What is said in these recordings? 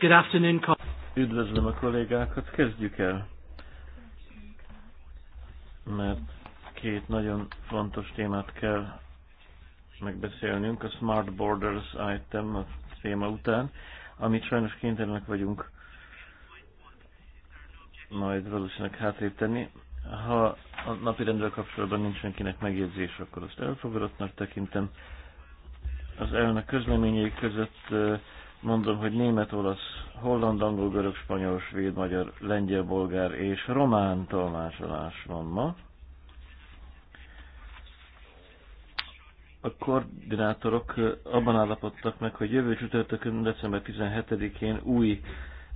Good afternoon. Üdvözlöm a kollégákat, kezdjük el. Mert két nagyon fontos témát kell megbeszélnünk a Smart Borders item a téma után, amit sajnos kénytelenek vagyunk majd valószínűleg hátrébb tenni. Ha a napirendről kapcsolatban nincs senkinek megjegyzés, akkor azt elfogadottnak tekintem. Az elnök közleményei között mondom, hogy német, olasz, holland, angol, görög, spanyol, svéd, magyar, lengyel, bolgár és román tolmácsolás van ma. A koordinátorok abban állapodtak meg, hogy jövő csütörtökön, december 17-én új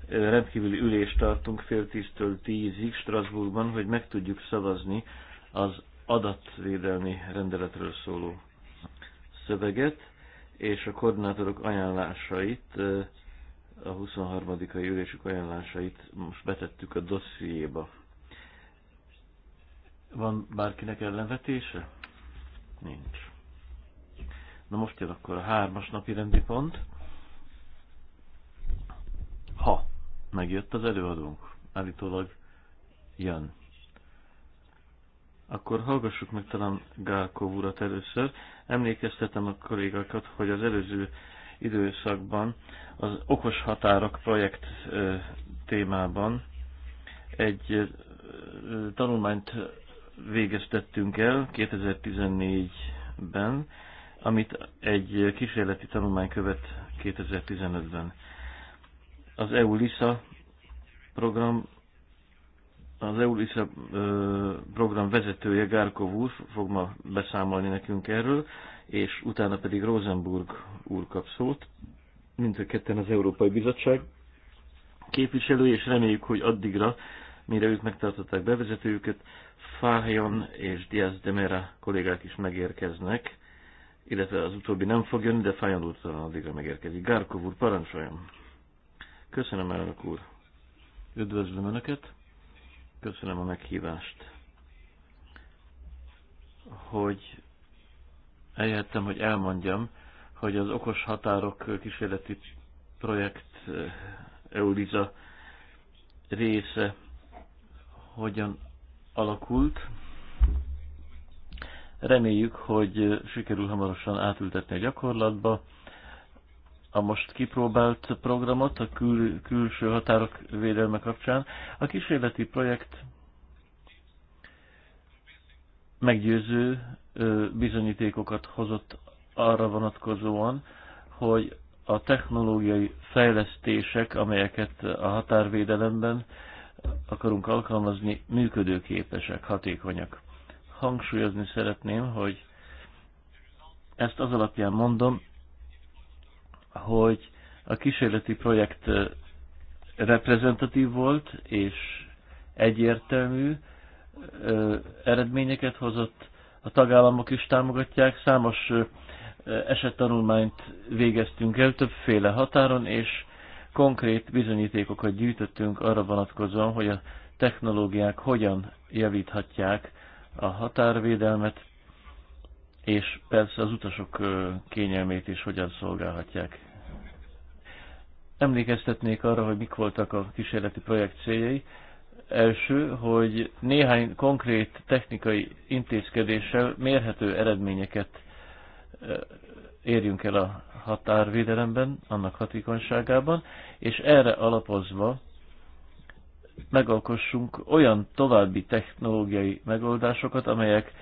rendkívüli ülést tartunk fél tíztől tízig Strasbourgban, hogy meg tudjuk szavazni az adatvédelmi rendeletről szóló szöveget és a koordinátorok ajánlásait, a 23. ülésük ajánlásait most betettük a dossziéba. Van bárkinek ellenvetése? Nincs. Na most jön akkor a hármas napi rendi pont. Ha megjött az előadónk, állítólag jön. Akkor hallgassuk meg talán Gálkov urat először. Emlékeztetem a kollégákat, hogy az előző időszakban az Okos Határok projekt témában egy tanulmányt végeztettünk el 2014-ben, amit egy kísérleti tanulmány követ 2015-ben. Az EU LISA program az EULISZA program vezetője Gárkov úr fog ma beszámolni nekünk erről, és utána pedig Rosenburg úr kap szót, mint a ketten az Európai Bizottság képviselői, és reméljük, hogy addigra, mire ők megtartották bevezetőjüket, Fájon és Diaz de Mera kollégák is megérkeznek, illetve az utóbbi nem fog jönni, de Fájon úr talán addigra megérkezik. Gárkov úr, parancsoljon! Köszönöm, elnök úr! Üdvözlöm Önöket! köszönöm a meghívást, hogy eljöttem, hogy elmondjam, hogy az Okos Határok kísérleti projekt eh, EULIZA része hogyan alakult. Reméljük, hogy sikerül hamarosan átültetni a gyakorlatba, a most kipróbált programot a kül, külső határok védelme kapcsán. A kísérleti projekt meggyőző bizonyítékokat hozott arra vonatkozóan, hogy a technológiai fejlesztések, amelyeket a határvédelemben akarunk alkalmazni, működőképesek, hatékonyak. Hangsúlyozni szeretném, hogy ezt az alapján mondom, hogy a kísérleti projekt reprezentatív volt és egyértelmű, eredményeket hozott, a tagállamok is támogatják, számos esettanulmányt végeztünk el többféle határon, és konkrét bizonyítékokat gyűjtöttünk arra vonatkozóan, hogy a technológiák hogyan javíthatják a határvédelmet, és persze az utasok kényelmét is hogyan szolgálhatják. Emlékeztetnék arra, hogy mik voltak a kísérleti projekt céljai. Első, hogy néhány konkrét technikai intézkedéssel mérhető eredményeket érjünk el a határvédelemben, annak hatékonyságában, és erre alapozva megalkossunk olyan további technológiai megoldásokat, amelyek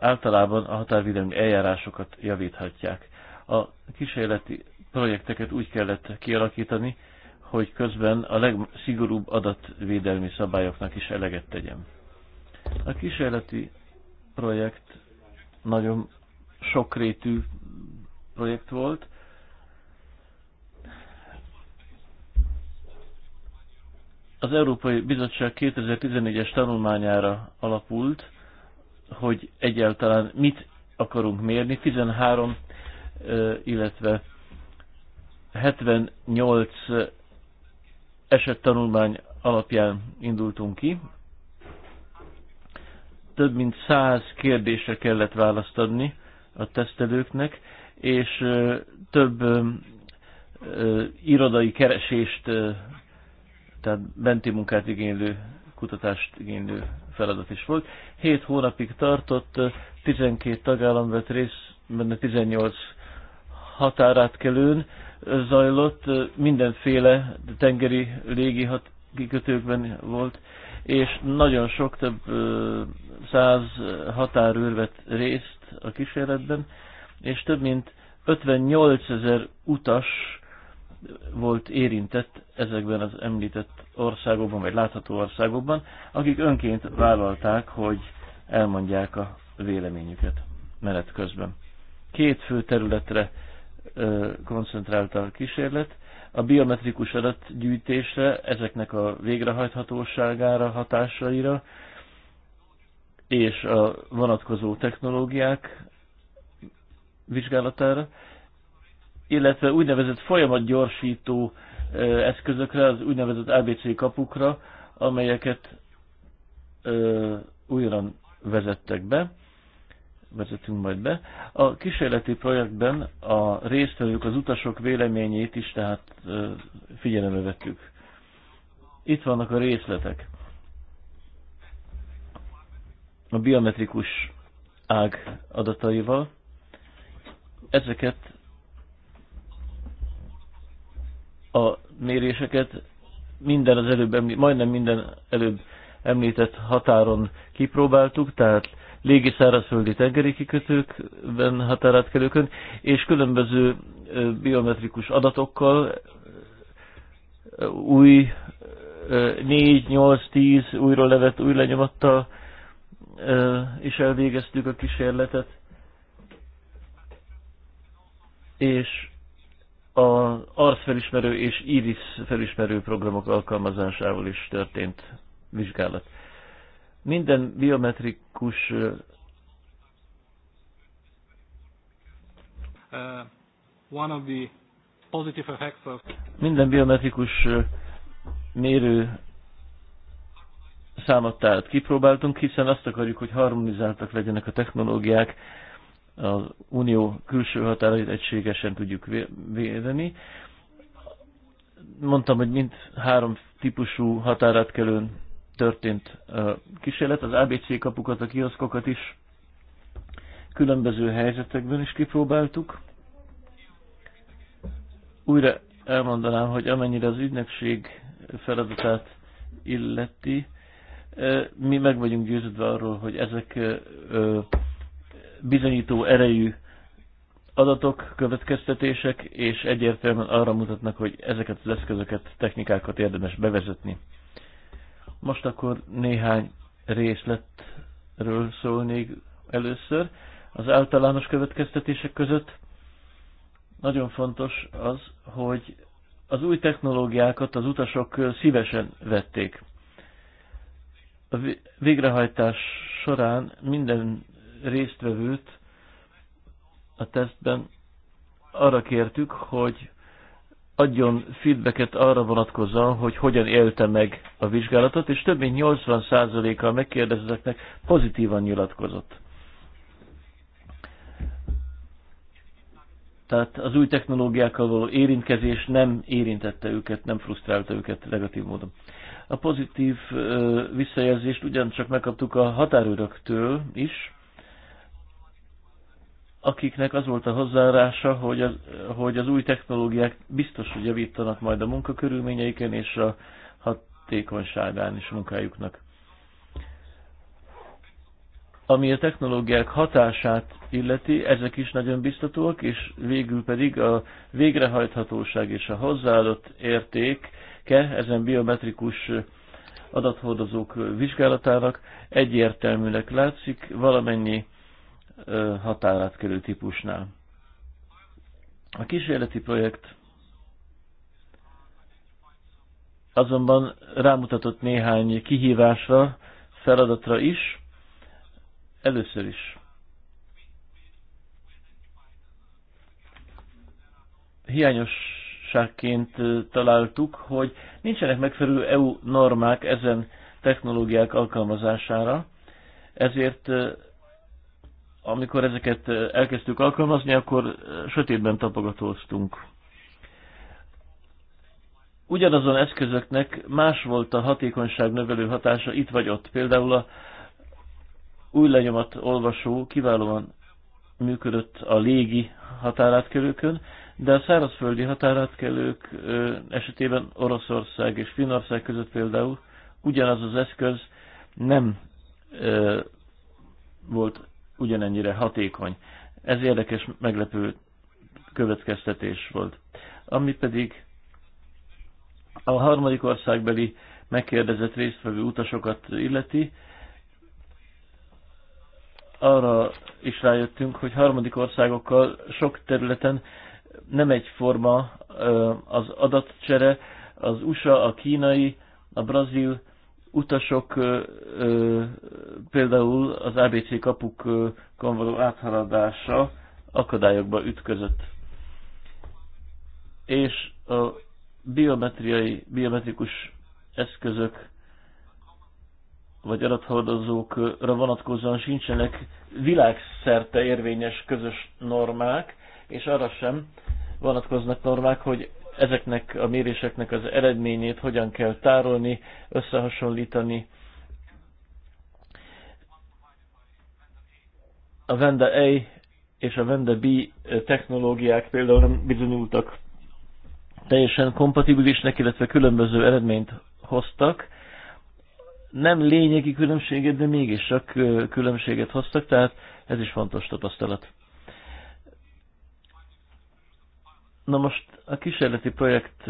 általában a határvédelmi eljárásokat javíthatják. A kísérleti projekteket úgy kellett kialakítani, hogy közben a legszigorúbb adatvédelmi szabályoknak is eleget tegyem. A kísérleti projekt nagyon sokrétű projekt volt. Az Európai Bizottság 2014-es tanulmányára alapult, hogy egyáltalán mit akarunk mérni. 13, illetve 78 eset tanulmány alapján indultunk ki. Több mint 100 kérdésre kellett választ adni a tesztelőknek, és több irodai keresést, tehát benti munkát igénylő, kutatást igénylő feladat is volt. 7 hónapig tartott, 12 tagállam vett részt, benne 18 határátkelőn zajlott, mindenféle tengeri légi hat, kikötőkben volt, és nagyon sok több száz határőr vett részt a kísérletben, és több mint 58 ezer utas volt érintett ezekben az említett országokban, vagy látható országokban, akik önként vállalták, hogy elmondják a véleményüket menet közben. Két fő területre koncentrálta a kísérlet, a biometrikus adatgyűjtésre, ezeknek a végrehajthatóságára, hatásaira, és a vonatkozó technológiák vizsgálatára, illetve úgynevezett folyamatgyorsító eszközökre, az úgynevezett ABC kapukra, amelyeket újra vezettek be, vezetünk majd be. A kísérleti projektben a résztvevők, az utasok véleményét is tehát figyelembe vettük. Itt vannak a részletek. A biometrikus ág adataival. Ezeket a méréseket minden az előbb, majdnem minden előbb említett határon kipróbáltuk, tehát légi, szárazföldi, tengeri kikötőkben, határátkelőkön, és különböző biometrikus adatokkal új 4, 8, 10 újra levet, új lenyomattal is elvégeztük a kísérletet. És az arcfelismerő és iris felismerő programok alkalmazásával is történt vizsgálat. Minden biometrikus uh, minden biometrikus mérő számot tehát kipróbáltunk, hiszen azt akarjuk, hogy harmonizáltak legyenek a technológiák, az unió külső határait egységesen tudjuk védeni. Mondtam, hogy mind három típusú határátkelőn történt kísérlet, az ABC kapukat, a kioszkokat is különböző helyzetekben is kipróbáltuk. Újra elmondanám, hogy amennyire az ügynökség feladatát illeti, mi meg vagyunk győződve arról, hogy ezek bizonyító erejű adatok, következtetések, és egyértelműen arra mutatnak, hogy ezeket az eszközöket, technikákat érdemes bevezetni. Most akkor néhány részletről szólnék először. Az általános következtetések között nagyon fontos az, hogy az új technológiákat az utasok szívesen vették. A végrehajtás során minden résztvevőt a tesztben arra kértük, hogy adjon feedbacket arra vonatkozóan, hogy hogyan élte meg a vizsgálatot, és több mint 80%-a megkérdezetteknek pozitívan nyilatkozott. Tehát az új technológiákkal való érintkezés nem érintette őket, nem frusztrálta őket negatív módon. A pozitív visszajelzést ugyancsak megkaptuk a határőröktől is, akiknek az volt a hozzárása, hogy az, hogy az új technológiák biztos, hogy javítanak majd a munkakörülményeiken és a hatékonyságán is munkájuknak. Ami a technológiák hatását illeti, ezek is nagyon biztatóak, és végül pedig a végrehajthatóság és a hozzáadott értéke ezen biometrikus adathordozók vizsgálatának egyértelműnek látszik, valamennyi határátkelő típusnál. A kísérleti projekt azonban rámutatott néhány kihívásra, feladatra is, először is. Hiányosságként találtuk, hogy nincsenek megfelelő EU normák ezen technológiák alkalmazására, ezért amikor ezeket elkezdtük alkalmazni, akkor sötétben tapogatóztunk. Ugyanazon eszközöknek más volt a hatékonyság növelő hatása itt vagy ott. Például a új lenyomat olvasó kiválóan működött a légi határátkelőkön, de a szárazföldi határátkelők esetében Oroszország és Finnország között például ugyanaz az eszköz nem volt ugyanennyire hatékony. Ez érdekes, meglepő következtetés volt. Ami pedig a harmadik országbeli megkérdezett résztvevő utasokat illeti, arra is rájöttünk, hogy harmadik országokkal sok területen nem egyforma az adatcsere, az USA, a kínai, a brazil utasok például az ABC kapukon való áthaladása akadályokba ütközött. És a biometriai, biometrikus eszközök vagy adathordozókra vonatkozóan sincsenek világszerte érvényes közös normák, és arra sem vonatkoznak normák, hogy ezeknek a méréseknek az eredményét hogyan kell tárolni, összehasonlítani. A Venda A és a Venda B technológiák például nem bizonyultak teljesen kompatibilisnek, illetve különböző eredményt hoztak. Nem lényegi különbséget, de mégis csak különbséget hoztak, tehát ez is fontos tapasztalat. Na most a kísérleti projekt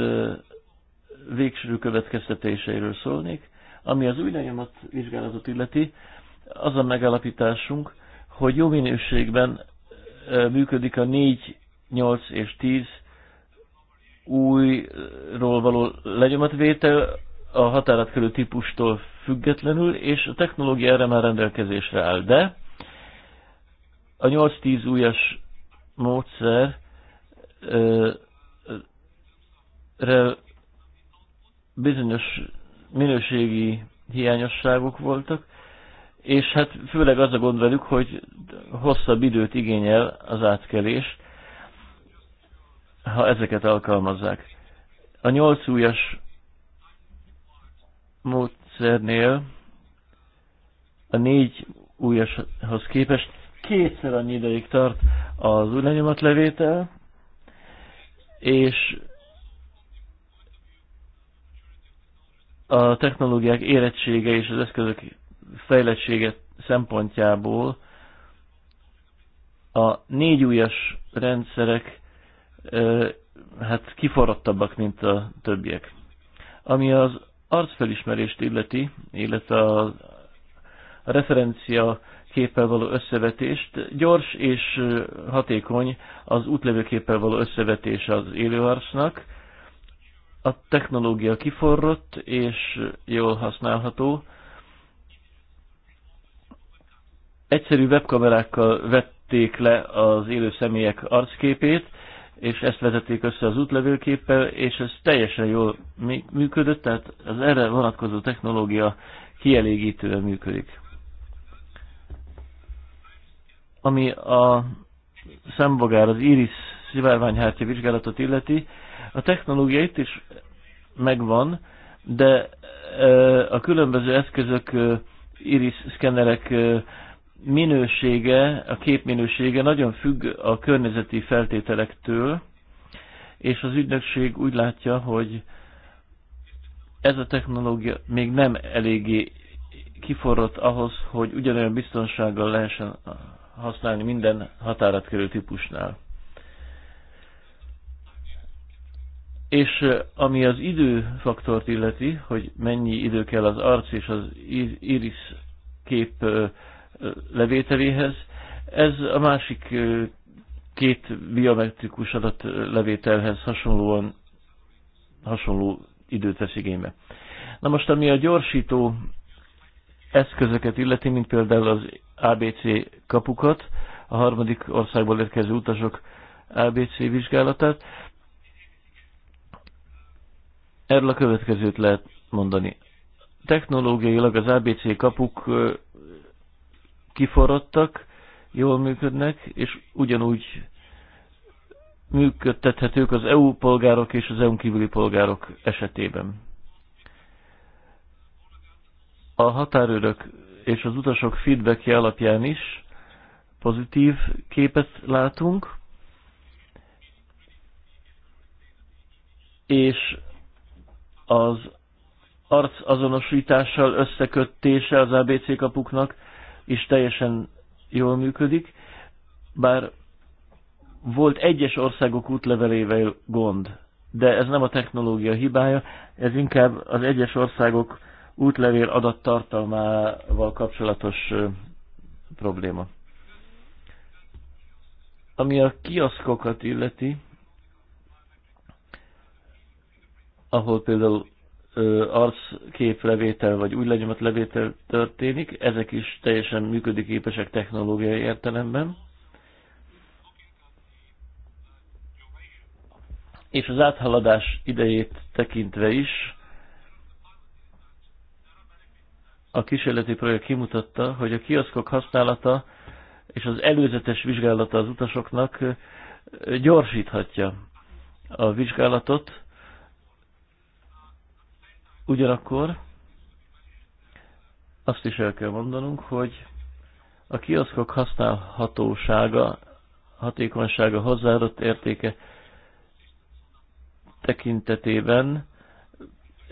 végső következtetéseiről szólnék. Ami az új lenyomat vizsgálatot illeti, az a megállapításunk, hogy jó minőségben működik a 4, 8 és 10 újról való lenyomatvétel a körül típustól függetlenül, és a technológia erre már rendelkezésre áll. De a 8-10 újas módszer bizonyos minőségi hiányosságok voltak, és hát főleg az a gond velük, hogy hosszabb időt igényel az átkelés, ha ezeket alkalmazzák. A nyolc ujjas módszernél a négy újashoz képest kétszer annyi ideig tart az új levétel, és a technológiák érettsége és az eszközök fejlettsége szempontjából a újas rendszerek hát kiforrottabbak, mint a többiek. Ami az arcfelismerést illeti, illetve a referencia képpel való összevetést. Gyors és hatékony az útlevőképpel való összevetés az élőarcnak. A technológia kiforrott és jól használható. Egyszerű webkamerákkal vették le az élő személyek arcképét, és ezt vezették össze az útlevőképpel, és ez teljesen jól működött, tehát az erre vonatkozó technológia kielégítően működik. Ami a szembogár, az iris szivárványhártya vizsgálatot illeti, a technológia itt is megvan, de a különböző eszközök, iris szkennerek minősége, a kép minősége nagyon függ a környezeti feltételektől, és az ügynökség úgy látja, hogy ez a technológia még nem eléggé kiforrott ahhoz, hogy ugyanolyan biztonsággal lehessen használni minden körül típusnál. És ami az időfaktort illeti, hogy mennyi idő kell az arc és az iris kép levételéhez, ez a másik két biometrikus adat levételhez hasonlóan hasonló időt vesz igénybe. Na most, ami a gyorsító eszközöket illeti, mint például az ABC kapukat, a harmadik országból érkező utasok ABC vizsgálatát. Erről a következőt lehet mondani. Technológiailag az ABC kapuk kiforrottak, jól működnek, és ugyanúgy működtethetők az EU polgárok és az EU-n kívüli polgárok esetében a határőrök és az utasok feedbackje alapján is pozitív képet látunk, és az arc azonosítással összeköttése az ABC kapuknak is teljesen jól működik, bár volt egyes országok útlevelével gond, de ez nem a technológia hibája, ez inkább az egyes országok útlevél adattartalmával kapcsolatos probléma. Ami a kiaszkokat illeti, ahol például arcképlevétel vagy új levétel történik, ezek is teljesen működik képesek technológiai értelemben. És az áthaladás idejét tekintve is A kísérleti projekt kimutatta, hogy a kioszkok használata és az előzetes vizsgálata az utasoknak gyorsíthatja a vizsgálatot, ugyanakkor azt is el kell mondanunk, hogy a kioszkok használhatósága, hatékonysága, hozzáadott értéke tekintetében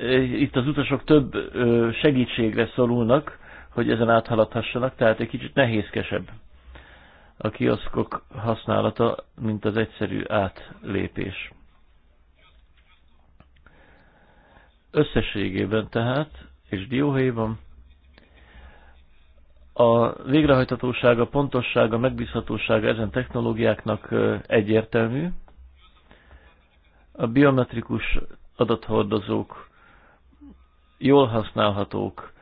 Eh, itt az utasok több segítségre szorulnak, hogy ezen áthaladhassanak, tehát egy kicsit nehézkesebb a kioszkok használata, mint az egyszerű átlépés. Összességében tehát, és dióhéjban, a végrehajthatósága, pontossága, megbízhatósága ezen technológiáknak egyértelmű. A biometrikus adathordozók jól használhatók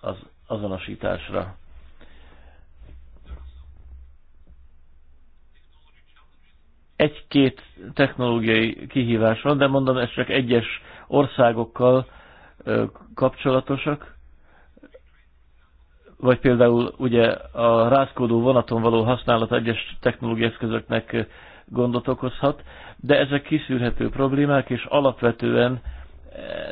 az azonosításra. Egy-két technológiai kihívás van, de mondom, ez csak egyes országokkal kapcsolatosak. Vagy például ugye a rázkódó vonaton való használat egyes technológiai eszközöknek gondot okozhat, de ezek kiszűrhető problémák, és alapvetően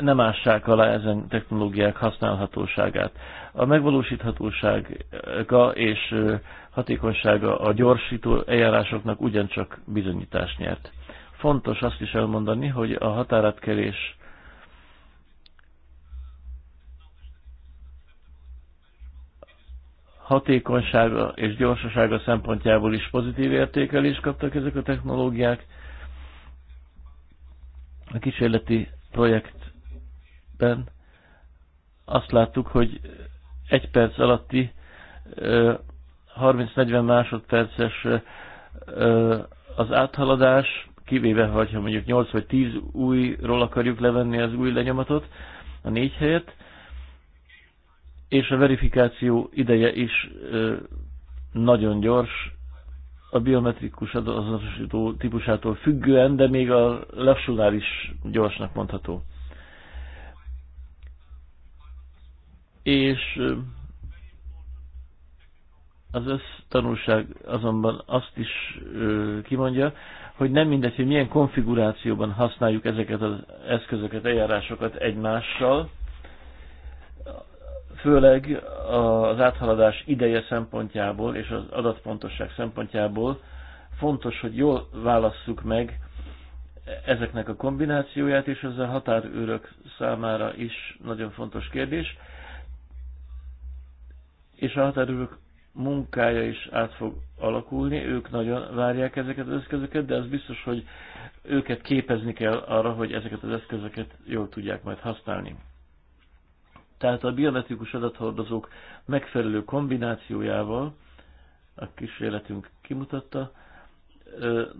nem ássák alá ezen technológiák használhatóságát. A megvalósíthatósága és hatékonysága a gyorsító eljárásoknak ugyancsak bizonyítást nyert. Fontos azt is elmondani, hogy a határátkelés hatékonysága és gyorsasága szempontjából is pozitív értékelést kaptak ezek a technológiák. A kísérleti projektben azt láttuk, hogy egy perc alatti 30-40 másodperces az áthaladás, kivéve, ha mondjuk 8 vagy 10 újról akarjuk levenni az új lenyomatot, a négy helyet, és a verifikáció ideje is nagyon gyors, a biometrikus azonosító típusától függően, de még a lassulnál is gyorsnak mondható. És az össztanulság azonban azt is kimondja, hogy nem mindegy, hogy milyen konfigurációban használjuk ezeket az eszközöket, eljárásokat egymással, főleg az áthaladás ideje szempontjából és az adatpontosság szempontjából fontos, hogy jól válasszuk meg ezeknek a kombinációját, és ez a határőrök számára is nagyon fontos kérdés. És a határőrök munkája is át fog alakulni, ők nagyon várják ezeket az eszközöket, de az biztos, hogy őket képezni kell arra, hogy ezeket az eszközöket jól tudják majd használni. Tehát a biometrikus adathordozók megfelelő kombinációjával, a kísérletünk kimutatta,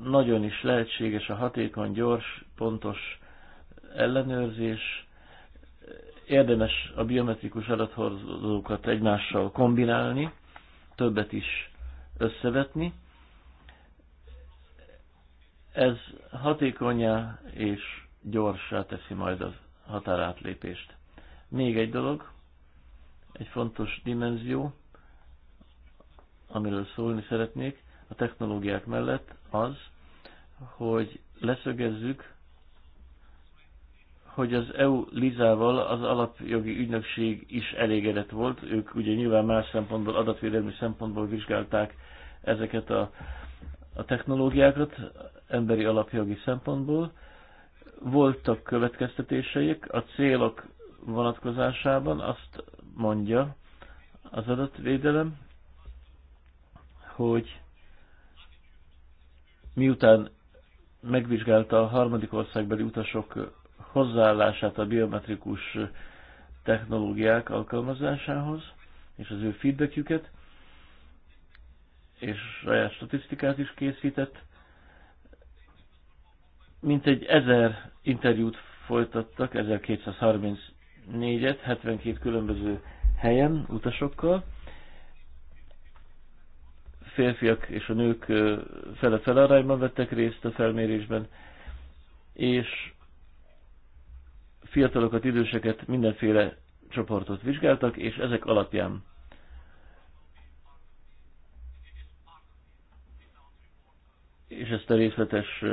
nagyon is lehetséges a hatékony, gyors, pontos ellenőrzés, érdemes a biometrikus adathordozókat egymással kombinálni, többet is összevetni. Ez hatékonyá és gyorsá teszi majd a határátlépést. Még egy dolog, egy fontos dimenzió, amiről szólni szeretnék, a technológiák mellett az, hogy leszögezzük, hogy az EU Lizával az alapjogi ügynökség is elégedett volt. Ők ugye nyilván más szempontból, adatvédelmi szempontból vizsgálták ezeket a, a technológiákat, emberi alapjogi szempontból. Voltak következtetéseik, a célok vonatkozásában azt mondja az adatvédelem, hogy miután megvizsgálta a harmadik országbeli utasok hozzáállását a biometrikus technológiák alkalmazásához, és az ő feedbackjüket, és saját statisztikát is készített. Mintegy ezer interjút folytattak, 1230 négyet 72 különböző helyen utasokkal. Férfiak és a nők fele-fele arányban vettek részt a felmérésben, és fiatalokat, időseket, mindenféle csoportot vizsgáltak, és ezek alapján és ezt a részletes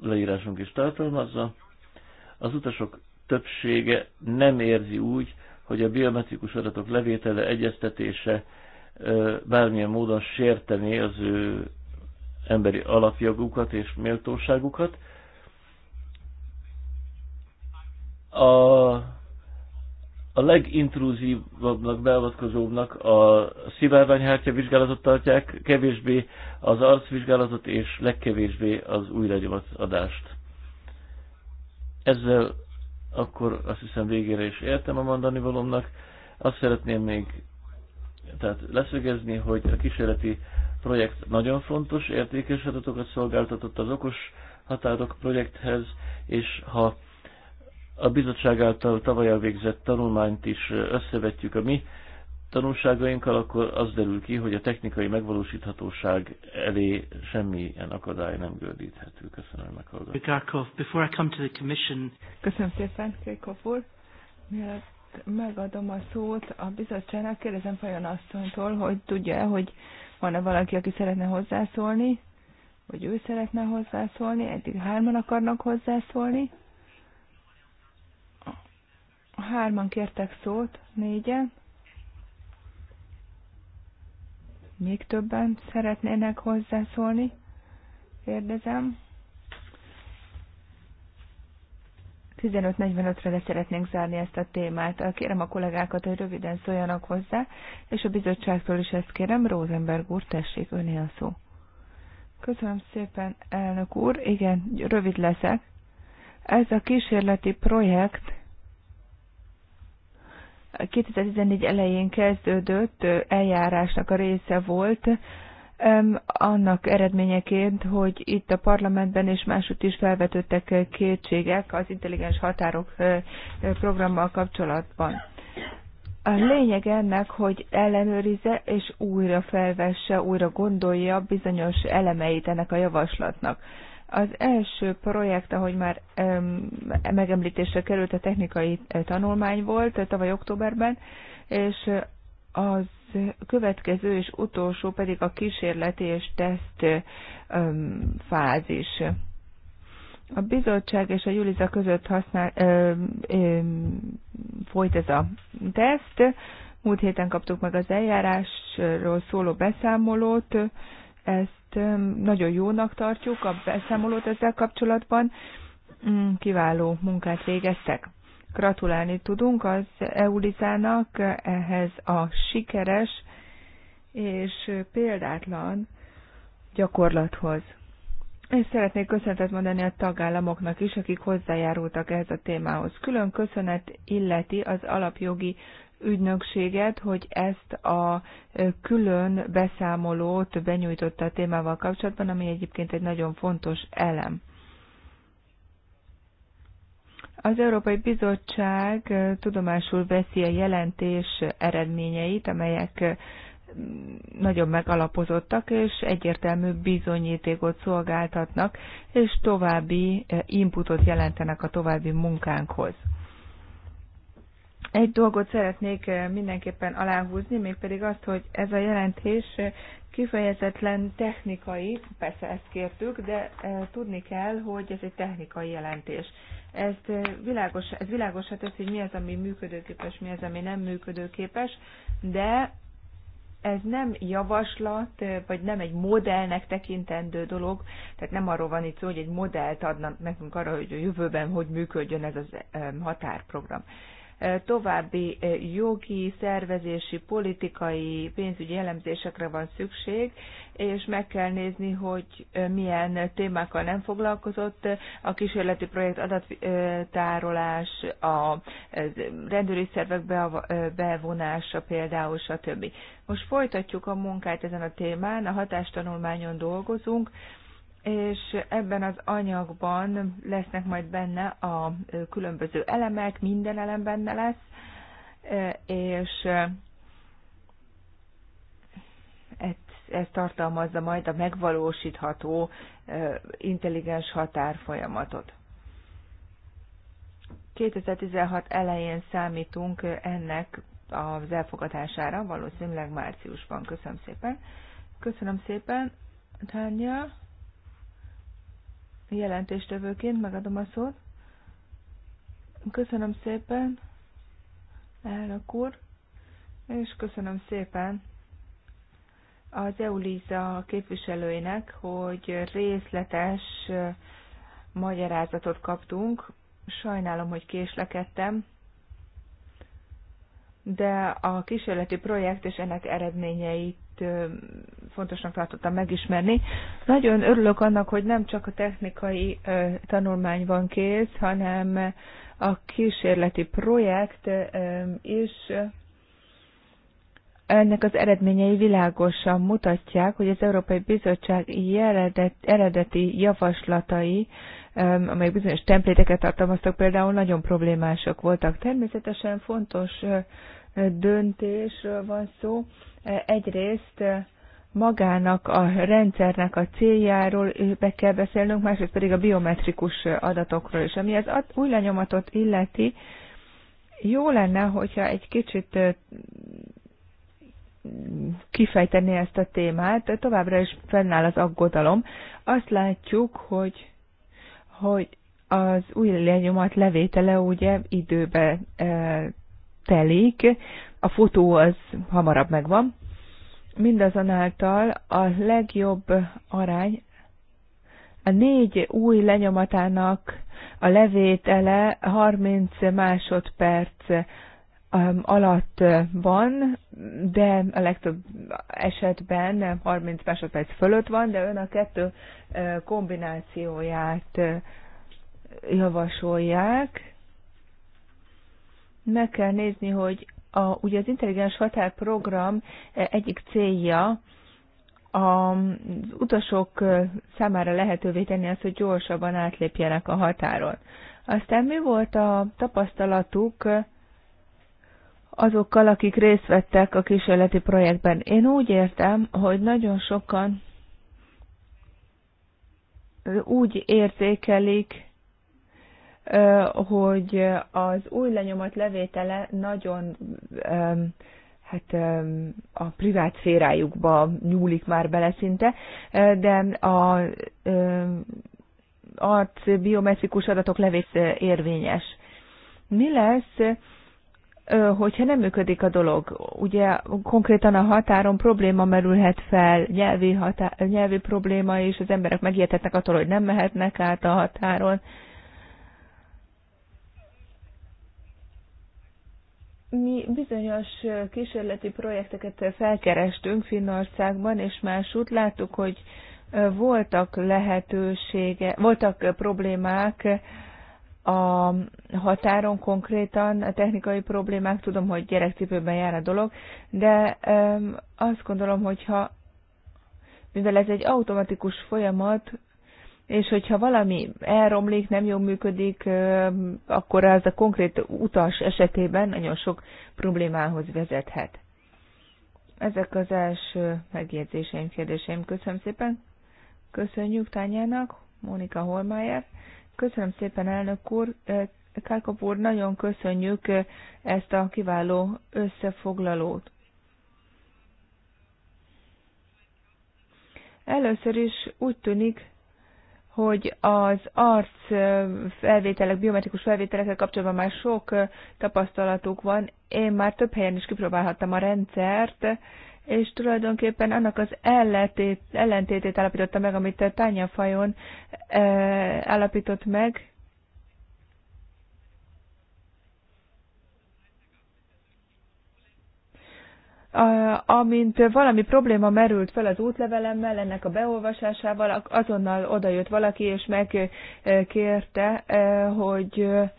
leírásunk is tartalmazza. Az utasok többsége nem érzi úgy, hogy a biometrikus adatok levétele, egyeztetése bármilyen módon sértené az ő emberi alapjogukat és méltóságukat. A, a legintrúzívabbnak, beavatkozóbbnak a szivárványhártya vizsgálatot tartják, kevésbé az arcvizsgálatot és legkevésbé az újragyomat adást. Ezzel akkor azt hiszem végére is értem a mondani valomnak. Azt szeretném még tehát leszögezni, hogy a kísérleti projekt nagyon fontos, értékes adatokat szolgáltatott az okos határok projekthez, és ha a bizottság által tavaly elvégzett tanulmányt is összevetjük a mi tanulságainkkal, akkor az derül ki, hogy a technikai megvalósíthatóság elé semmilyen akadály nem gördíthető. Köszönöm, hogy meghallgatom. Köszönöm szépen, Krikov úr. Mielőtt megadom a szót a bizottságnak, kérdezem Fajon asszonytól, hogy tudja-e, hogy van-e valaki, aki szeretne hozzászólni, vagy ő szeretne hozzászólni, eddig hárman akarnak hozzászólni. Hárman kértek szót, négyen. Még többen szeretnének hozzászólni? Kérdezem. 15.45-re le szeretnénk zárni ezt a témát. Kérem a kollégákat, hogy röviden szóljanak hozzá, és a bizottságtól is ezt kérem. Rosenberg úr, tessék, öné a szó. Köszönöm szépen, elnök úr. Igen, rövid leszek. Ez a kísérleti projekt 2014 elején kezdődött eljárásnak a része volt, annak eredményeként, hogy itt a parlamentben és másutt is felvetődtek kétségek az intelligens határok programmal kapcsolatban. A lényeg ennek, hogy ellenőrize és újra felvesse, újra gondolja bizonyos elemeit ennek a javaslatnak. Az első projekt, ahogy már megemlítésre került, a technikai eh, tanulmány volt eh, tavaly októberben, és eh, az következő és utolsó pedig a kísérleti és teszt fázis. A bizottság és a Juliza között használ, ö, ö, folyt ez a teszt. Múlt héten kaptuk meg az eljárásról szóló beszámolót. Ezt nagyon jónak tartjuk, a beszámolót ezzel kapcsolatban. Mm, kiváló munkát végeztek. Gratulálni tudunk az Eulizának ehhez a sikeres és példátlan gyakorlathoz. És szeretnék köszönetet mondani a tagállamoknak is, akik hozzájárultak ehhez a témához. Külön köszönet illeti az alapjogi ügynökséget, hogy ezt a külön beszámolót benyújtotta a témával kapcsolatban, ami egyébként egy nagyon fontos elem. Az Európai Bizottság tudomásul veszi a jelentés eredményeit, amelyek nagyon megalapozottak, és egyértelmű bizonyítékot szolgáltatnak, és további inputot jelentenek a további munkánkhoz. Egy dolgot szeretnék eh, mindenképpen aláhúzni, mégpedig azt, hogy ez a jelentés eh, kifejezetlen technikai, persze ezt kértük, de eh, tudni kell, hogy ez egy technikai jelentés. Ez világos, ez világosat tesz, hogy mi az, ami működőképes, mi az, ami nem működőképes, de ez nem javaslat, vagy nem egy modellnek tekintendő dolog, tehát nem arról van itt szó, hogy egy modellt adnak nekünk arra, hogy a jövőben hogy működjön ez az határprogram további jogi, szervezési, politikai, pénzügyi elemzésekre van szükség, és meg kell nézni, hogy milyen témákkal nem foglalkozott a kísérleti projekt adattárolás, a rendőri szervek bevonása például, stb. Most folytatjuk a munkát ezen a témán, a hatástanulmányon dolgozunk, és ebben az anyagban lesznek majd benne a különböző elemek, minden elem benne lesz, és ez tartalmazza majd a megvalósítható intelligens határfolyamatot. 2016 elején számítunk ennek az elfogadására, valószínűleg márciusban. Köszönöm szépen. Köszönöm szépen, Tanya jelentéstevőként megadom a szót. Köszönöm szépen, elnök úr, és köszönöm szépen az EULISA képviselőinek, hogy részletes magyarázatot kaptunk. Sajnálom, hogy késlekedtem, de a kísérleti projekt és ennek eredményeit fontosnak tartottam megismerni. Nagyon örülök annak, hogy nem csak a technikai tanulmány van kész, hanem a kísérleti projekt is ennek az eredményei világosan mutatják, hogy az Európai Bizottság jeledet, eredeti javaslatai, amely bizonyos templéteket tartalmaztak, például nagyon problémások voltak. Természetesen fontos döntésről van szó. Egyrészt magának a rendszernek a céljáról be kell beszélnünk, másrészt pedig a biometrikus adatokról is. Ami az új lenyomatot illeti, jó lenne, hogyha egy kicsit kifejteni ezt a témát, továbbra is fennáll az aggodalom. Azt látjuk, hogy, hogy az új lenyomat levétele ugye időbe e, telik, a fotó az hamarabb megvan, Mindazonáltal a legjobb arány a négy új lenyomatának a levétele 30 másodperc um, alatt van, de a legtöbb esetben 30 másodperc fölött van, de ön a kettő kombinációját javasolják. Meg kell nézni, hogy a, ugye az intelligens határprogram e, egyik célja az utasok e, számára lehetővé tenni azt, hogy gyorsabban átlépjenek a határon. Aztán mi volt a tapasztalatuk azokkal, akik részt vettek a kísérleti projektben? Én úgy értem, hogy nagyon sokan úgy értékelik hogy az új lenyomat levétele nagyon hát a privát szférájukba nyúlik már bele szinte, de a arc biometrikus adatok levét érvényes. Mi lesz, hogyha nem működik a dolog? Ugye konkrétan a határon probléma merülhet fel, nyelvi, határ, nyelvi probléma, és az emberek megijedhetnek attól, hogy nem mehetnek át a határon Mi bizonyos kísérleti projekteket felkerestünk Finnországban és másút. Láttuk, hogy voltak lehetősége, voltak problémák a határon konkrétan, a technikai problémák, tudom, hogy gyerekcipőben jár a dolog, de azt gondolom, hogyha mivel ez egy automatikus folyamat, és hogyha valami elromlik, nem jól működik, akkor ez a konkrét utas esetében nagyon sok problémához vezethet. Ezek az első megjegyzéseim, kérdéseim. Köszönöm szépen. Köszönjük Tányának, Mónika Holmájer. Köszönöm szépen, elnök úr. Kárkap úr, nagyon köszönjük ezt a kiváló összefoglalót. Először is úgy tűnik, hogy az arc felvételek, biometrikus felvételekkel kapcsolatban már sok tapasztalatuk van. Én már több helyen is kipróbálhattam a rendszert, és tulajdonképpen annak az ellentétét állapította meg, amit Tánya Fajon e, állapított meg, amint valami probléma merült fel az útlevelemmel, ennek a beolvasásával, azonnal odajött valaki, és megkérte, eh, hogy eh,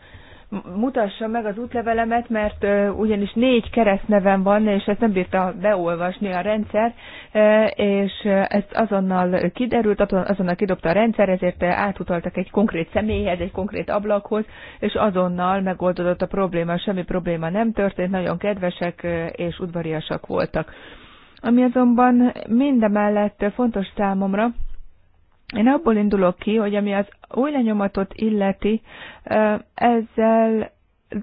mutassa meg az útlevelemet, mert ugyanis négy keresztnevem van, és ezt nem bírta beolvasni a rendszer, és ezt azonnal kiderült, azonnal kidobta a rendszer, ezért átutaltak egy konkrét személyhez, egy konkrét ablakhoz, és azonnal megoldódott a probléma, semmi probléma nem történt, nagyon kedvesek és udvariasak voltak. Ami azonban mindemellett fontos számomra, én abból indulok ki, hogy ami az új lenyomatot illeti, ezzel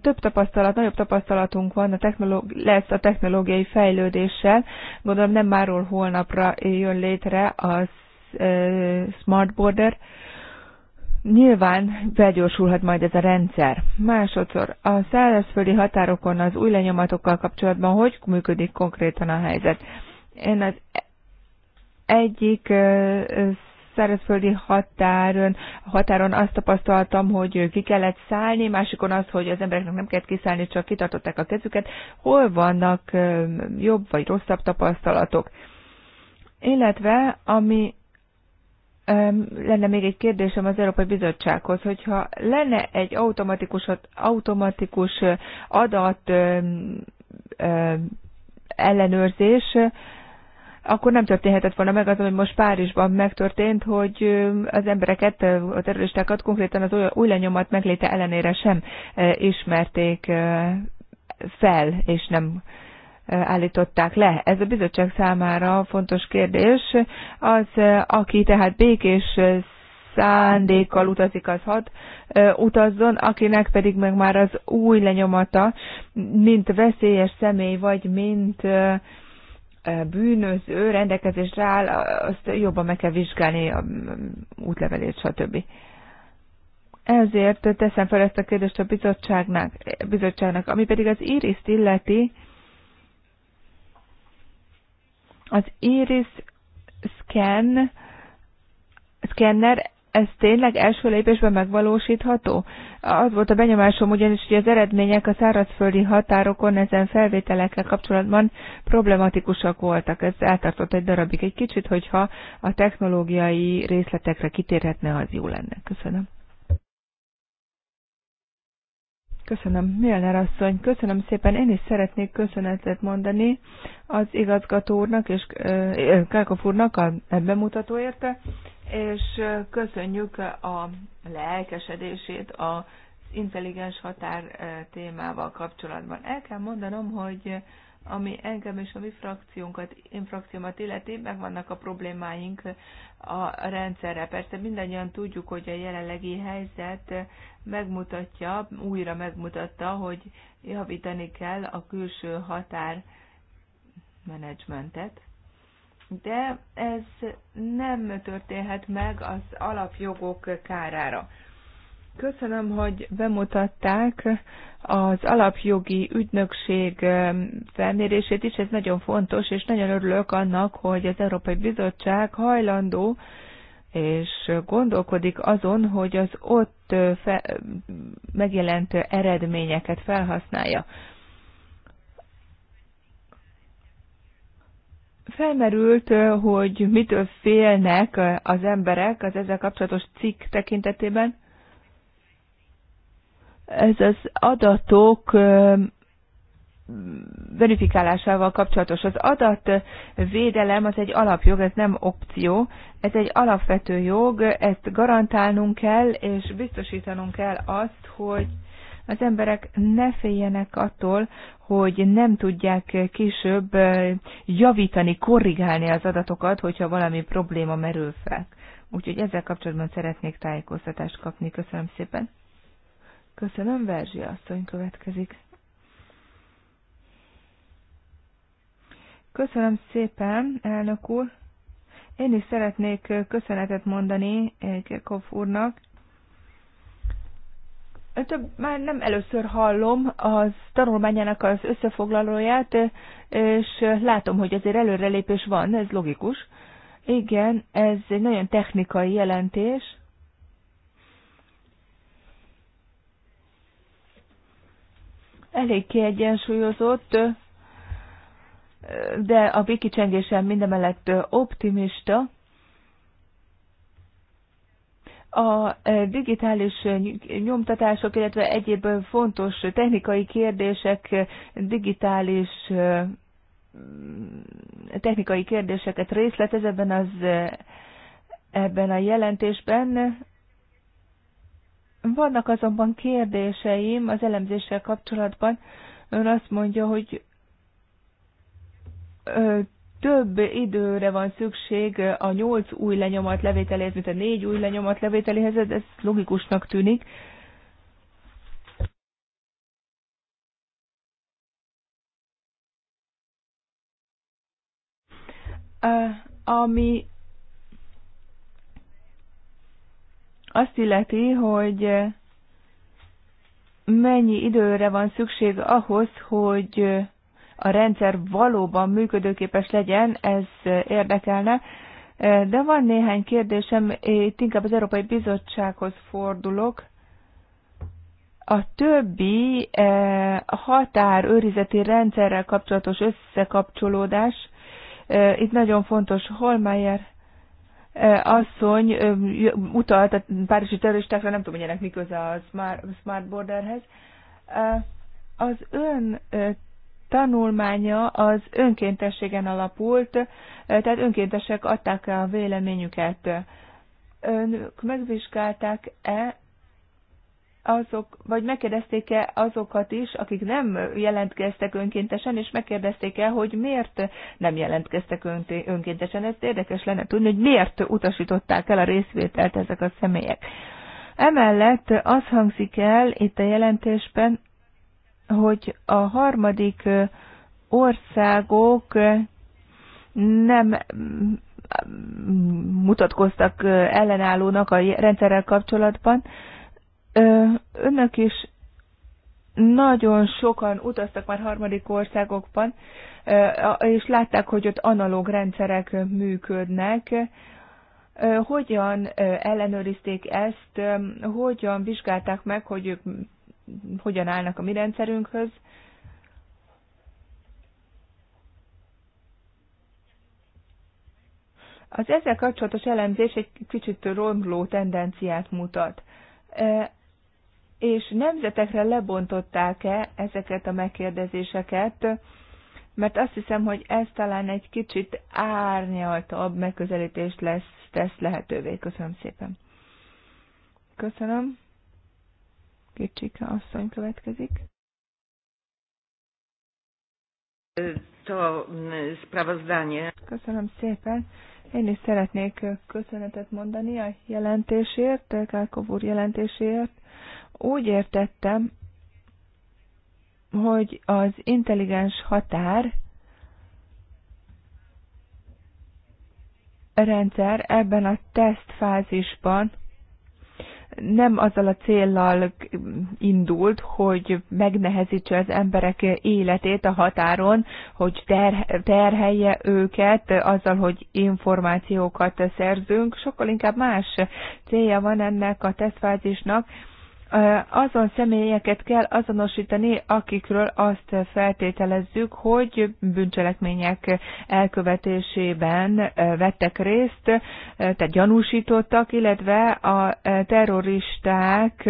több tapasztalat, nagyobb tapasztalatunk van, a technológ, lesz a technológiai fejlődéssel. Gondolom nem máról holnapra jön létre a Smart Border. Nyilván felgyorsulhat majd ez a rendszer. Másodszor, a szállásföldi határokon az új lenyomatokkal kapcsolatban hogy működik konkrétan a helyzet? Én az e-, egyik szárazföldi határon, határon azt tapasztaltam, hogy ki kellett szállni, másikon az, hogy az embereknek nem kellett kiszállni, csak kitartották a kezüket. Hol vannak jobb vagy rosszabb tapasztalatok? Illetve, ami lenne még egy kérdésem az Európai Bizottsághoz, hogyha lenne egy automatikus, automatikus adat ellenőrzés, akkor nem történhetett volna meg az, hogy most Párizsban megtörtént, hogy az embereket, a terroristákat konkrétan az új lenyomat megléte ellenére sem ismerték fel, és nem állították le. Ez a bizottság számára fontos kérdés. Az, aki tehát békés szándékkal utazik, az hat utazzon, akinek pedig meg már az új lenyomata, mint veszélyes személy, vagy mint bűnöző rendelkezésre áll, azt jobban meg kell vizsgálni, a útlevelét, stb. Ezért teszem fel ezt a kérdést a bizottságnak, bizottságnak ami pedig az íriszt illeti, az iris scan, scanner ez tényleg első lépésben megvalósítható? Az volt a benyomásom ugyanis, hogy az eredmények a szárazföldi határokon ezen felvételekkel kapcsolatban problematikusak voltak. Ez eltartott egy darabig egy kicsit, hogyha a technológiai részletekre kitérhetne, az jó lenne. Köszönöm. Köszönöm, Milner asszony, köszönöm szépen. Én is szeretnék köszönetet mondani az igazgató úrnak és Kákof úrnak a bemutatóért és köszönjük a lelkesedését az intelligens határ témával kapcsolatban. El kell mondanom, hogy ami engem és a mi frakciónkat, én frakciómat illeti, meg vannak a problémáink a rendszerre. Persze mindannyian tudjuk, hogy a jelenlegi helyzet megmutatja, újra megmutatta, hogy javítani kell a külső határ menedzsmentet de ez nem történhet meg az alapjogok kárára. Köszönöm, hogy bemutatták az alapjogi ügynökség felmérését is, ez nagyon fontos, és nagyon örülök annak, hogy az Európai Bizottság hajlandó és gondolkodik azon, hogy az ott eh, fe, megjelent eredményeket felhasználja. Felmerült, hogy mitől félnek az emberek az ezzel kapcsolatos cikk tekintetében. Ez az adatok verifikálásával kapcsolatos. Az adatvédelem az egy alapjog, ez nem opció, ez egy alapvető jog, ezt garantálnunk kell, és biztosítanunk kell azt, hogy az emberek ne féljenek attól, hogy nem tudják később javítani, korrigálni az adatokat, hogyha valami probléma merül fel. Úgyhogy ezzel kapcsolatban szeretnék tájékoztatást kapni. Köszönöm szépen. Köszönöm, Verzsi asszony következik. Köszönöm szépen, elnök úr. Én is szeretnék köszönetet mondani Kekov úrnak több, már nem először hallom az tanulmányának az összefoglalóját, és látom, hogy azért előrelépés van, ez logikus. Igen, ez egy nagyon technikai jelentés. Elég kiegyensúlyozott, de a Viki minden mindemellett optimista a e, digitális nyomtatások, illetve egyéb e, fontos technikai kérdések, e, digitális technikai kérdéseket részletez ebben, az, ebben a jelentésben. Vannak azonban kérdéseim az elemzéssel kapcsolatban. Ön azt mondja, hogy több időre van szükség a nyolc új lenyomat levételéhez, mint a négy új lenyomat levételéhez, ez logikusnak tűnik. Ami azt illeti, hogy mennyi időre van szükség ahhoz, hogy a rendszer valóban működőképes legyen, ez érdekelne. De van néhány kérdésem, itt inkább az Európai Bizottsághoz fordulok. A többi eh, határőrizeti rendszerrel kapcsolatos összekapcsolódás, eh, itt nagyon fontos, Holmeyer eh, asszony utalt a párizsi terroristákra, nem tudom, hogy ennek mi a Smart Borderhez. Az ön tanulmánya az önkéntességen alapult, tehát önkéntesek adták el a véleményüket. Önök megvizsgálták-e azok, vagy megkérdezték-e azokat is, akik nem jelentkeztek önkéntesen, és megkérdezték-e, hogy miért nem jelentkeztek önkéntesen. Ez érdekes lenne tudni, hogy miért utasították el a részvételt ezek a személyek. Emellett az hangzik el itt a jelentésben, hogy a harmadik országok nem mm, mutatkoztak ellenállónak a rendszerrel kapcsolatban. Önök is nagyon sokan utaztak már harmadik országokban, és látták, hogy ott analóg rendszerek működnek. Hogyan ellenőrizték ezt, hogyan vizsgálták meg, hogy ők hogyan állnak a mi rendszerünkhöz. Az ezzel kapcsolatos elemzés egy kicsit romló tendenciát mutat. E, és nemzetekre lebontották-e ezeket a megkérdezéseket, mert azt hiszem, hogy ez talán egy kicsit árnyaltabb megközelítést lesz, tesz lehetővé. Köszönöm szépen. Köszönöm. Kicsika asszony következik. To mm, sprawozdanie. Köszönöm szépen. Én is szeretnék köszönetet mondani a jelentésért, Kálkov úr jelentésért. Úgy értettem, hogy az intelligens határ rendszer ebben a tesztfázisban nem azzal a céllal indult, hogy megnehezítse az emberek életét a határon, hogy ter- terhelje őket azzal, hogy információkat szerzünk. Sokkal inkább más célja van ennek a tesztfázisnak, azon személyeket kell azonosítani, akikről azt feltételezzük, hogy bűncselekmények elkövetésében vettek részt, tehát gyanúsítottak, illetve a terroristák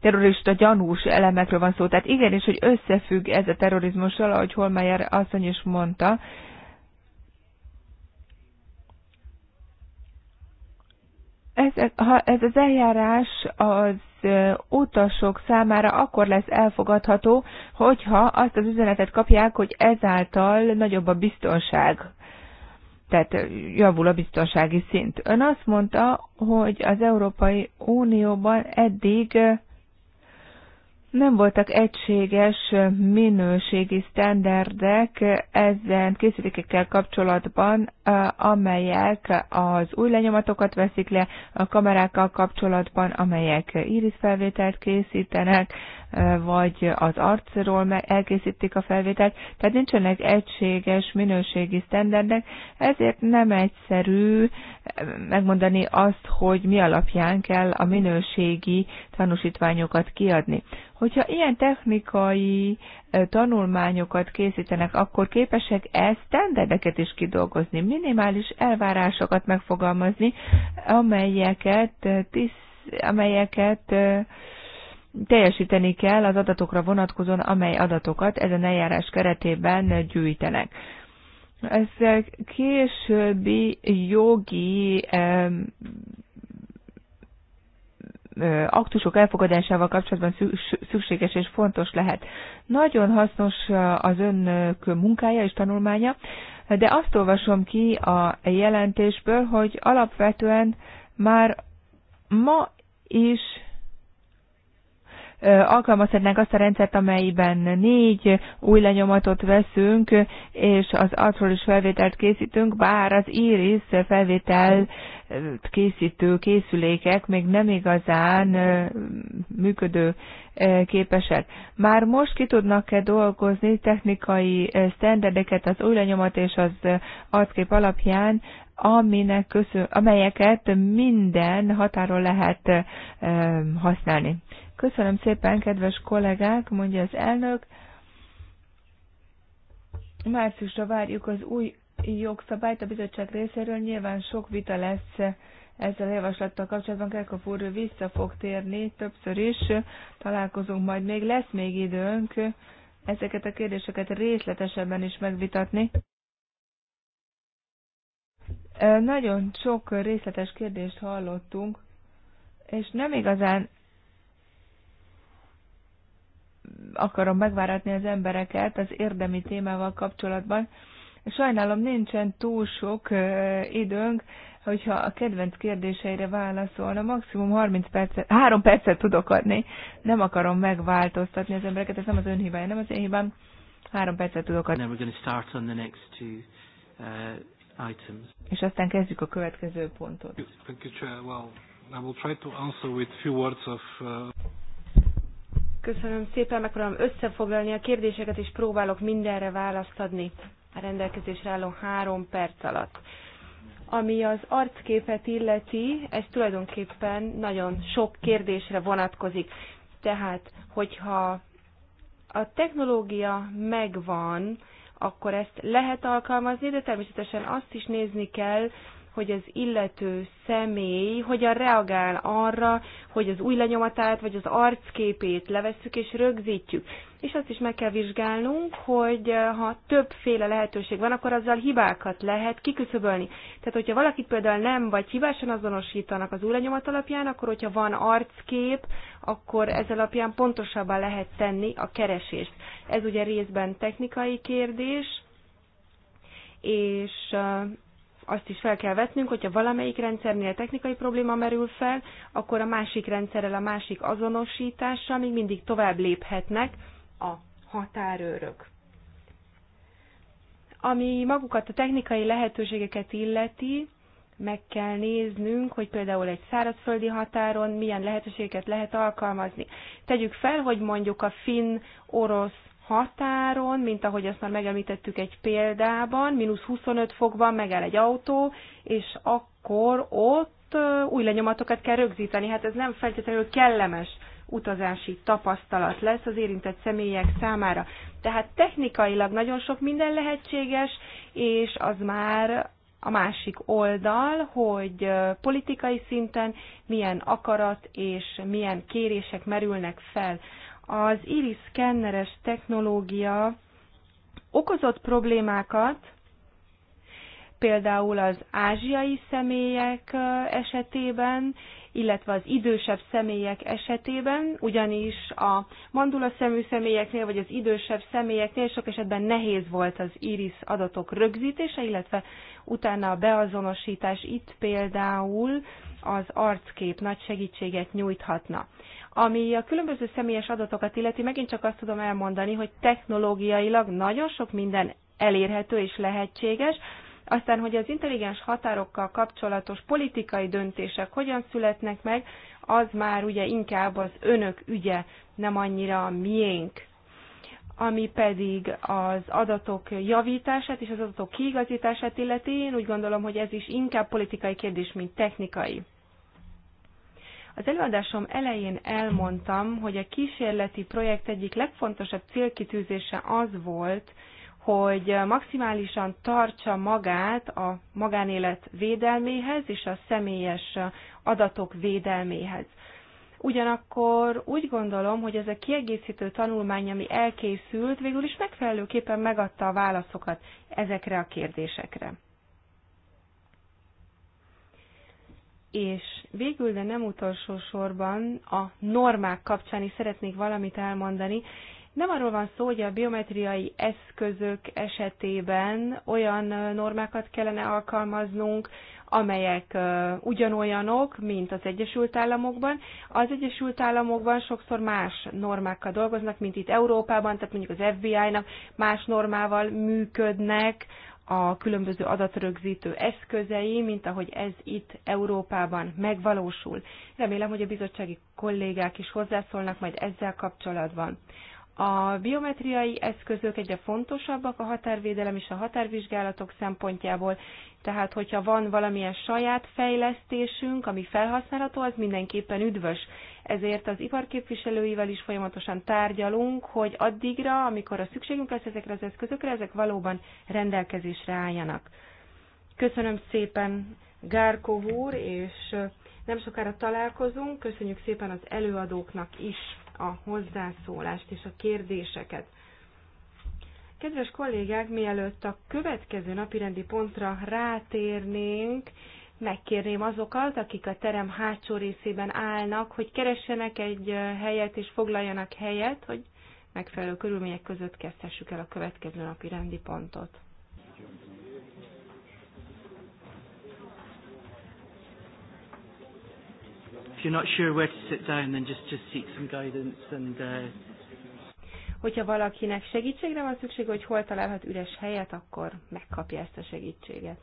terrorista gyanús elemekről van szó. Tehát igenis, hogy összefügg ez a terrorizmussal, ahogy Holmeyer asszony is mondta, Ez, ha ez az eljárás az utasok számára akkor lesz elfogadható, hogyha azt az üzenetet kapják, hogy ezáltal nagyobb a biztonság, tehát javul a biztonsági szint. Ön azt mondta, hogy az Európai Unióban eddig nem voltak egységes minőségi sztenderdek ezen készülékekkel kapcsolatban, amelyek az új lenyomatokat veszik le, a kamerákkal kapcsolatban, amelyek irisfelvételt készítenek, vagy az arcról elkészítik a felvételt, tehát nincsenek egységes minőségi sztenderdek, ezért nem egyszerű eh, megmondani azt, hogy mi alapján kell a minőségi tanúsítványokat kiadni. Hogyha ilyen technikai eh, tanulmányokat készítenek, akkor képesek ezt standardeket is kidolgozni, minimális elvárásokat megfogalmazni, amelyeket, eh, tisz, amelyeket teljesíteni kell az adatokra vonatkozóan, amely adatokat ezen eljárás keretében gyűjtenek. Ez későbbi jogi aktusok elfogadásával kapcsolatban szükséges és fontos lehet. Nagyon hasznos az önök munkája és tanulmánya, de azt olvasom ki a jelentésből, hogy alapvetően már ma is alkalmazhatnánk azt a rendszert, amelyben négy új lenyomatot veszünk, és az arcról is felvételt készítünk, bár az iris felvétel készítő készülékek még nem igazán működő képesek. Már most ki tudnak-e dolgozni technikai sztenderdeket az új lenyomat és az arckép alapján, aminek köszön, amelyeket minden határon lehet használni. Köszönöm szépen, kedves kollégák, mondja az elnök. Márciusra várjuk az új jogszabályt a bizottság részéről. Nyilván sok vita lesz ezzel a javaslattal kapcsolatban. Kerkop úr vissza fog térni többször is. Találkozunk majd még. Lesz még időnk ezeket a kérdéseket részletesebben is megvitatni. Nagyon sok részletes kérdést hallottunk, és nem igazán akarom megváratni az embereket az érdemi témával kapcsolatban. Sajnálom, nincsen túl sok időnk, hogyha a kedvenc kérdéseire válaszolna, maximum 30 percet, 3 percet tudok adni. Nem akarom megváltoztatni az embereket, ez nem az ön hibája, nem az én hibám. 3 percet tudok adni. Uh, És aztán kezdjük a következő pontot. Thank you, Chair. Well, I will try to answer with few words of uh, Köszönöm szépen, megpróbálom összefoglalni a kérdéseket, és próbálok mindenre választ adni a rendelkezésre álló három perc alatt. Ami az arcképet illeti, ez tulajdonképpen nagyon sok kérdésre vonatkozik. Tehát, hogyha a technológia megvan, akkor ezt lehet alkalmazni, de természetesen azt is nézni kell, hogy az illető személy hogyan reagál arra, hogy az új lenyomatát vagy az arcképét levesszük és rögzítjük. És azt is meg kell vizsgálnunk, hogy eh, ha többféle lehetőség van, akkor azzal hibákat lehet kiküszöbölni. Tehát, hogyha valakit például nem vagy hibásan azonosítanak az új lenyomat alapján, akkor hogyha van arckép, akkor ez alapján pontosabban lehet tenni a keresést. Ez ugye részben technikai kérdés, és eh, azt is fel kell vetnünk, hogyha valamelyik rendszernél technikai probléma merül fel, akkor a másik rendszerrel, a másik azonosítással még mindig tovább léphetnek a határőrök. Ami magukat a technikai lehetőségeket illeti, meg kell néznünk, hogy például egy szárazföldi határon milyen lehetőségeket lehet alkalmazni. Tegyük fel, hogy mondjuk a finn-orosz határon, mint ahogy azt már megemlítettük egy példában, mínusz 25 fokban megáll egy autó, és akkor ott új lenyomatokat kell rögzíteni. Hát ez nem feltétlenül kellemes utazási tapasztalat lesz az érintett személyek számára. Tehát technikailag nagyon sok minden lehetséges, és az már a másik oldal, hogy politikai szinten milyen akarat és milyen kérések merülnek fel az iris szkenneres technológia okozott problémákat, például az ázsiai személyek esetében, illetve az idősebb személyek esetében, ugyanis a mandula szemű személyeknél, vagy az idősebb személyeknél sok esetben nehéz volt az iris adatok rögzítése, illetve utána a beazonosítás itt például az arckép nagy segítséget nyújthatna. Ami a különböző személyes adatokat illeti, megint csak azt tudom elmondani, hogy technológiailag nagyon sok minden elérhető és lehetséges, aztán, hogy az intelligens határokkal kapcsolatos politikai döntések hogyan születnek meg, az már ugye inkább az önök ügye, nem annyira a miénk. Ami pedig az adatok javítását és az adatok kiigazítását illeti, én úgy gondolom, hogy ez is inkább politikai kérdés, mint technikai. Az előadásom elején elmondtam, hogy a kísérleti projekt egyik legfontosabb célkitűzése az volt, hogy maximálisan tartsa magát a magánélet védelméhez és a személyes adatok védelméhez. Ugyanakkor úgy gondolom, hogy ez a kiegészítő tanulmány, ami elkészült, végül is megfelelőképpen megadta a válaszokat ezekre a kérdésekre. És végül, de nem utolsó sorban a normák kapcsán is szeretnék valamit elmondani. Nem arról van szó, hogy a biometriai eszközök esetében olyan normákat kellene alkalmaznunk, amelyek ugyanolyanok, mint az Egyesült Államokban. Az Egyesült Államokban sokszor más normákkal dolgoznak, mint itt Európában, tehát mondjuk az FBI-nak más normával működnek, a különböző adatrögzítő eszközei, mint ahogy ez itt Európában megvalósul. Remélem, hogy a bizottsági kollégák is hozzászólnak majd ezzel kapcsolatban. A biometriai eszközök egyre fontosabbak a határvédelem és a határvizsgálatok szempontjából, tehát hogyha van valamilyen saját fejlesztésünk, ami felhasználható, az mindenképpen üdvös. Ezért az iparképviselőivel is folyamatosan tárgyalunk, hogy addigra, amikor a szükségünk lesz ezekre az eszközökre, ezek valóban rendelkezésre álljanak. Köszönöm szépen, Gárkov úr, és nem sokára találkozunk. Köszönjük szépen az előadóknak is a hozzászólást és a kérdéseket. Kedves kollégák, mielőtt a következő napirendi pontra rátérnénk, megkérném azokat, akik a terem hátsó részében állnak, hogy keressenek egy helyet és foglaljanak helyet, hogy megfelelő körülmények között kezdhessük el a következő napi rendi pontot. you're not sure where to sit down, then just, just seek some guidance and... Uh... Hogyha valakinek segítségre van szükség, hogy hol találhat üres helyet, akkor megkapja ezt a segítséget.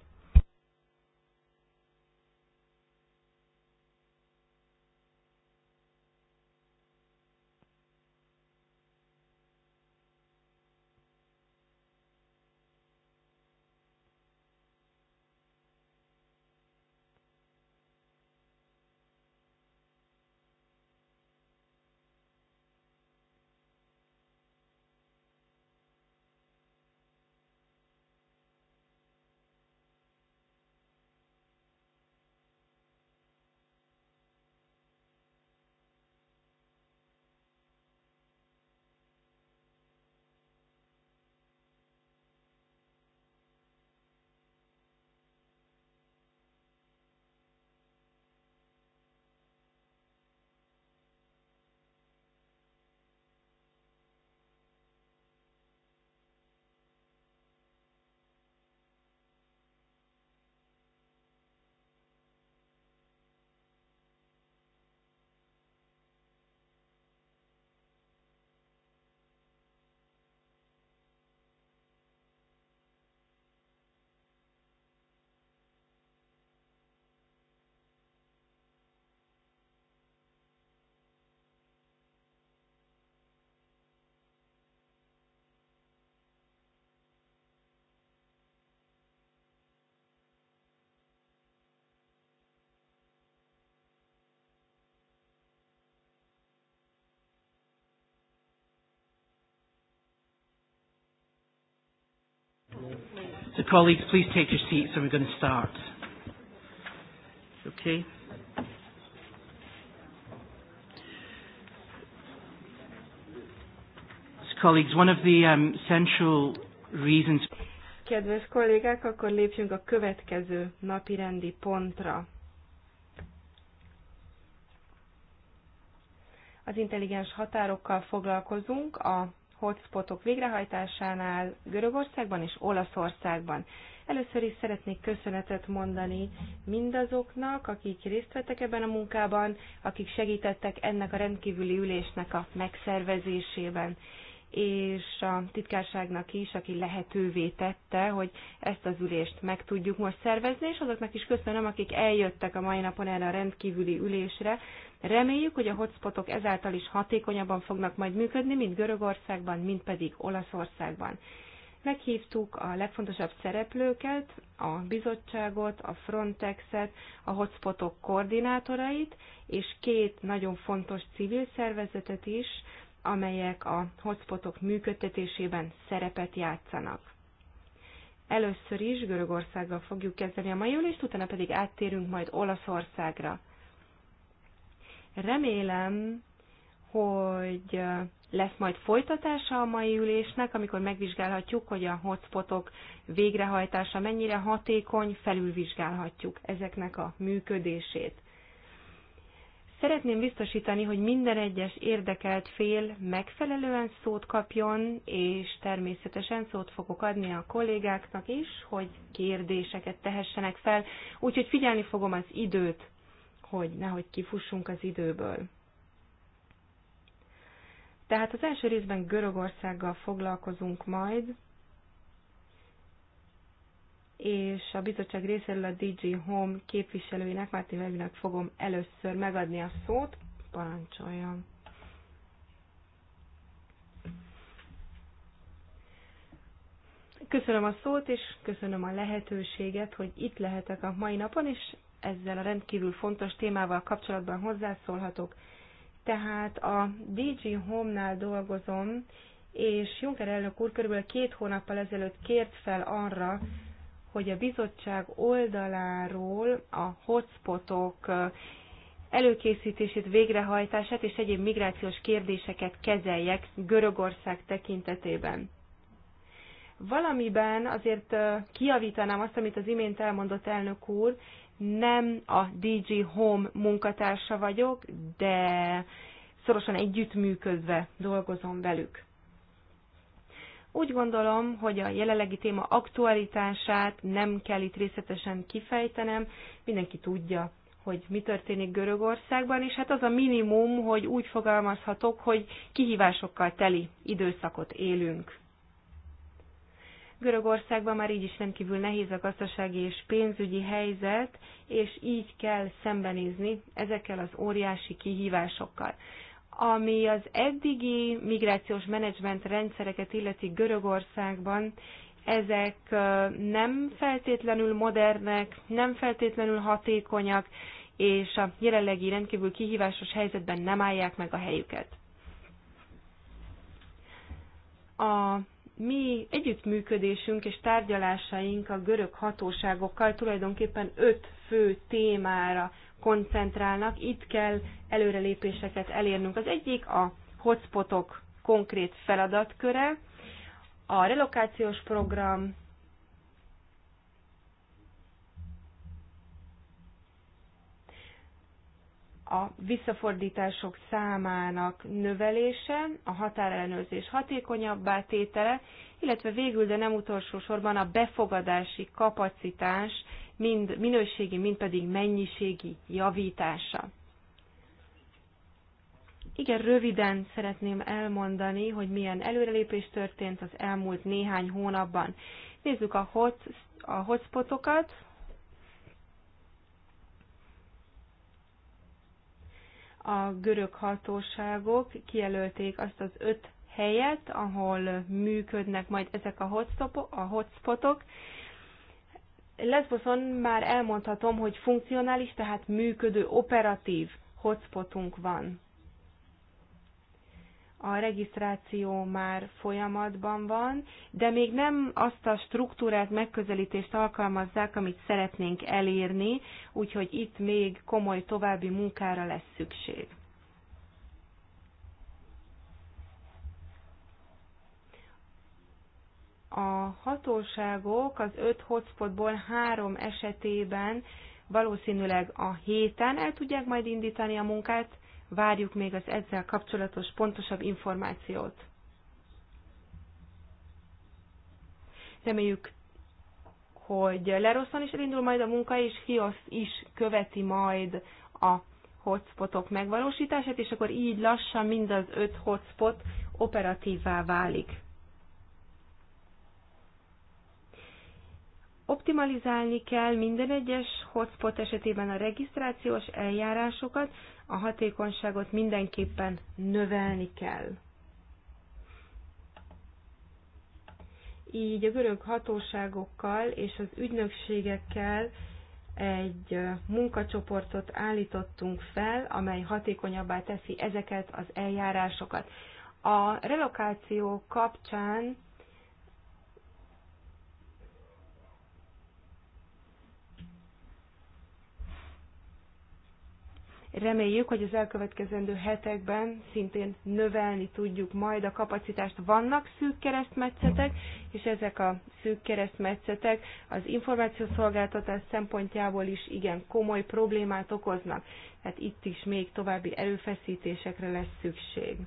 So colleagues, please take your seats and we're going to start. Okay. So colleagues, one of the um, central reasons... Kedves kollégák, akkor lépjünk a következő napi rendi pontra. Az intelligens határokkal foglalkozunk a hotspotok végrehajtásánál Görögországban és Olaszországban. Először is szeretnék köszönetet mondani mindazoknak, akik részt vettek ebben a munkában, akik segítettek ennek a rendkívüli ülésnek a megszervezésében és a titkárságnak is, aki lehetővé tette, hogy ezt az ülést meg tudjuk most szervezni, és azoknak is köszönöm, akik eljöttek a mai napon erre a rendkívüli ülésre. Reméljük, hogy a hotspotok ezáltal is hatékonyabban fognak majd működni, mint Görögországban, mint pedig Olaszországban. Meghívtuk a legfontosabb szereplőket, a bizottságot, a Frontexet, a hotspotok koordinátorait, és két nagyon fontos civil szervezetet is, amelyek a hotspotok működtetésében szerepet játszanak. Először is Görögországgal fogjuk kezdeni a mai ülést, utána pedig áttérünk majd Olaszországra. Remélem, hogy lesz majd folytatása a mai ülésnek, amikor megvizsgálhatjuk, hogy a hotspotok végrehajtása mennyire hatékony, felülvizsgálhatjuk ezeknek a működését. Szeretném biztosítani, hogy minden egyes érdekelt fél megfelelően szót kapjon, és természetesen szót fogok adni a kollégáknak is, hogy kérdéseket tehessenek fel, úgyhogy figyelni fogom az időt, hogy nehogy kifussunk az időből. Tehát az első részben Görögországgal foglalkozunk majd, és a bizottság részéről a DG Home képviselőinek, Máté Vevinek fogom először megadni a szót. Parancsoljon! Köszönöm a szót, és köszönöm a lehetőséget, hogy itt lehetek a mai napon, és ezzel a rendkívül fontos témával kapcsolatban hozzászólhatok. Tehát a DG Home-nál dolgozom, és Juncker elnök úr körülbelül két hónappal ezelőtt kért fel arra, hogy a bizottság oldaláról a hotspotok előkészítését, végrehajtását és egyéb migrációs kérdéseket kezeljek Görögország tekintetében. Valamiben azért kiavítanám azt, amit az imént elmondott elnök úr, nem a DG Home munkatársa vagyok, de szorosan együttműködve dolgozom velük. Úgy gondolom, hogy a jelenlegi téma aktualitását nem kell itt részletesen kifejtenem, mindenki tudja, hogy mi történik Görögországban, és hát az a minimum, hogy úgy fogalmazhatok, hogy kihívásokkal teli időszakot élünk. Görögországban már így is rendkívül nehéz a gazdasági és pénzügyi helyzet, és így kell szembenézni ezekkel az óriási kihívásokkal. Ami az eddigi migrációs menedzsment rendszereket illeti Görögországban, ezek nem feltétlenül modernek, nem feltétlenül hatékonyak, és a jelenlegi rendkívül kihívásos helyzetben nem állják meg a helyüket. A mi együttműködésünk és tárgyalásaink a görög hatóságokkal tulajdonképpen öt fő témára koncentrálnak. Itt kell előrelépéseket elérnünk. Az egyik a hotspotok konkrét feladatköre, a relokációs program, a visszafordítások számának növelése, a határellenőrzés hatékonyabbá tétele, illetve végül, de nem utolsó sorban a befogadási kapacitás mind minőségi, mind pedig mennyiségi javítása. Igen, röviden szeretném elmondani, hogy milyen előrelépés történt az elmúlt néhány hónapban. Nézzük a, hot, a hotspotokat. A görög hatóságok kijelölték azt az öt helyet, ahol működnek majd ezek a hotspotok, Lesboson már elmondhatom, hogy funkcionális, tehát működő, operatív hotspotunk van. A regisztráció már folyamatban van, de még nem azt a struktúrát, megközelítést alkalmazzák, amit szeretnénk elérni, úgyhogy itt még komoly további munkára lesz szükség. a hatóságok az öt hotspotból három esetében valószínűleg a héten el tudják majd indítani a munkát, várjuk még az ezzel kapcsolatos pontosabb információt. Reméljük, hogy Leroszon is elindul majd a munka, és Hiosz is követi majd a hotspotok megvalósítását, és akkor így lassan mind az öt hotspot operatívvá válik. Optimalizálni kell minden egyes hotspot esetében a regisztrációs eljárásokat, a hatékonyságot mindenképpen növelni kell. Így a görög hatóságokkal és az ügynökségekkel egy munkacsoportot állítottunk fel, amely hatékonyabbá teszi ezeket az eljárásokat. A relokáció kapcsán Reméljük, hogy az elkövetkezendő hetekben szintén növelni tudjuk majd a kapacitást. Vannak szűk keresztmetszetek, és ezek a szűk keresztmetszetek az információszolgáltatás szempontjából is igen komoly problémát okoznak. Tehát itt is még további erőfeszítésekre lesz szükség.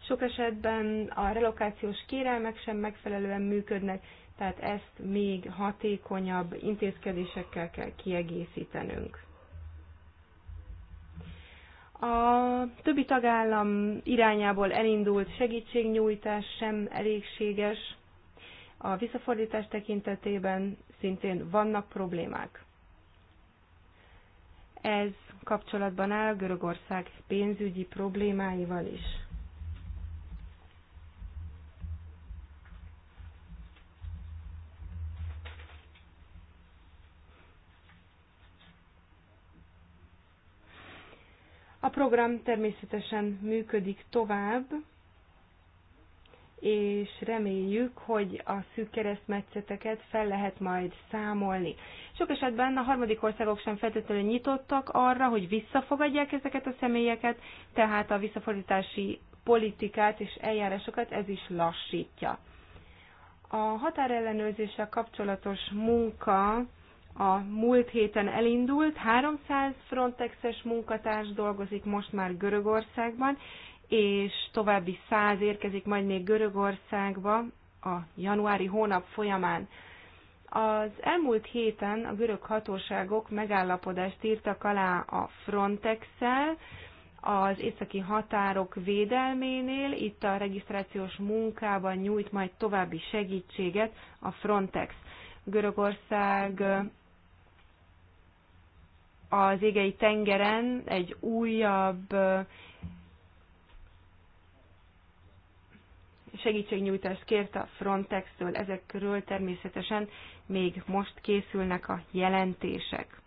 Sok esetben a relokációs kérelmek sem megfelelően működnek, tehát ezt még hatékonyabb intézkedésekkel kell kiegészítenünk. A többi tagállam irányából elindult segítségnyújtás sem elégséges. A visszafordítás tekintetében szintén vannak problémák. Ez kapcsolatban áll Görögország pénzügyi problémáival is. A program természetesen működik tovább, és reméljük, hogy a szűk keresztmetszeteket fel lehet majd számolni. Sok esetben a harmadik országok sem feltétlenül nyitottak arra, hogy visszafogadják ezeket a személyeket, tehát a visszafordítási politikát és eljárásokat ez is lassítja. A határellenőrzéssel kapcsolatos munka a múlt héten elindult, 300 Frontexes munkatárs dolgozik most már Görögországban, és további 100 érkezik majd még Görögországba a januári hónap folyamán. Az elmúlt héten a görög hatóságok megállapodást írtak alá a Frontex-szel, az északi határok védelménél, itt a regisztrációs munkában nyújt majd további segítséget a Frontex. Görögország az égei tengeren egy újabb segítségnyújtást kért a Frontex-től. Ezekről természetesen még most készülnek a jelentések.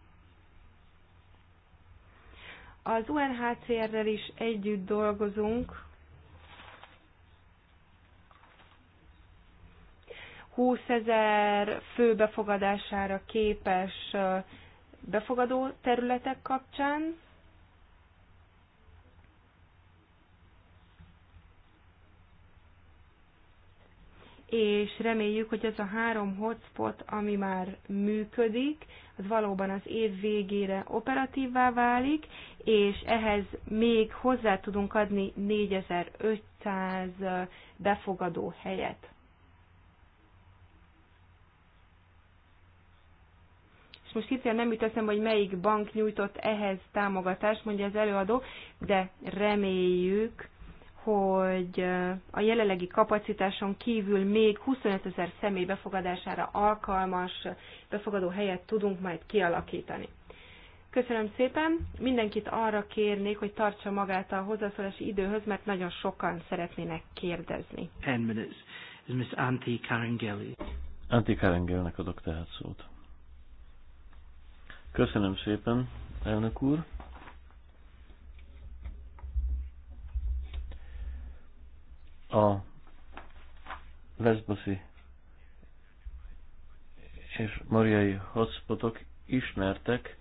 Az UNHCR-rel is együtt dolgozunk. 20 ezer fő befogadására képes befogadó területek kapcsán. és reméljük, hogy ez a három hotspot, ami már működik, az valóban az év végére operatívvá válik, és ehhez még hozzá tudunk adni 4500 befogadó helyet. és most hirtelen nem jut eszembe, hogy melyik bank nyújtott ehhez támogatást, mondja az előadó, de reméljük, hogy a jelenlegi kapacitáson kívül még 25 ezer személy befogadására alkalmas befogadó helyet tudunk majd kialakítani. Köszönöm szépen. Mindenkit arra kérnék, hogy tartsa magát a hozzászólási időhöz, mert nagyon sokan szeretnének kérdezni. 10 minutes. Is Miss Karengeli. Antti Karengelnek adok tehát szót. Köszönöm szépen, elnök úr. A Lesboszi és mariai hotspotok ismertek,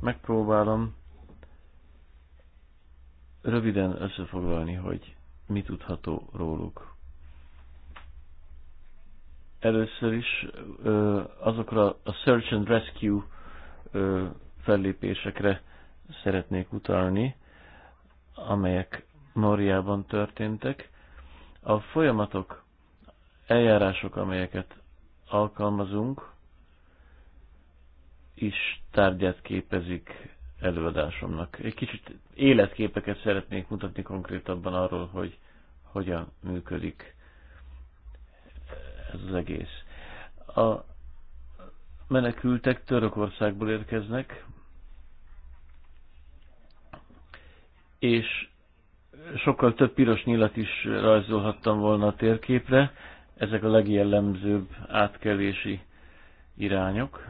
megpróbálom röviden összefoglalni, hogy mi tudható róluk. Először is azokra a search and rescue ö, fellépésekre szeretnék utalni, amelyek Norjában történtek. A folyamatok, eljárások, amelyeket alkalmazunk, is tárgyát képezik előadásomnak. Egy kicsit életképeket szeretnék mutatni konkrétabban arról, hogy hogyan működik ez az egész. A menekültek Törökországból érkeznek, és sokkal több piros nyilat is rajzolhattam volna a térképre, ezek a legjellemzőbb átkelési irányok.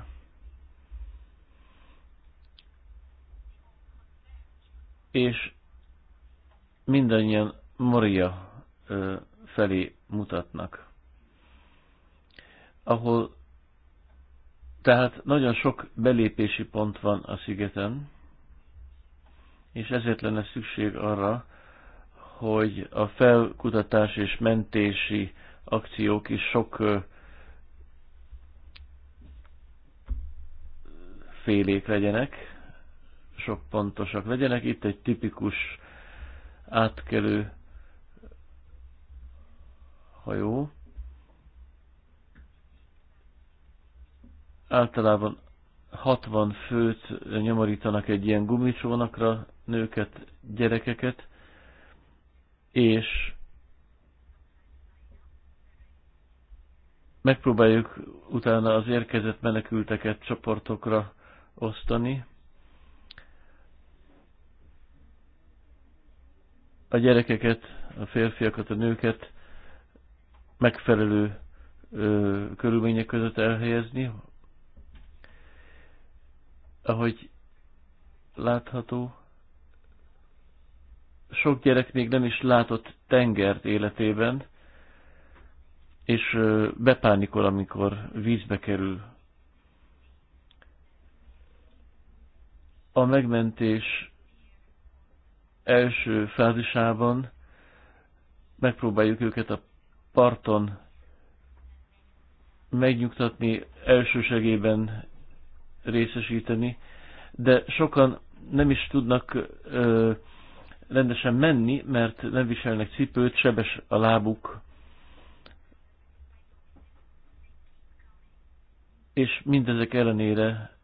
És mindannyian Moria felé mutatnak, ahol tehát nagyon sok belépési pont van a szigeten, és ezért lenne szükség arra, hogy a felkutatás és mentési akciók is sok félék legyenek, sok pontosak legyenek. Itt egy tipikus átkelő hajó. Általában 60 főt nyomorítanak egy ilyen gumicsónakra, nőket, gyerekeket, és megpróbáljuk utána az érkezett menekülteket csoportokra osztani. A gyerekeket, a férfiakat, a nőket megfelelő ö, körülmények között elhelyezni, ahogy látható, sok gyerek még nem is látott tengert életében, és bepánikol, amikor vízbe kerül. A megmentés első fázisában megpróbáljuk őket a parton megnyugtatni, elsősegében részesíteni, de sokan nem is tudnak ö, rendesen menni, mert nem viselnek cipőt, sebes a lábuk, és mindezek ellenére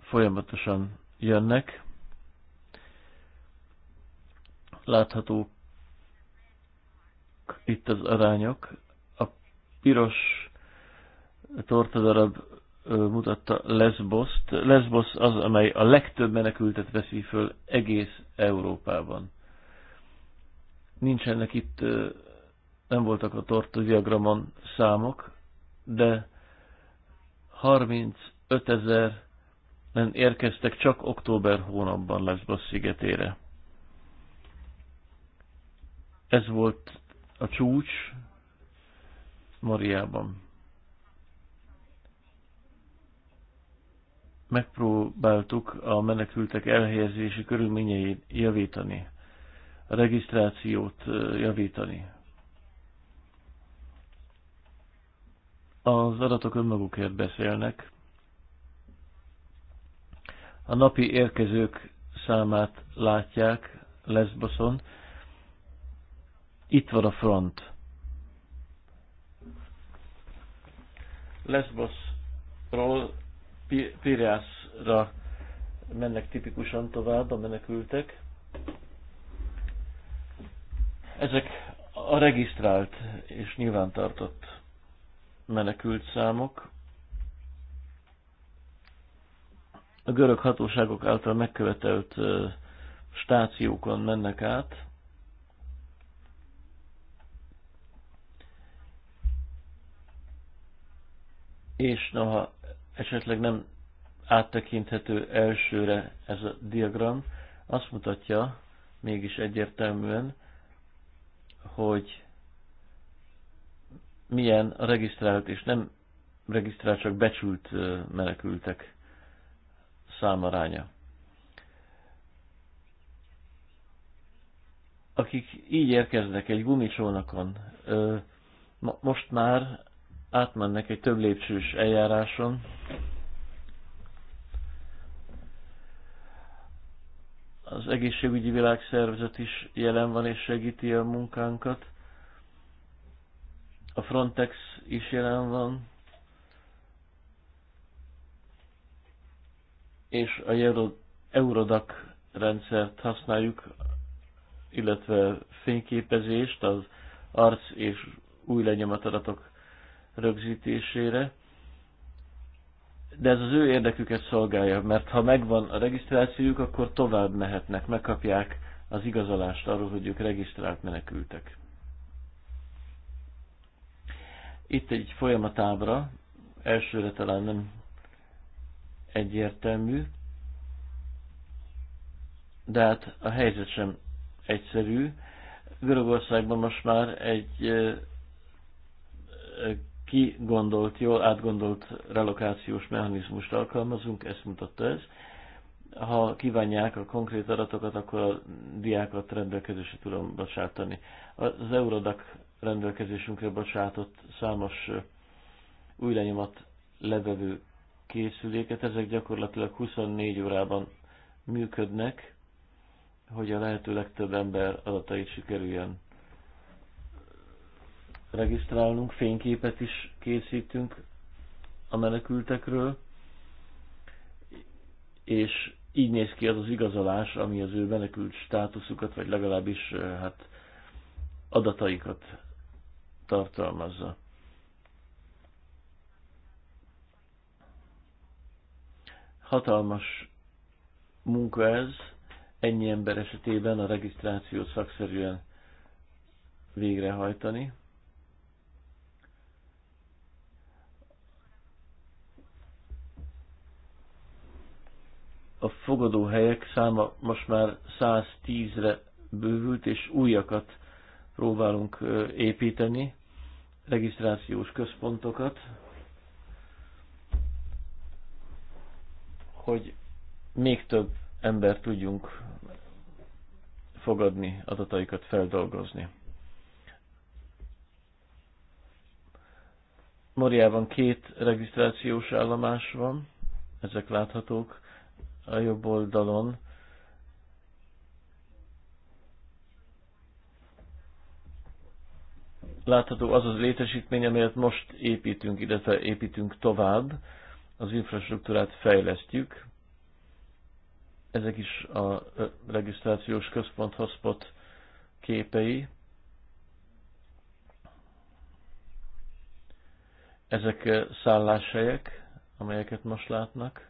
folyamatosan jönnek. Láthatók itt az arányok. A piros tortadarab mutatta Lesboszt. Lesbos az, amely a legtöbb menekültet veszi föl egész Európában. Nincsenek itt, nem voltak a tortodiagramon számok, de 35 ezer nem érkeztek csak október hónapban Lesbos szigetére. Ez volt a csúcs Mariában. megpróbáltuk a menekültek elhelyezési körülményeit javítani, a regisztrációt javítani. Az adatok önmagukért beszélnek. A napi érkezők számát látják Lesboson. Itt van a front. Lesbosról Pirászra mennek tipikusan tovább a menekültek. Ezek a regisztrált és nyilvántartott menekült számok. A görög hatóságok által megkövetelt stációkon mennek át, és noha esetleg nem áttekinthető elsőre ez a diagram, azt mutatja mégis egyértelműen, hogy milyen a regisztrált és nem regisztrált, csak becsült menekültek számaránya. Akik így érkeznek egy gumicsónakon, most már átmennek egy több lépcsős eljáráson. Az egészségügyi világszervezet is jelen van és segíti a munkánkat. A Frontex is jelen van. És a Eurodac rendszert használjuk, illetve fényképezést, az arc és új lenyomatadatok rögzítésére, de ez az ő érdeküket szolgálja, mert ha megvan a regisztrációjuk, akkor tovább mehetnek, megkapják az igazolást arról, hogy ők regisztrált menekültek. Itt egy folyamatábra, elsőre talán nem egyértelmű, de hát a helyzet sem egyszerű. Görögországban most már egy ki gondolt, jól átgondolt relokációs mechanizmust alkalmazunk, ezt mutatta ez. Ha kívánják a konkrét adatokat, akkor a diákat rendelkezésre tudom bocsátani. Az Eurodac rendelkezésünkre bocsátott számos új lenyomat levevő készüléket, ezek gyakorlatilag 24 órában működnek, hogy a lehető legtöbb ember adatait sikerüljön regisztrálnunk, fényképet is készítünk a menekültekről, és így néz ki az az igazolás, ami az ő menekült státuszukat, vagy legalábbis eh, hát adataikat tartalmazza. Hatalmas munka ez, ennyi ember esetében a regisztrációt szakszerűen végrehajtani. fogadóhelyek száma most már 110-re bővült, és újakat próbálunk építeni, regisztrációs központokat, hogy még több ember tudjunk fogadni, adataikat feldolgozni. Moriában két regisztrációs állomás van, ezek láthatók a jobb oldalon látható az az létesítmény, amelyet most építünk, illetve építünk tovább, az infrastruktúrát fejlesztjük. Ezek is a regisztrációs központ hotspot képei. Ezek szálláshelyek, amelyeket most látnak.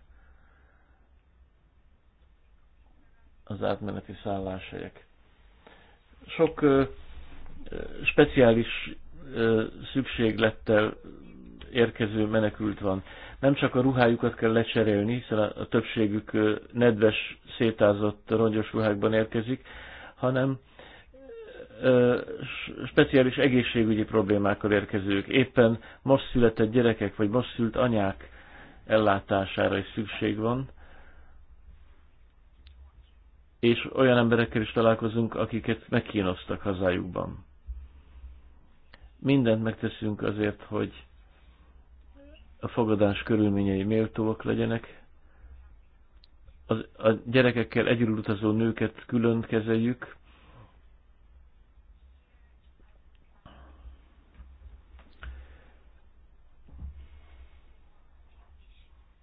az átmeneti szálláshelyek. Sok ö, speciális ö, szükséglettel érkező menekült van. Nem csak a ruhájukat kell lecserélni, hiszen a, a többségük ö, nedves, szétázott, rongyos ruhákban érkezik, hanem ö, speciális egészségügyi problémákkal érkezők. Éppen most született gyerekek, vagy most szült anyák ellátására is szükség van és olyan emberekkel is találkozunk, akiket megkínoztak hazájukban. Mindent megteszünk azért, hogy a fogadás körülményei méltóak legyenek. Az, a gyerekekkel egyedül utazó nőket külön kezeljük.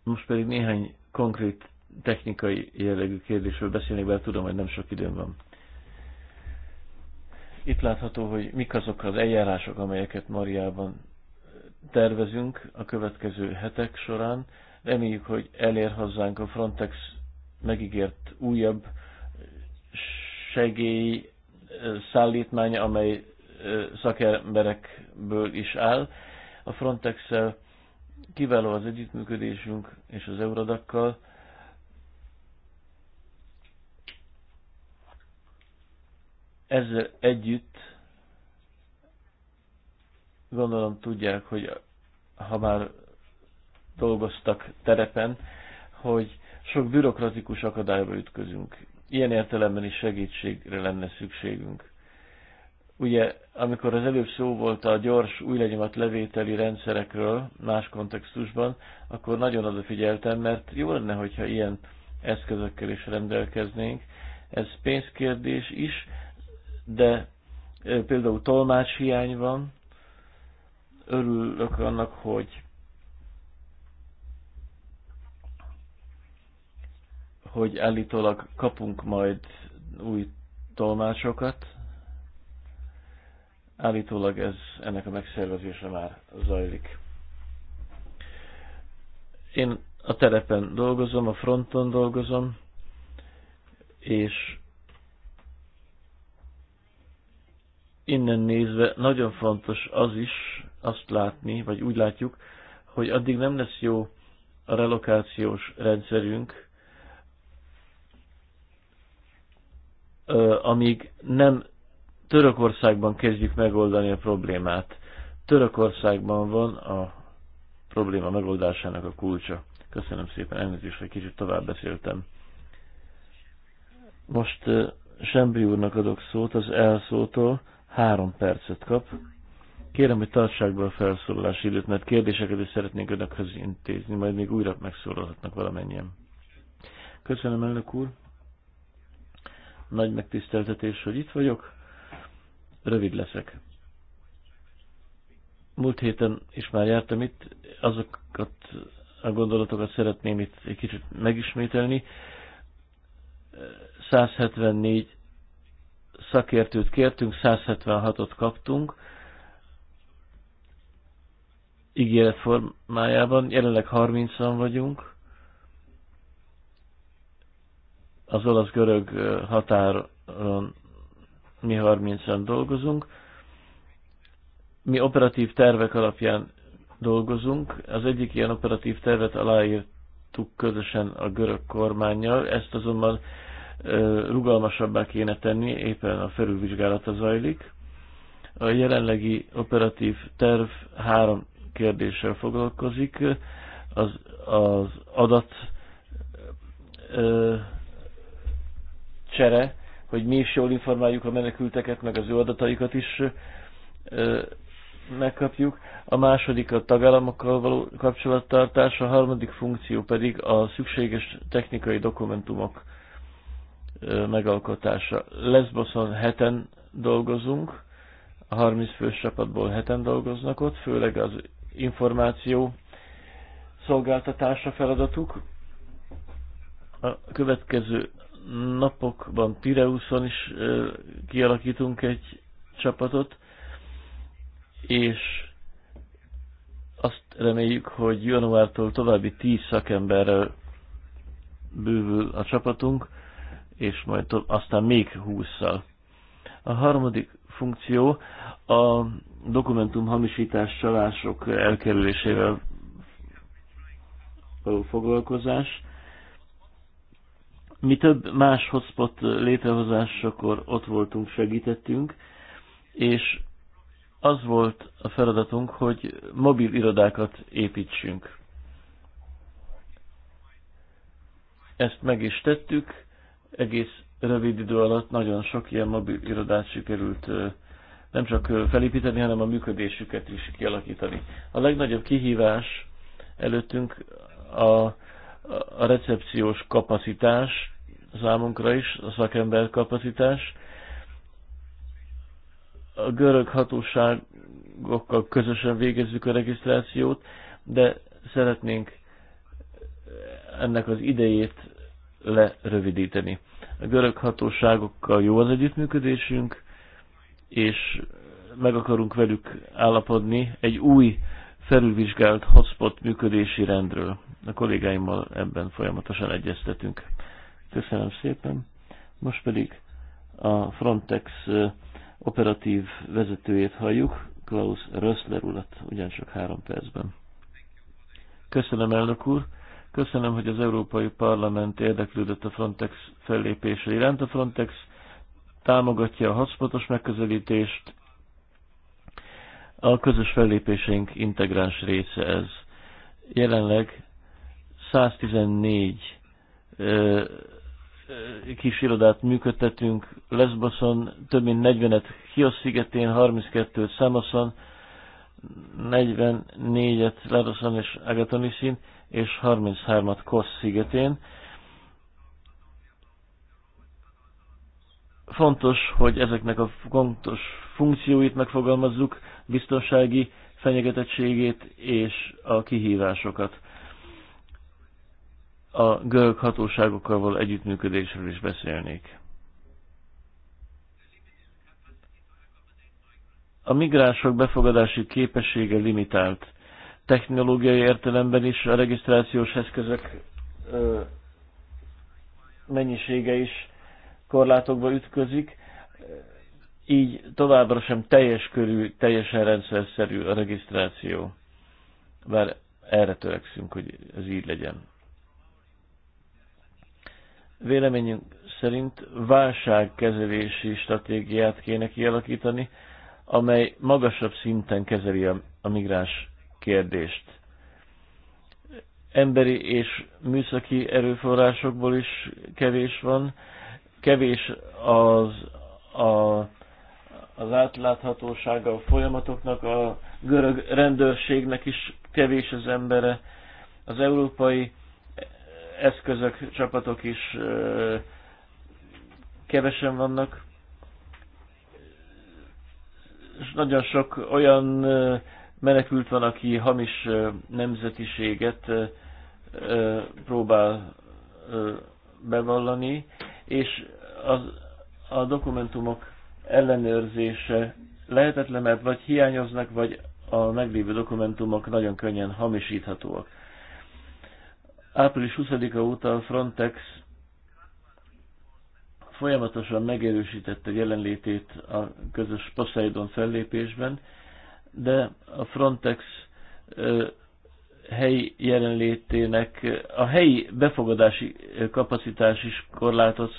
Most pedig néhány konkrét technikai jellegű kérdésről beszélnék, mert tudom, hogy nem sok időm van. Itt látható, hogy mik azok az eljárások, amelyeket Mariában tervezünk a következő hetek során. Reméljük, hogy elér hozzánk a Frontex megígért újabb segély szállítmánya, amely szakemberekből is áll. A Frontex-szel kiváló az együttműködésünk és az Eurodakkal. Ezzel együtt gondolom tudják, hogy ha már dolgoztak terepen, hogy sok bürokratikus akadályba ütközünk. Ilyen értelemben is segítségre lenne szükségünk. Ugye, amikor az előbb szó volt a gyors új lenyomat levételi rendszerekről más kontextusban, akkor nagyon odafigyeltem, mert jó lenne, hogyha ilyen eszközökkel is rendelkeznénk. Ez pénzkérdés is, de például hiány van. Örülök annak, hogy hogy állítólag kapunk majd új tolmácsokat. Állítólag ez ennek a megszervezése már zajlik. Én a terepen dolgozom, a fronton dolgozom, és innen nézve nagyon fontos az is, azt látni, vagy úgy látjuk, hogy addig nem lesz jó a relokációs rendszerünk, amíg nem Törökországban kezdjük megoldani a problémát. Törökországban van a probléma megoldásának a kulcsa. Köszönöm szépen, elnézést, hogy kicsit tovább beszéltem. Most Sembri úrnak adok szót az elszótól három percet kap. Kérem, hogy tartsák be a felszólalási időt, mert kérdéseket is szeretnénk önökhöz intézni, majd még újra megszólalhatnak valamennyien. Köszönöm, elnök úr. Nagy megtiszteltetés, hogy itt vagyok. Rövid leszek. Múlt héten is már jártam itt, azokat a gondolatokat szeretném itt egy kicsit megismételni. 174 szakértőt kértünk, 176-ot kaptunk ígéret formájában, jelenleg 30-an vagyunk az olasz-görög határon mi 30-an dolgozunk. Mi operatív tervek alapján dolgozunk. Az egyik ilyen operatív tervet aláírtuk közösen a görög kormányjal, ezt azonban rugalmasabbá kéne tenni, éppen a felülvizsgálata zajlik. A jelenlegi operatív terv három kérdéssel foglalkozik, az, az adat ö, csere, hogy mi is jól informáljuk a menekülteket, meg az ő adataikat is ö, megkapjuk. A második a tagállamokkal való kapcsolattartás, a harmadik funkció pedig a szükséges technikai dokumentumok megalkotása. Lesboson heten dolgozunk, a 30 fős csapatból heten dolgoznak ott, főleg az információ szolgáltatása feladatuk. A következő napokban Pireuszon is kialakítunk egy csapatot, és azt reméljük, hogy januártól további tíz szakemberrel bővül a csapatunk, és majd aztán még 20-szal. A harmadik funkció a dokumentum hamisítás csalások elkerülésével való foglalkozás. Mi több más hotspot létrehozásakor ott voltunk, segítettünk, és az volt a feladatunk, hogy mobil irodákat építsünk. Ezt meg is tettük, egész rövid idő alatt nagyon sok ilyen mobil irodát sikerült nem csak felépíteni, hanem a működésüket is kialakítani. A legnagyobb kihívás előttünk a, a recepciós kapacitás számunkra is, a szakember kapacitás. A görög hatóságokkal közösen végezzük a regisztrációt, de szeretnénk ennek az idejét lerövidíteni. A görög hatóságokkal jó az együttműködésünk, és meg akarunk velük állapodni egy új felülvizsgált hotspot működési rendről. A kollégáimmal ebben folyamatosan egyeztetünk. Köszönöm szépen. Most pedig a Frontex operatív vezetőjét halljuk, Klaus Rössler urat, ugyancsak három percben. Köszönöm, elnök úr. Köszönöm, hogy az Európai Parlament érdeklődött a Frontex fellépése iránt. A Frontex támogatja a hotspotos megközelítést. A közös fellépéseink integráns része ez. Jelenleg 114 ö, ö, kis irodát működtetünk Lesboson, több mint 40-et Hios szigetén, 32-t Számoszon, 44-et Laroson és Agatonisin, és 33-at Kossz szigetén. Fontos, hogy ezeknek a fontos funkcióit megfogalmazzuk, biztonsági fenyegetettségét és a kihívásokat. A görög hatóságokkal való együttműködésről is beszélnék. A migránsok befogadási képessége limitált. Technológiai értelemben is a regisztrációs eszközök ö, mennyisége is korlátokba ütközik, így továbbra sem teljes körű, teljesen rendszerszerű a regisztráció. Bár erre törekszünk, hogy ez így legyen. Véleményünk szerint válságkezelési stratégiát kéne kialakítani, amely magasabb szinten kezeli a, a migráns kérdést. Emberi és műszaki erőforrásokból is kevés van, kevés az, a, az átláthatósága a folyamatoknak, a görög rendőrségnek is kevés az embere, az európai eszközök, csapatok is kevesen vannak nagyon sok olyan menekült van, aki hamis nemzetiséget próbál bevallani, és az, a dokumentumok ellenőrzése lehetetlen, mert vagy hiányoznak, vagy a meglévő dokumentumok nagyon könnyen hamisíthatóak. Április 20-a óta a Frontex folyamatosan megerősítette jelenlétét a közös Poseidon fellépésben, de a Frontex helyi jelenlétének a helyi befogadási kapacitás is korlátot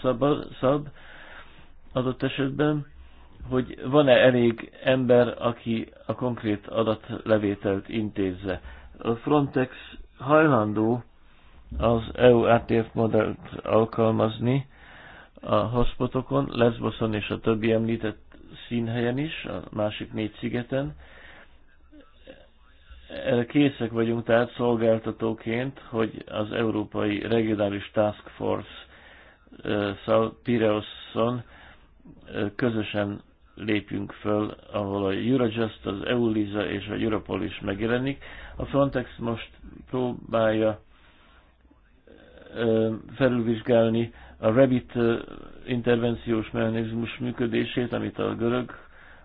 szab, adott esetben, hogy van-e elég ember, aki a konkrét adatlevételt intézze. A Frontex hajlandó az EU átért modellt alkalmazni, a hotspotokon, Lesboson és a többi említett színhelyen is, a másik négy szigeten. Erre készek vagyunk tehát szolgáltatóként, hogy az Európai Regionális Task Force Pireoszon közösen lépjünk föl, ahol a Eurojust, az EULISA és a Europol is megjelenik. A Frontex most próbálja felülvizsgálni a rabbit intervenciós mechanizmus működését, amit a görög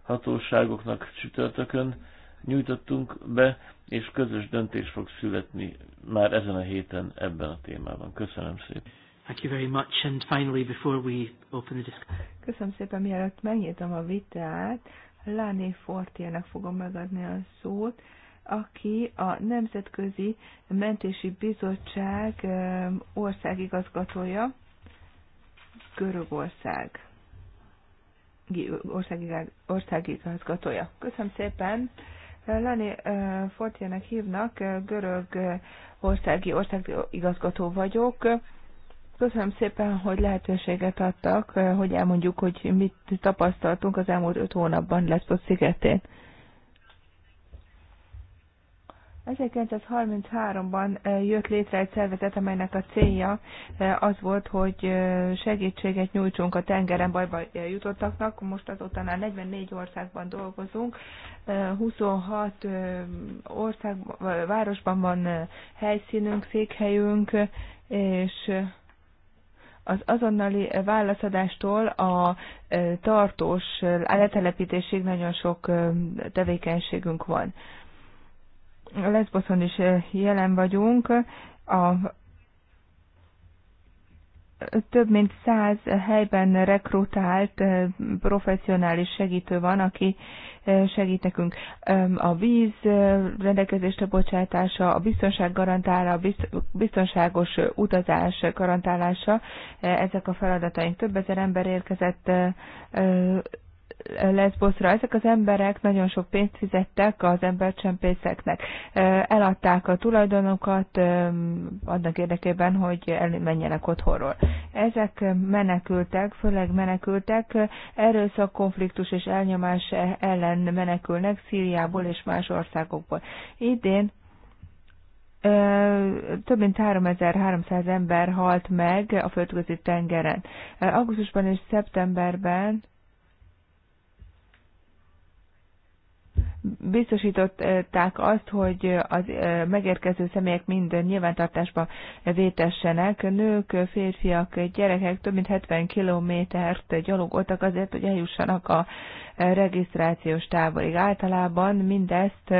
hatóságoknak csütörtökön nyújtottunk be, és közös döntés fog születni már ezen a héten ebben a témában. Köszönöm szépen. Thank you very much. And finally, before we open the discussion. Köszönöm szépen, mielőtt megnyitom a vitát, Lani Fortiának fogom megadni a szót, aki a Nemzetközi Mentési Bizottság országigazgatója. Görögország országi, országigazgatója. Köszönöm szépen! Lani Fortjének hívnak, görög országi országigazgató vagyok. Köszönöm szépen, hogy lehetőséget adtak, hogy elmondjuk, hogy mit tapasztaltunk az elmúlt öt hónapban lesz a szigetén. 1933-ban jött létre egy szervezet, amelynek a célja az volt, hogy segítséget nyújtsunk a tengeren bajba jutottaknak. Most azóta már 44 országban dolgozunk, 26 ország, városban van helyszínünk, székhelyünk, és az azonnali válaszadástól a tartós letelepítésig nagyon sok tevékenységünk van. Lesboszon is eh, jelen vagyunk. A több mint száz helyben rekrutált eh, professzionális segítő van, aki eh, segít nekünk. A víz rendelkezésre bocsátása, a biztonság garantálása, a biztonságos utazás garantálása, ezek a feladataink. Több ezer ember érkezett leszboszra. Ezek az emberek nagyon sok pénzt fizettek az embercsempészeknek. Eladták a tulajdonokat annak érdekében, hogy elmenjenek otthonról. Ezek menekültek, főleg menekültek, erőszak, konfliktus és elnyomás ellen menekülnek Szíriából és más országokból. Idén több mint 3300 ember halt meg a földközi tengeren. Augusztusban és szeptemberben biztosították azt, hogy az megérkező személyek mind nyilvántartásba vétessenek. Nők, férfiak, gyerekek több mint 70 kilométert gyalogoltak azért, hogy eljussanak a regisztrációs táborig. Általában mindezt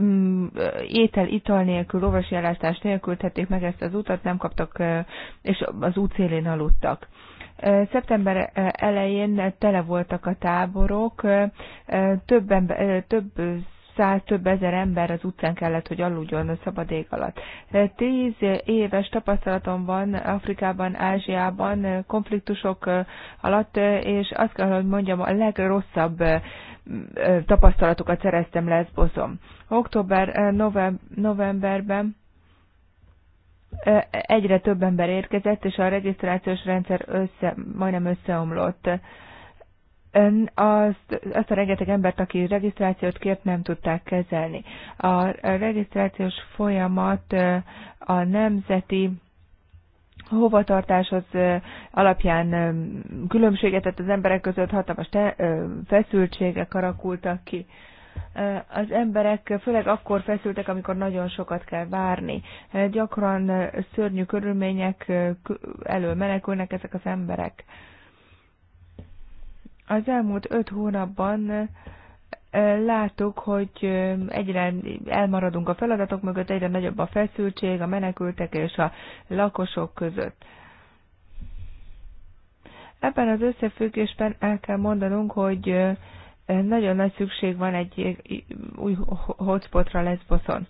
mm, étel, ital nélkül, orvosi ellátást nélkül tették meg ezt az utat, nem kaptak, és az út aludtak. Szeptember eh, elején tele voltak a táborok, eh, eh, több, ember, több száz, több ezer ember az utcán kellett, hogy aludjon a szabad ég alatt. Tíz éves tapasztalatom van Afrikában, Ázsiában, konfliktusok alatt, és azt kell, hogy mondjam, a legrosszabb tapasztalatokat szereztem Lesboson. Október, novemberben egyre több ember érkezett, és a regisztrációs rendszer össze, majdnem összeomlott. Azt, azt a rengeteg embert, aki regisztrációt kért, nem tudták kezelni. A regisztrációs folyamat a nemzeti hovatartáshoz alapján különbséget tett az emberek között, hatalmas feszültségek alakultak ki az emberek főleg akkor feszültek, amikor nagyon sokat kell várni. Gyakran szörnyű körülmények elől menekülnek ezek az emberek. Az elmúlt öt hónapban láttuk, hogy egyre elmaradunk a feladatok mögött, egyre nagyobb a feszültség a menekültek és a lakosok között. Ebben az összefüggésben el kell mondanunk, hogy nagyon nagy szükség van egy új hotspotra lesz boszon.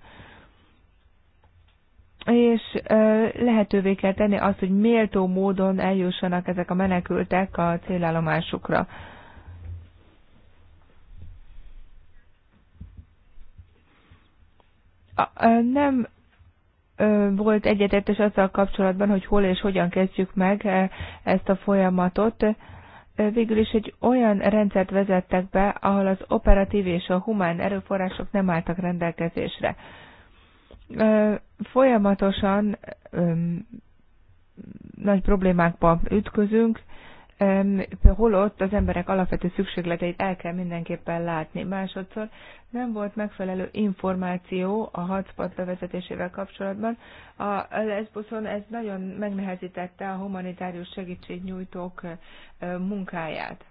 És lehetővé kell tenni azt, hogy méltó módon eljussanak ezek a menekültek a célállomásukra. nem volt egyetetes azzal kapcsolatban, hogy hol és hogyan kezdjük meg ezt a folyamatot végül is egy olyan rendszert vezettek be, ahol az operatív és a humán erőforrások nem álltak rendelkezésre. Folyamatosan nagy problémákba ütközünk, holott az emberek alapvető szükségleteit el kell mindenképpen látni. Másodszor nem volt megfelelő információ a hotspot bevezetésével kapcsolatban. A Lesboszon ez nagyon megnehezítette a humanitárius segítségnyújtók eh, munkáját.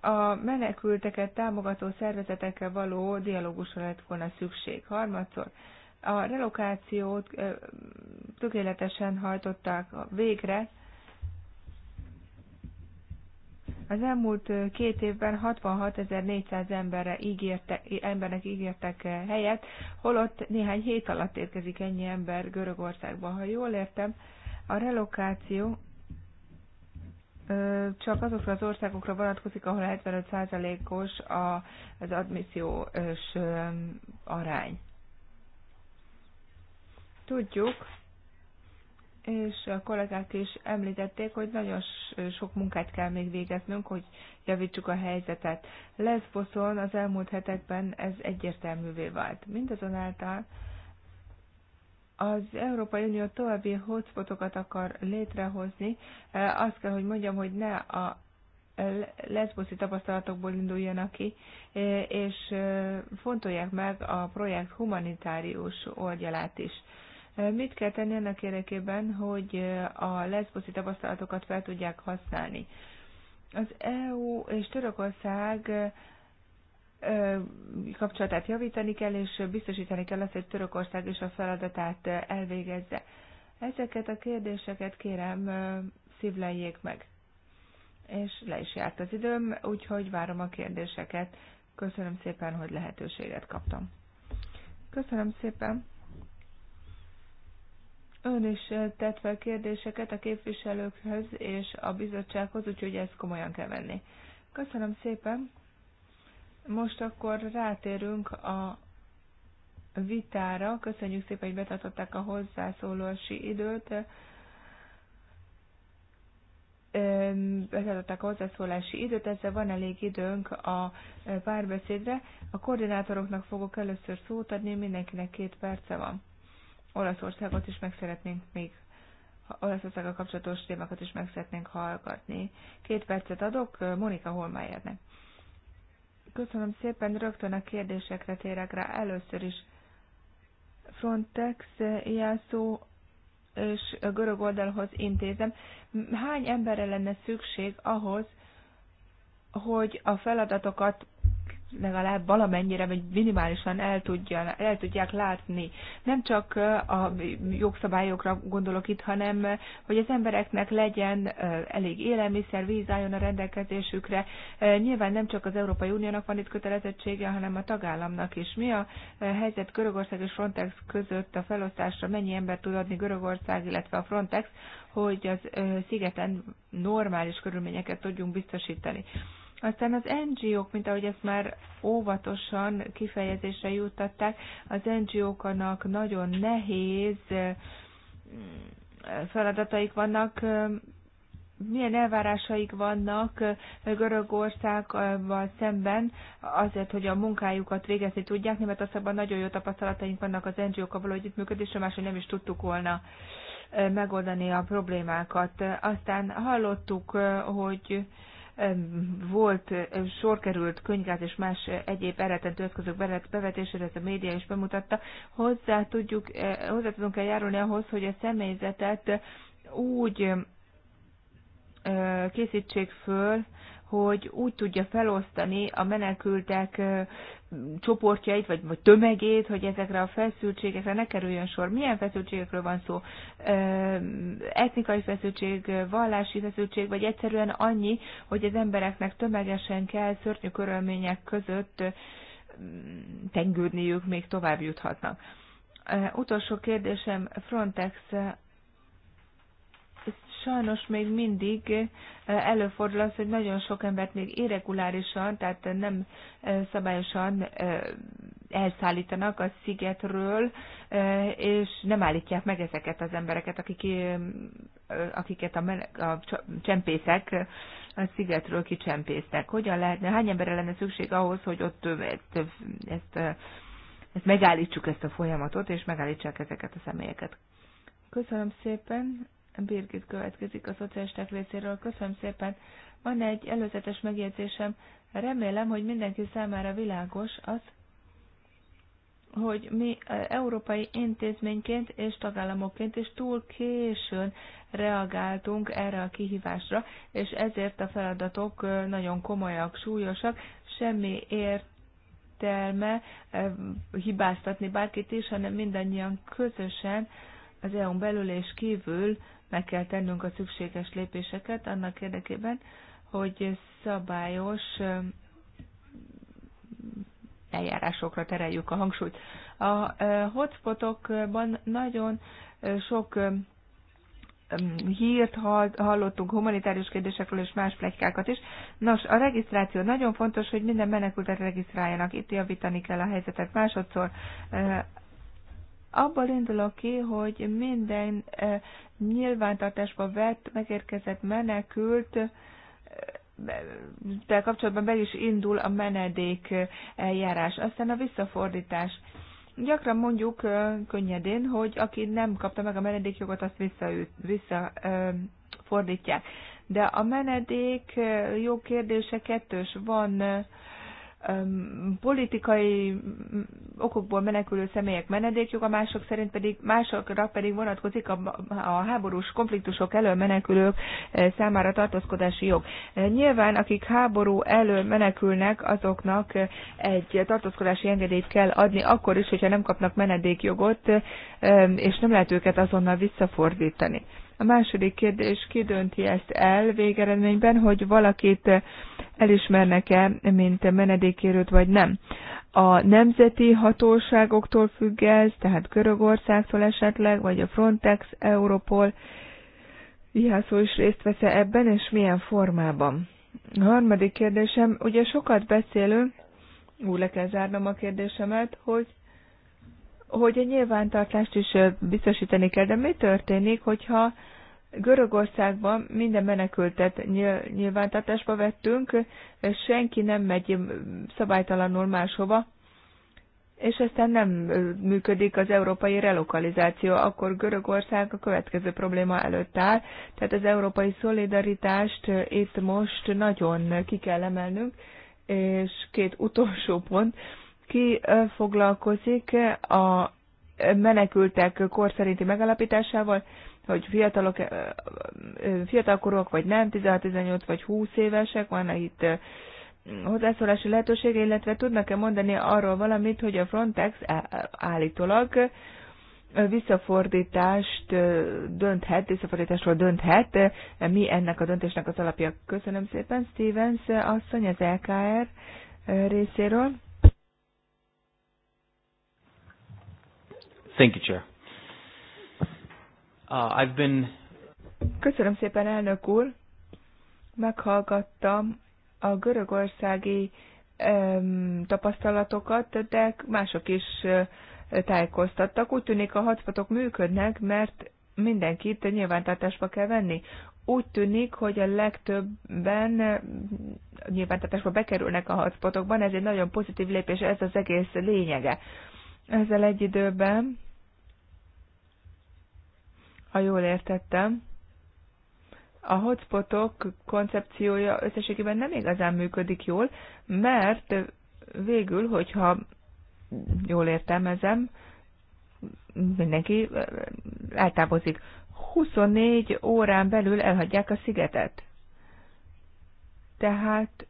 A menekülteket támogató szervezetekkel való dialógusra lett volna szükség. Harmadszor, a relokációt tökéletesen hajtották végre. Az elmúlt két évben 66.400 emberre ígérte, embernek ígértek helyet, holott néhány hét alatt érkezik ennyi ember Görögországba. Ha jól értem, a relokáció csak azokra az országokra vonatkozik, ahol 75%-os az admissziós arány. Tudjuk, és a kollégák is említették, hogy nagyon sok munkát kell még végeznünk, hogy javítsuk a helyzetet. Leszboszon az elmúlt hetekben ez egyértelművé vált. Mindazonáltal az Európai Unió további hotspotokat akar létrehozni. E, azt kell, hogy mondjam, hogy ne a leszboszi tapasztalatokból induljanak ki, e, és e, fontolják meg a projekt humanitárius oldalát is Mit kell tenni annak érdekében, hogy a leszboszi tapasztalatokat fel tudják használni? Az EU és Törökország kapcsolatát javítani kell, és biztosítani kell azt, hogy Törökország is a feladatát elvégezze. Ezeket a kérdéseket kérem szívleljék meg. És le is járt az időm, úgyhogy várom a kérdéseket. Köszönöm szépen, hogy lehetőséget kaptam. Köszönöm szépen. Ön is eh, tett fel kérdéseket a képviselőkhöz és a bizottsághoz, úgyhogy ezt komolyan kell venni. Köszönöm szépen. Most akkor rátérünk a vitára. Köszönjük szépen, hogy betartották a hozzászólási időt. Eh, betartották a hozzászólási időt, ezzel van elég időnk a eh, párbeszédre. A koordinátoroknak fogok először szót adni, mindenkinek két perce van. Olaszországot is meg szeretnénk még Olaszországgal kapcsolatos témákat is meg szeretnénk hallgatni. Két percet adok Monika Holmájernek. Köszönöm szépen, rögtön a kérdésekre térek rá. Először is Frontex jelszó és a görög oldalhoz intézem. Hány emberre lenne szükség ahhoz, hogy a feladatokat legalább valamennyire, vagy minimálisan el, tudja, el tudják látni. Nem csak a jogszabályokra gondolok itt, hanem hogy az embereknek legyen elég élelmiszer, víz álljon a rendelkezésükre. Nyilván nem csak az Európai Uniónak van itt kötelezettsége, hanem a tagállamnak is. Mi a helyzet Görögország és Frontex között a felosztásra? Mennyi ember tud adni Görögország, illetve a Frontex, hogy az szigeten normális körülményeket tudjunk biztosítani? Aztán az NGO-k, mint ahogy ezt már óvatosan kifejezésre juttatták, az NGO-knak nagyon nehéz feladataik vannak, milyen elvárásaik vannak Görögországgal szemben azért, hogy a munkájukat végezni tudják, mert aztán nagyon jó tapasztalataink vannak az NGO-kkal való együttműködésre, máshogy nem is tudtuk volna megoldani a problémákat. Aztán hallottuk, hogy volt, sor került könyvgáz és más eh, egyéb eretentő eszközök bevetésére, ez a média is bemutatta, hozzá, tudjuk, eh, hozzá tudunk eljárulni ahhoz, hogy a személyzetet úgy eh, készítsék föl, hogy úgy tudja felosztani a menekültek csoportjait, vagy, vagy tömegét, hogy ezekre a feszültségekre ne kerüljön sor. Milyen feszültségekről van szó? Etnikai feszültség, vallási feszültség, vagy egyszerűen annyi, hogy az embereknek tömegesen kell szörnyű körülmények között tengődniük, még tovább juthatnak. Utolsó kérdésem Frontex sajnos még mindig eh, előfordul az, hogy nagyon sok embert még irregulárisan, tehát nem eh, szabályosan eh, elszállítanak a szigetről, és nem állítják meg ezeket az embereket, akik, akiket a, a csempészek a szigetről kicsempésznek. Hogyan lehetne, hány emberre lenne szükség ahhoz, hogy ott ezt, ezt, ezt megállítsuk ezt a folyamatot, és megállítsák ezeket a személyeket? Köszönöm szépen. Birgit következik a szocialisták részéről. Köszönöm szépen. Van egy előzetes megjegyzésem. Remélem, hogy mindenki számára világos az, hogy mi eh, európai intézményként és tagállamokként is túl későn reagáltunk erre a kihívásra, és ezért a feladatok eh, nagyon komolyak, súlyosak, semmi értelme eh, hibáztatni bárkit is, hanem mindannyian közösen az EU-n belül és kívül meg kell tennünk a szükséges lépéseket annak érdekében, hogy szabályos eljárásokra tereljük a hangsúlyt. A hotspotokban nagyon sok hírt hallottunk humanitárius kérdésekről és más plegykákat is. Nos, a regisztráció nagyon fontos, hogy minden menekültet regisztráljanak, itt javítani kell a helyzetet. Másodszor Abból indulok ki, hogy minden eh, nyilvántartásba vett, megérkezett menekült, de eh, kapcsolatban be is indul a menedék eh, eljárás, aztán a visszafordítás. Gyakran mondjuk könnyedén, hogy aki nem kapta meg a menedékjogot, azt visszafordítják. Vissza, de a menedék jó kérdése kettős. Van politikai okokból menekülő személyek menedékjoga, mások szerint pedig másokra pedig vonatkozik a, a háborús konfliktusok elől menekülők számára tartózkodási jog. Nyilván, akik háború elől menekülnek, azoknak egy tartózkodási engedélyt kell adni, akkor is, hogyha nem kapnak menedékjogot, és nem lehet őket azonnal visszafordítani. A második kérdés, ki dönti ezt el végeredményben, hogy valakit elismernek-e, mint menedékérőt vagy nem. A nemzeti hatóságoktól függ ez, tehát Görögországtól esetleg, vagy a Frontex, Europol, Ihászó is részt vesz -e ebben, és milyen formában? A harmadik kérdésem, ugye sokat beszélünk, úgy le kell zárnom a kérdésemet, hogy hogy a nyilvántartást is biztosítani kell, de mi történik, hogyha Görögországban minden menekültet nyilvántartásba vettünk, senki nem megy szabálytalanul máshova, és aztán nem működik az európai relokalizáció, akkor Görögország a következő probléma előtt áll. Tehát az európai szolidaritást itt most nagyon ki kell emelnünk, és két utolsó pont, ki foglalkozik a menekültek kor szerinti megalapításával, hogy fiatalok, fiatalkorúak vagy nem, 16-18 vagy 20 évesek, van itt hozzászólási lehetősége, illetve tudnak-e mondani arról valamit, hogy a Frontex állítólag visszafordítást dönthet, visszafordításról dönthet. Mi ennek a döntésnek az alapja? Köszönöm szépen, Stevens asszony, az LKR részéről. Thank you, Chair. Uh, I've been... Köszönöm szépen, elnök úr. Meghallgattam a görögországi um, tapasztalatokat, de mások is uh, tájékoztattak. Úgy tűnik a hotspotok működnek, mert mindenkit nyilvántartásba kell venni. Úgy tűnik, hogy a legtöbben nyilvántartásba bekerülnek a hotspotokban, ez egy nagyon pozitív lépés, ez az egész lényege. Ezzel egy időben ha jól értettem. A hotspotok koncepciója összességében nem igazán működik jól, mert végül, hogyha jól értelmezem, mindenki eh, eh, eltávozik. 24 órán belül elhagyják a szigetet. Tehát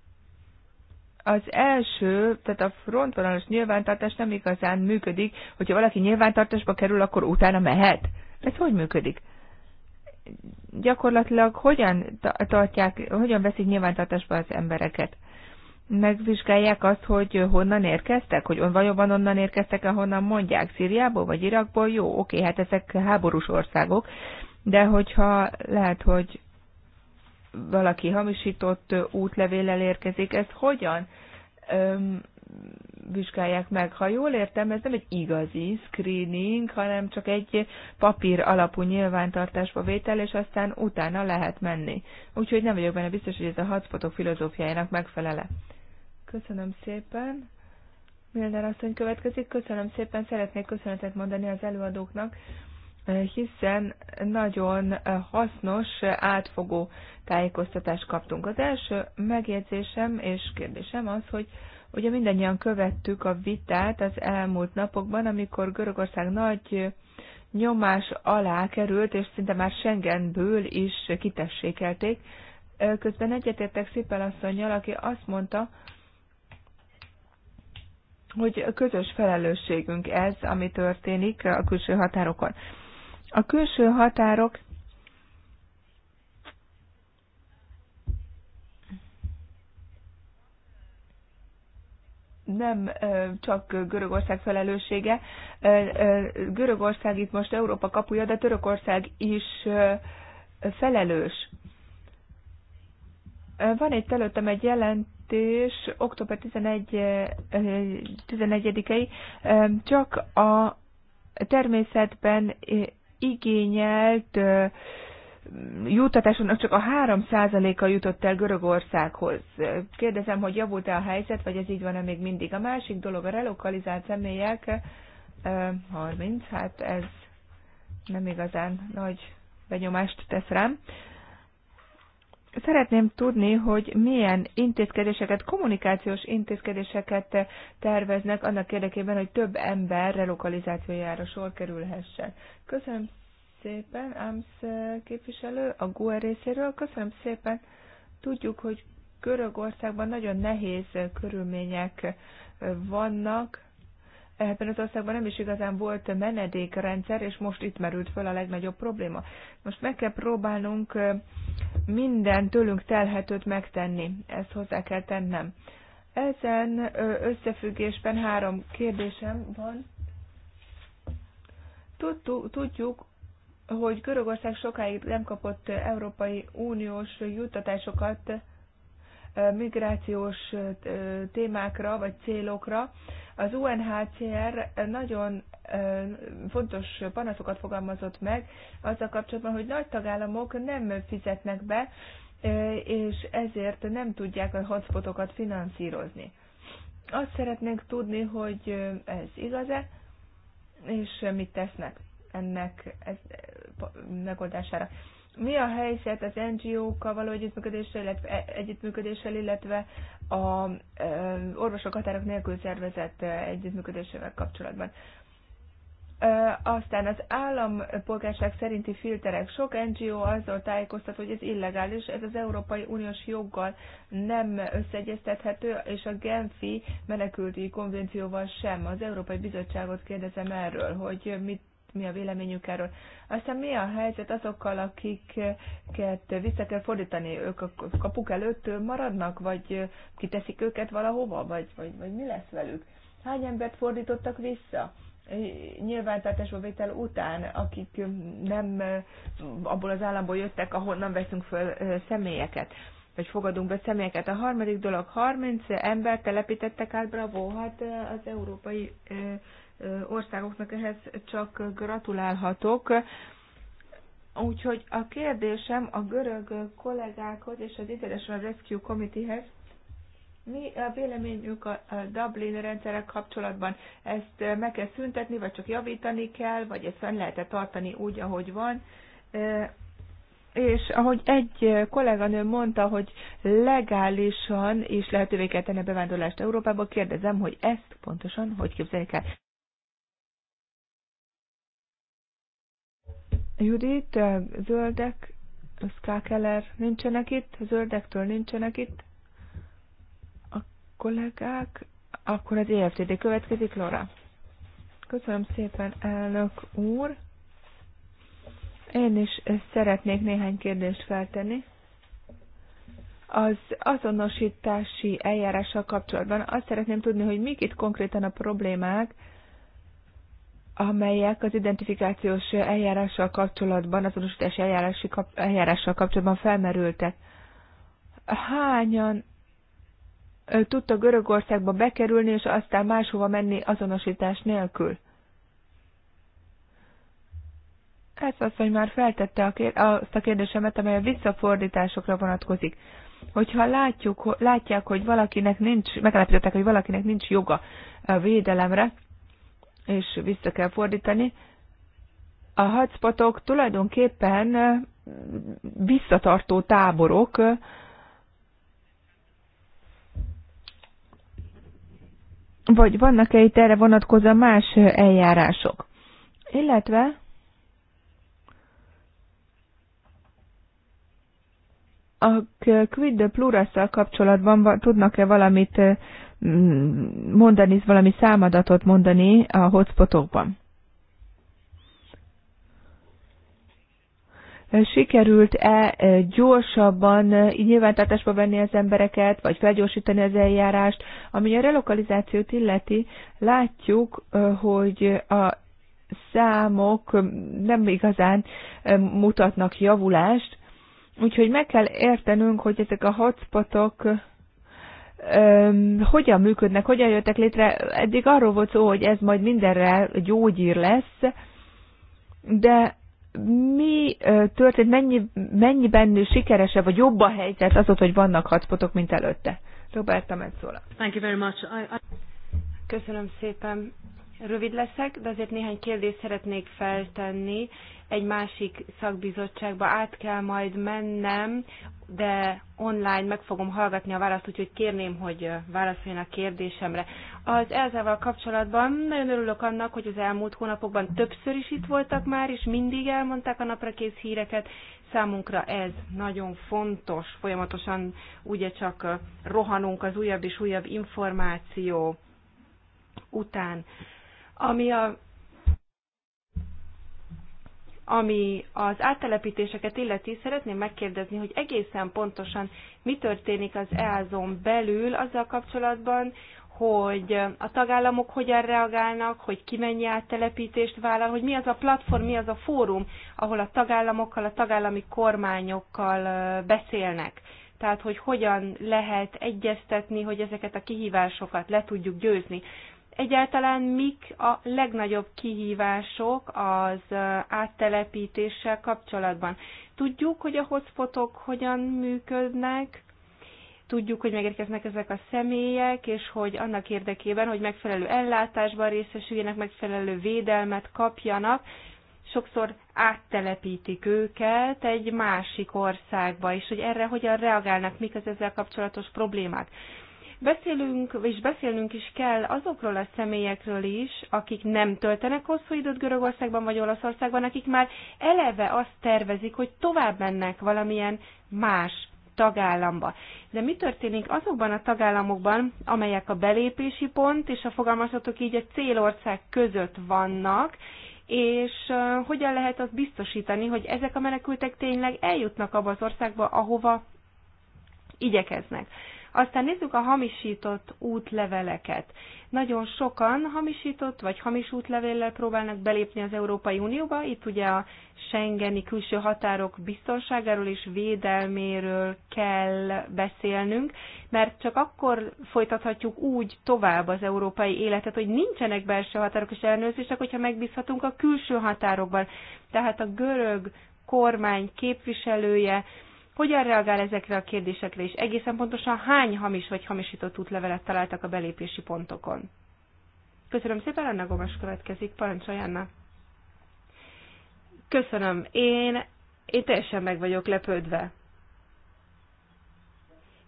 az első, tehát a frontvonalos nyilvántartás nem igazán működik. Hogyha valaki nyilvántartásba kerül, akkor utána mehet. Ez hogy működik? Gyakorlatilag hogyan tartják, hogyan veszik nyilvántartásba az embereket? Megvizsgálják azt, hogy honnan érkeztek, hogy valóban onnan érkeztek, ahonnan mondják, Szíriából vagy Irakból, jó, oké, hát ezek háborús országok, de hogyha lehet, hogy valaki hamisított útlevéllel érkezik, ez hogyan öm, vizsgálják meg. Ha jól értem, ez nem egy igazi screening, hanem csak egy papír alapú nyilvántartásba vétel, és aztán utána lehet menni. Úgyhogy nem vagyok benne biztos, hogy ez a hotspotok filozófiájának megfelele. Köszönöm szépen. Milner asszony következik. Köszönöm szépen, szeretnék köszönetet mondani az előadóknak, hiszen nagyon hasznos, átfogó tájékoztatást kaptunk. Az első megjegyzésem és kérdésem az, hogy Ugye mindannyian követtük a vitát az elmúlt napokban, amikor Görögország nagy nyomás alá került, és szinte már Schengenből is kitessékelték. Közben egyetértek Szipel asszonynal, aki azt mondta, hogy közös felelősségünk ez, ami történik a külső határokon. A külső határok nem csak Görögország felelőssége. Görögország itt most Európa kapuja, de Törökország is felelős. Van egy előttem egy jelentés, október 11, 11 csak a természetben igényelt juttatásoknak csak a 3%-a jutott el Görögországhoz. Kérdezem, hogy javult-e a helyzet, vagy ez így van-e még mindig. A másik dolog a relokalizált személyek, 30, hát ez nem igazán nagy benyomást tesz rám. Szeretném tudni, hogy milyen intézkedéseket, kommunikációs intézkedéseket terveznek annak érdekében, hogy több ember relokalizációjára sor kerülhessen. Köszönöm szépen, AMSZ képviselő, a GUE részéről. Köszönöm szépen. Tudjuk, hogy Görögországban nagyon nehéz körülmények vannak. Ebben az országban nem is igazán volt menedékrendszer, és most itt merült föl a legnagyobb probléma. Most meg kell próbálnunk minden tőlünk telhetőt megtenni. Ezt hozzá kell tennem. Ezen összefüggésben három kérdésem van. Tudtuk, hogy Görögország sokáig nem kapott Európai Uniós juttatásokat migrációs témákra vagy célokra. Az UNHCR nagyon fontos panaszokat fogalmazott meg azzal kapcsolatban, hogy nagy tagállamok nem fizetnek be, és ezért nem tudják a hotspotokat finanszírozni. Azt szeretnénk tudni, hogy ez igaz-e, és mit tesznek ennek ez, megoldására. Mi a helyzet az NGO-kkal való együttműködéssel, illetve, e, együttműködéssel, illetve a e, orvosok határok nélkül szervezett e, együttműködésével kapcsolatban? E, aztán az állampolgárság szerinti filterek. Sok NGO azzal tájékoztat, hogy ez illegális, ez az Európai Uniós joggal nem összeegyeztethető, és a Genfi menekülti konvencióval sem. Az Európai Bizottságot kérdezem erről, hogy mit mi a véleményük erről. Aztán mi a helyzet azokkal, akiket vissza kell fordítani? Ők a kapuk előtt maradnak, vagy kiteszik őket valahova, vagy, vagy, vagy mi lesz velük? Hány embert fordítottak vissza? nyilvántartásba vétel után, akik nem abból az államból jöttek, ahonnan veszünk fel személyeket vagy fogadunk be személyeket. A harmadik dolog, 30 ember telepítettek át, bravo, hát az Európai országoknak ehhez csak gratulálhatok. Úgyhogy a kérdésem a görög kollégákhoz és az International Rescue Committeehez, mi a véleményük a Dublin rendszerek kapcsolatban? Ezt meg kell szüntetni, vagy csak javítani kell, vagy ezt fenn lehet-e tartani úgy, ahogy van? És ahogy egy kolléganő mondta, hogy legálisan is lehetővé kell tenni a bevándorlást Európába, kérdezem, hogy ezt pontosan hogy képzelik el? Judit, zöldek, Skákeller nincsenek itt, zöldektől nincsenek itt. A kollégák, akkor az EFTD következik, Laura. Köszönöm szépen, elnök úr. Én is szeretnék néhány kérdést feltenni. Az azonosítási eljárással kapcsolatban azt szeretném tudni, hogy mik itt konkrétan a problémák, amelyek az identifikációs eljárással kapcsolatban, azonosítási eljárási kap, eljárással kapcsolatban felmerültek. Hányan tudta Görögországba bekerülni, és aztán máshova menni azonosítás nélkül? Ez az, hogy már feltette a kér- azt a kérdésemet, amely a visszafordításokra vonatkozik. Hogyha látjuk, látják, hogy valakinek nincs, megállapították, hogy valakinek nincs joga a védelemre, és vissza kell fordítani. A hotspotok tulajdonképpen visszatartó táborok, vagy vannak-e itt erre vonatkozó más eljárások? Illetve a quid de plurasszal kapcsolatban tudnak-e valamit Mm, mondani, valami számadatot mondani a hotspotokban. sikerült-e eh, gyorsabban eh, nyilvántartásba venni az embereket, vagy felgyorsítani az eljárást. Ami a relokalizációt illeti, látjuk, eh, hogy a számok nem igazán mutatnak javulást, úgyhogy meg kell értenünk, hogy ezek a hotspotok -ok hogyan működnek, hogyan jöttek létre. Eddig arról volt szó, hogy ez majd mindenre gyógyír lesz, de mi történt, mennyi, bennő sikeresebb vagy jobb a helyzet ott, hogy vannak hotspotok, mint előtte? Roberta Metzola. Thank you very much. I, I... Köszönöm szépen. Rövid leszek, de azért néhány kérdést szeretnék feltenni. Egy másik szakbizottságba át kell majd mennem de online meg fogom hallgatni a választ, úgyhogy kérném, hogy válaszoljon a kérdésemre. Az Elzával kapcsolatban nagyon örülök annak, hogy az elmúlt hónapokban többször is itt voltak már, és mindig elmondták a napra kész híreket. Számunkra ez nagyon fontos. Folyamatosan ugye csak rohanunk az újabb és újabb információ után. Ami a ami az áttelepítéseket illeti, szeretném megkérdezni, hogy egészen pontosan mi történik az EASON belül azzal kapcsolatban, hogy a tagállamok hogyan reagálnak, hogy ki mennyi áttelepítést vállal, hogy mi az a platform, mi az a fórum, ahol a tagállamokkal, a tagállami kormányokkal beszélnek. Tehát, hogy hogyan lehet egyeztetni, hogy ezeket a kihívásokat le tudjuk győzni. Egyáltalán mik a legnagyobb kihívások az áttelepítéssel kapcsolatban? Tudjuk, hogy a hotspotok hogyan működnek, tudjuk, hogy megérkeznek ezek a személyek, és hogy annak érdekében, hogy megfelelő ellátásban részesüljenek, megfelelő védelmet kapjanak, sokszor áttelepítik őket egy másik országba, és hogy erre hogyan reagálnak, mik az ezzel kapcsolatos problémák. Beszélünk, és beszélnünk is kell azokról a személyekről is, akik nem töltenek hosszú időt Görögországban vagy Olaszországban, akik már eleve azt tervezik, hogy tovább mennek valamilyen más tagállamba. De mi történik azokban a tagállamokban, amelyek a belépési pont és a fogalmazhatók így a célország között vannak, és hogyan lehet azt biztosítani, hogy ezek a menekültek tényleg eljutnak abba az országba, ahova igyekeznek. Aztán nézzük a hamisított útleveleket. Nagyon sokan hamisított vagy hamis útlevéllel próbálnak belépni az Európai Unióba. Itt ugye a Schengeni külső határok biztonságáról és védelméről kell beszélnünk, mert csak akkor folytathatjuk úgy tovább az európai életet, hogy nincsenek belső határok és ellenőrzések, hogyha megbízhatunk a külső határokban. Tehát a görög kormány képviselője hogyan reagál ezekre a kérdésekre, és egészen pontosan hány hamis vagy hamisított útlevelet találtak a belépési pontokon. Köszönöm szépen, Anna Gomes következik, parancsolj Anna. Köszönöm, én, én teljesen meg vagyok lepődve.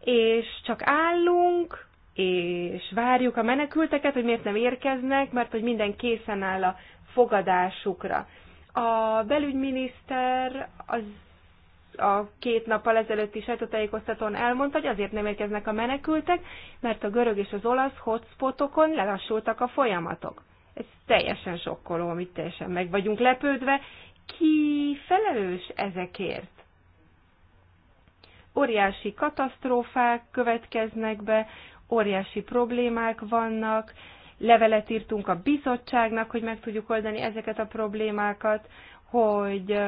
És csak állunk, és várjuk a menekülteket, hogy miért nem érkeznek, mert hogy minden készen áll a fogadásukra. A belügyminiszter az a két nappal ezelőtti sajtótájékoztatón elmondta, hogy azért nem érkeznek a menekültek, mert a görög és az olasz hotspotokon lelassultak a folyamatok. Ez teljesen sokkoló, amit teljesen meg vagyunk lepődve. Ki felelős ezekért? Óriási katasztrófák következnek be, óriási problémák vannak, levelet írtunk a bizottságnak, hogy meg tudjuk oldani ezeket a problémákat, hogy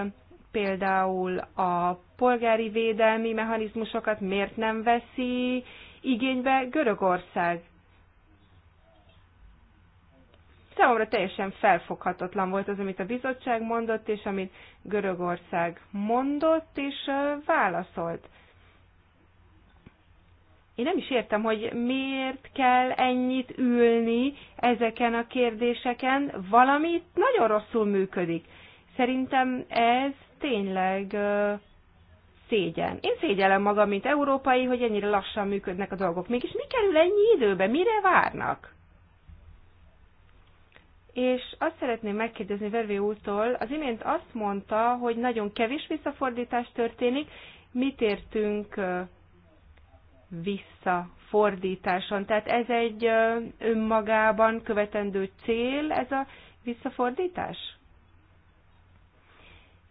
például a polgári védelmi mechanizmusokat miért nem veszi igénybe Görögország? Számomra teljesen felfoghatatlan volt az, amit a bizottság mondott, és amit Görögország mondott, és válaszolt. Én nem is értem, hogy miért kell ennyit ülni ezeken a kérdéseken, valami nagyon rosszul működik. Szerintem ez tényleg szégyen. Én szégyellem magam, mint európai, hogy ennyire lassan működnek a dolgok. Mégis mi kerül ennyi időbe? Mire várnak? És azt szeretném megkérdezni Vervé úrtól, az imént azt mondta, hogy nagyon kevés visszafordítás történik, mit értünk visszafordításon. Tehát ez egy önmagában követendő cél, ez a visszafordítás?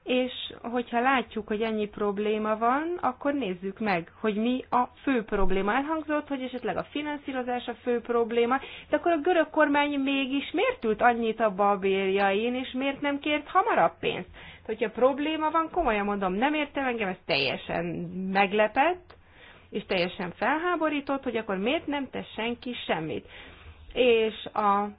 és hogyha látjuk, hogy ennyi probléma van, akkor nézzük meg, hogy mi a fő probléma. Elhangzott, hogy esetleg a finanszírozás a fő probléma, de akkor a görög kormány mégis miért ült annyit a babérjain, és miért nem kért hamarabb pénzt? Tehát, hogyha probléma van, komolyan mondom, nem értem, engem ez teljesen meglepett, és teljesen felháborított, hogy akkor miért nem tesz senki semmit. És a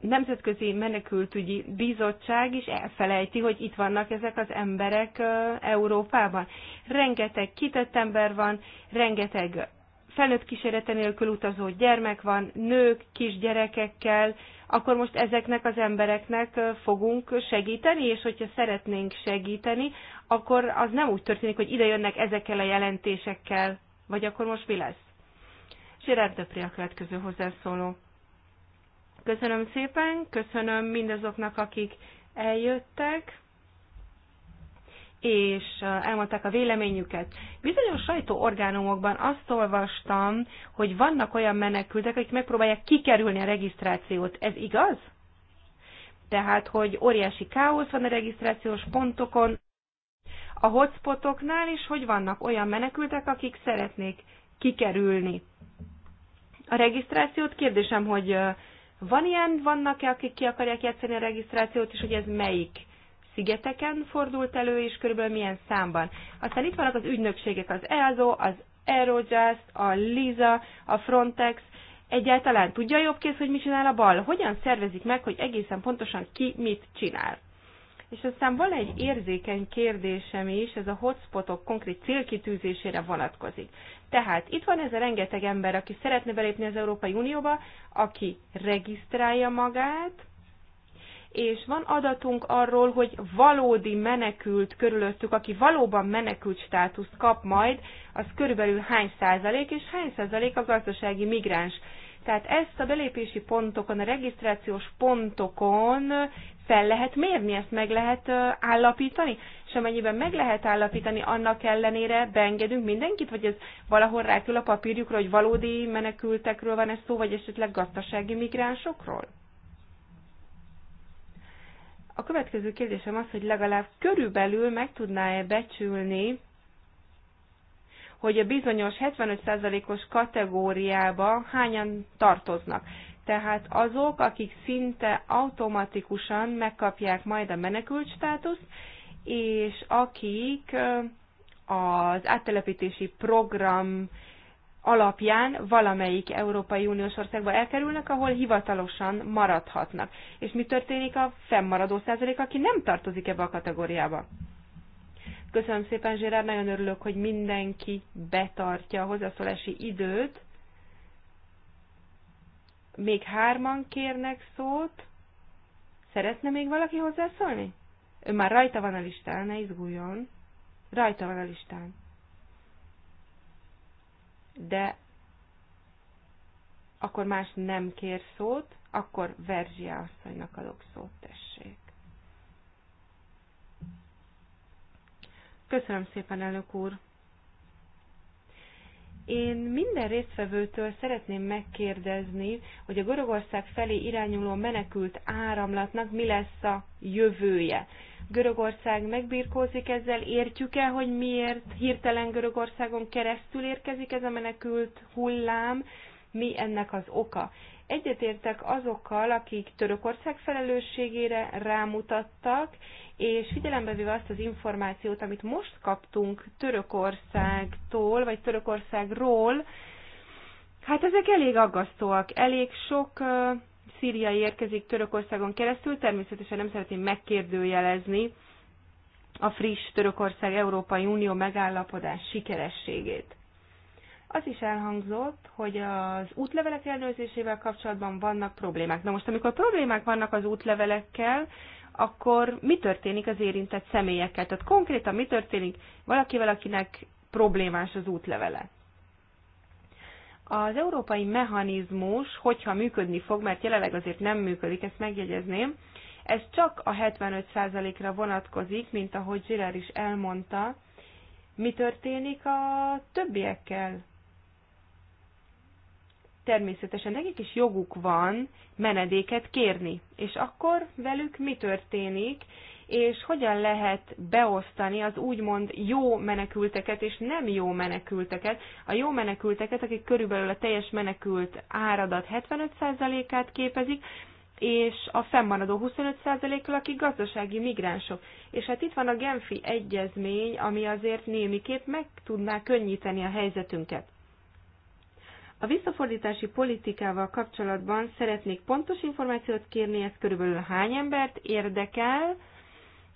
Nemzetközi Menekültügyi Bizottság is elfelejti, hogy itt vannak ezek az emberek Európában. Rengeteg kitett ember van, rengeteg felnőtt kísérete nélkül utazó gyermek van, nők, kisgyerekekkel, akkor most ezeknek az embereknek fogunk segíteni, és hogyha szeretnénk segíteni, akkor az nem úgy történik, hogy ide jönnek ezekkel a jelentésekkel, vagy akkor most mi lesz? Gerard Döpri a következő hozzászóló. Köszönöm szépen, köszönöm mindazoknak, akik eljöttek és elmondták a véleményüket. Bizonyos sajtóorgánumokban azt olvastam, hogy vannak olyan menekültek, akik megpróbálják kikerülni a regisztrációt. Ez igaz? Tehát, hogy óriási káosz van a regisztrációs pontokon, a hotspotoknál is, hogy vannak olyan menekültek, akik szeretnék kikerülni. A regisztrációt kérdésem, hogy van ilyen, vannak-e, akik ki akarják játszani a regisztrációt, és hogy ez melyik szigeteken fordult elő, és körülbelül milyen számban. Aztán itt vannak az ügynökségek, az EASO, az Aerojust, a LISA, a Frontex, egyáltalán tudja a jobb kész hogy mit csinál a bal, hogyan szervezik meg, hogy egészen pontosan ki mit csinál. És aztán van egy érzékeny kérdésem is, ez a hotspotok konkrét célkitűzésére vonatkozik. Tehát itt van ez a rengeteg ember, aki szeretne belépni az Európai Unióba, aki regisztrálja magát, és van adatunk arról, hogy valódi menekült körülöttük, aki valóban menekült státuszt kap majd, az körülbelül hány százalék, és hány százalék a gazdasági migráns. Tehát ezt a belépési pontokon, a regisztrációs pontokon fel lehet mérni, ezt meg lehet állapítani, és amennyiben meg lehet állapítani, annak ellenére beengedünk mindenkit, vagy ez valahol rákül a papírjukra, hogy valódi menekültekről van ez szó, vagy esetleg gazdasági migránsokról? A következő kérdésem az, hogy legalább körülbelül meg tudná-e becsülni, hogy a bizonyos 75%-os kategóriába hányan tartoznak. Tehát azok, akik szinte automatikusan megkapják majd a menekült státuszt, és akik az áttelepítési program alapján valamelyik Európai Uniós országba elkerülnek, ahol hivatalosan maradhatnak. És mi történik a fennmaradó százalék, aki nem tartozik ebbe a kategóriába? Köszönöm szépen, Zsérár, nagyon örülök, hogy mindenki betartja a hozzászólási időt. Még hárman kérnek szót. Szeretne még valaki hozzászólni? Ő már rajta van a listán, ne izguljon. Rajta van a listán. De akkor más nem kér szót, akkor Verzsia asszonynak adok szót, tessék. Köszönöm szépen, elnök úr! Én minden résztvevőtől szeretném megkérdezni, hogy a Görögország felé irányuló menekült áramlatnak mi lesz a jövője. Görögország megbirkózik ezzel, értjük el, hogy miért hirtelen Görögországon keresztül érkezik ez a menekült hullám, mi ennek az oka. Egyetértek azokkal, akik Törökország felelősségére rámutattak, és figyelembe véve azt az információt, amit most kaptunk Törökországtól, vagy Törökországról, hát ezek elég aggasztóak. Elég sok uh, szíriai érkezik Törökországon keresztül, természetesen nem szeretném megkérdőjelezni a friss Törökország Európai Unió megállapodás sikerességét. Az is elhangzott, hogy az útlevelek ellenőrzésével kapcsolatban vannak problémák. Na most, amikor problémák vannak az útlevelekkel, akkor mi történik az érintett személyekkel? Tehát konkrétan mi történik valakivel, akinek problémás az útlevele? Az európai mechanizmus, hogyha működni fog, mert jelenleg azért nem működik, ezt megjegyezném, ez csak a 75%-ra vonatkozik, mint ahogy Zsirár is elmondta, mi történik a többiekkel? természetesen nekik is joguk van menedéket kérni. És akkor velük mi történik, és hogyan lehet beosztani az úgymond jó menekülteket és nem jó menekülteket. A jó menekülteket, akik körülbelül a teljes menekült áradat 75%-át képezik, és a fennmaradó 25%-kal, akik gazdasági migránsok. És hát itt van a Genfi egyezmény, ami azért némiképp meg tudná könnyíteni a helyzetünket. A visszafordítási politikával kapcsolatban szeretnék pontos információt kérni, ez körülbelül hány embert érdekel,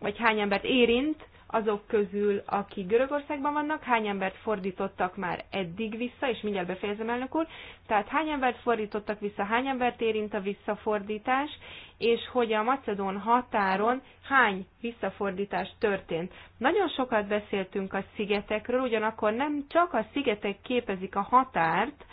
vagy hány embert érint azok közül, aki Görögországban vannak, hány embert fordítottak már eddig vissza, és mindjárt befejezem, elnök úr, tehát hány embert fordítottak vissza, hány embert érint a visszafordítás, és hogy a Macedón határon hány visszafordítás történt. Nagyon sokat beszéltünk a szigetekről, ugyanakkor nem csak a szigetek képezik a határt,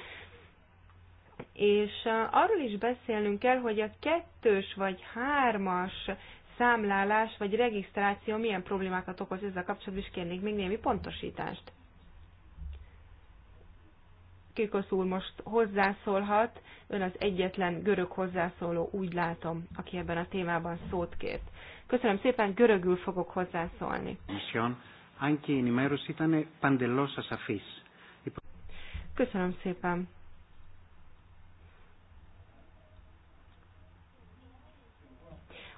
és arról is beszélnünk kell, hogy a kettős vagy hármas számlálás vagy regisztráció milyen problémákat okoz, ezzel kapcsolatban is kérnék még némi pontosítást. Kirkosz úr most hozzászólhat, ön az egyetlen görög hozzászóló, úgy látom, aki ebben a témában szót kért. Köszönöm szépen, görögül fogok hozzászólni. Köszönöm szépen.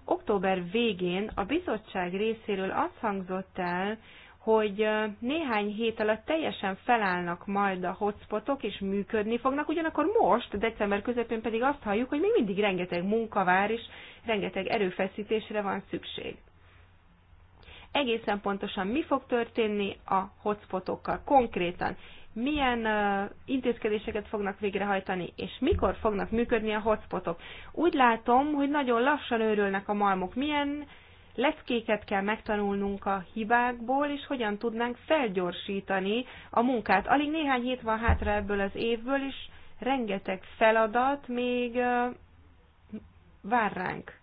Október végén a bizottság részéről azt hangzott el, hogy néhány hét alatt teljesen felállnak majd a hotspotok, és működni fognak, ugyanakkor most, december közepén pedig azt halljuk, hogy még mindig rengeteg munka vár, és rengeteg erőfeszítésre van szükség. Egészen pontosan mi fog történni a hotspotokkal konkrétan, milyen intézkedéseket fognak végrehajtani, és mikor fognak működni a hotspotok. Úgy látom, hogy nagyon lassan őrülnek a malmok. Milyen leckéket kell megtanulnunk a hibákból, és hogyan tudnánk felgyorsítani a munkát. Alig néhány hét van hátra ebből az évből, és rengeteg feladat még vár ránk.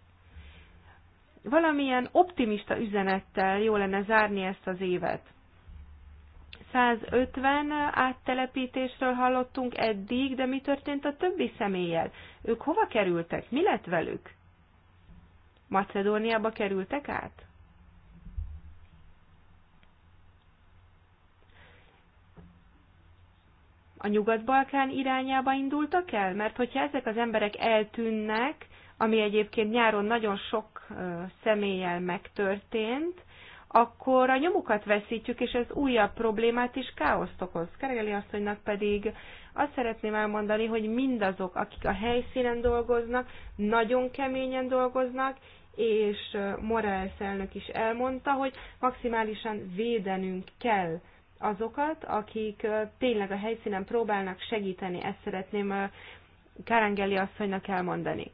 Valamilyen optimista üzenettel jó lenne zárni ezt az évet. 150 áttelepítésről hallottunk eddig, de mi történt a többi személlyel? Ők hova kerültek? Mi lett velük? Macedóniába kerültek át? A Nyugat-Balkán irányába indultak el? Mert hogyha ezek az emberek eltűnnek, ami egyébként nyáron nagyon sok személlyel megtörtént, akkor a nyomukat veszítjük, és ez újabb problémát is káoszt okoz. Kergeli asszonynak pedig azt szeretném elmondani, hogy mindazok, akik a helyszínen dolgoznak, nagyon keményen dolgoznak, és Morales elnök is elmondta, hogy maximálisan védenünk kell azokat, akik tényleg a helyszínen próbálnak segíteni, ezt szeretném Kárengeli asszonynak elmondani.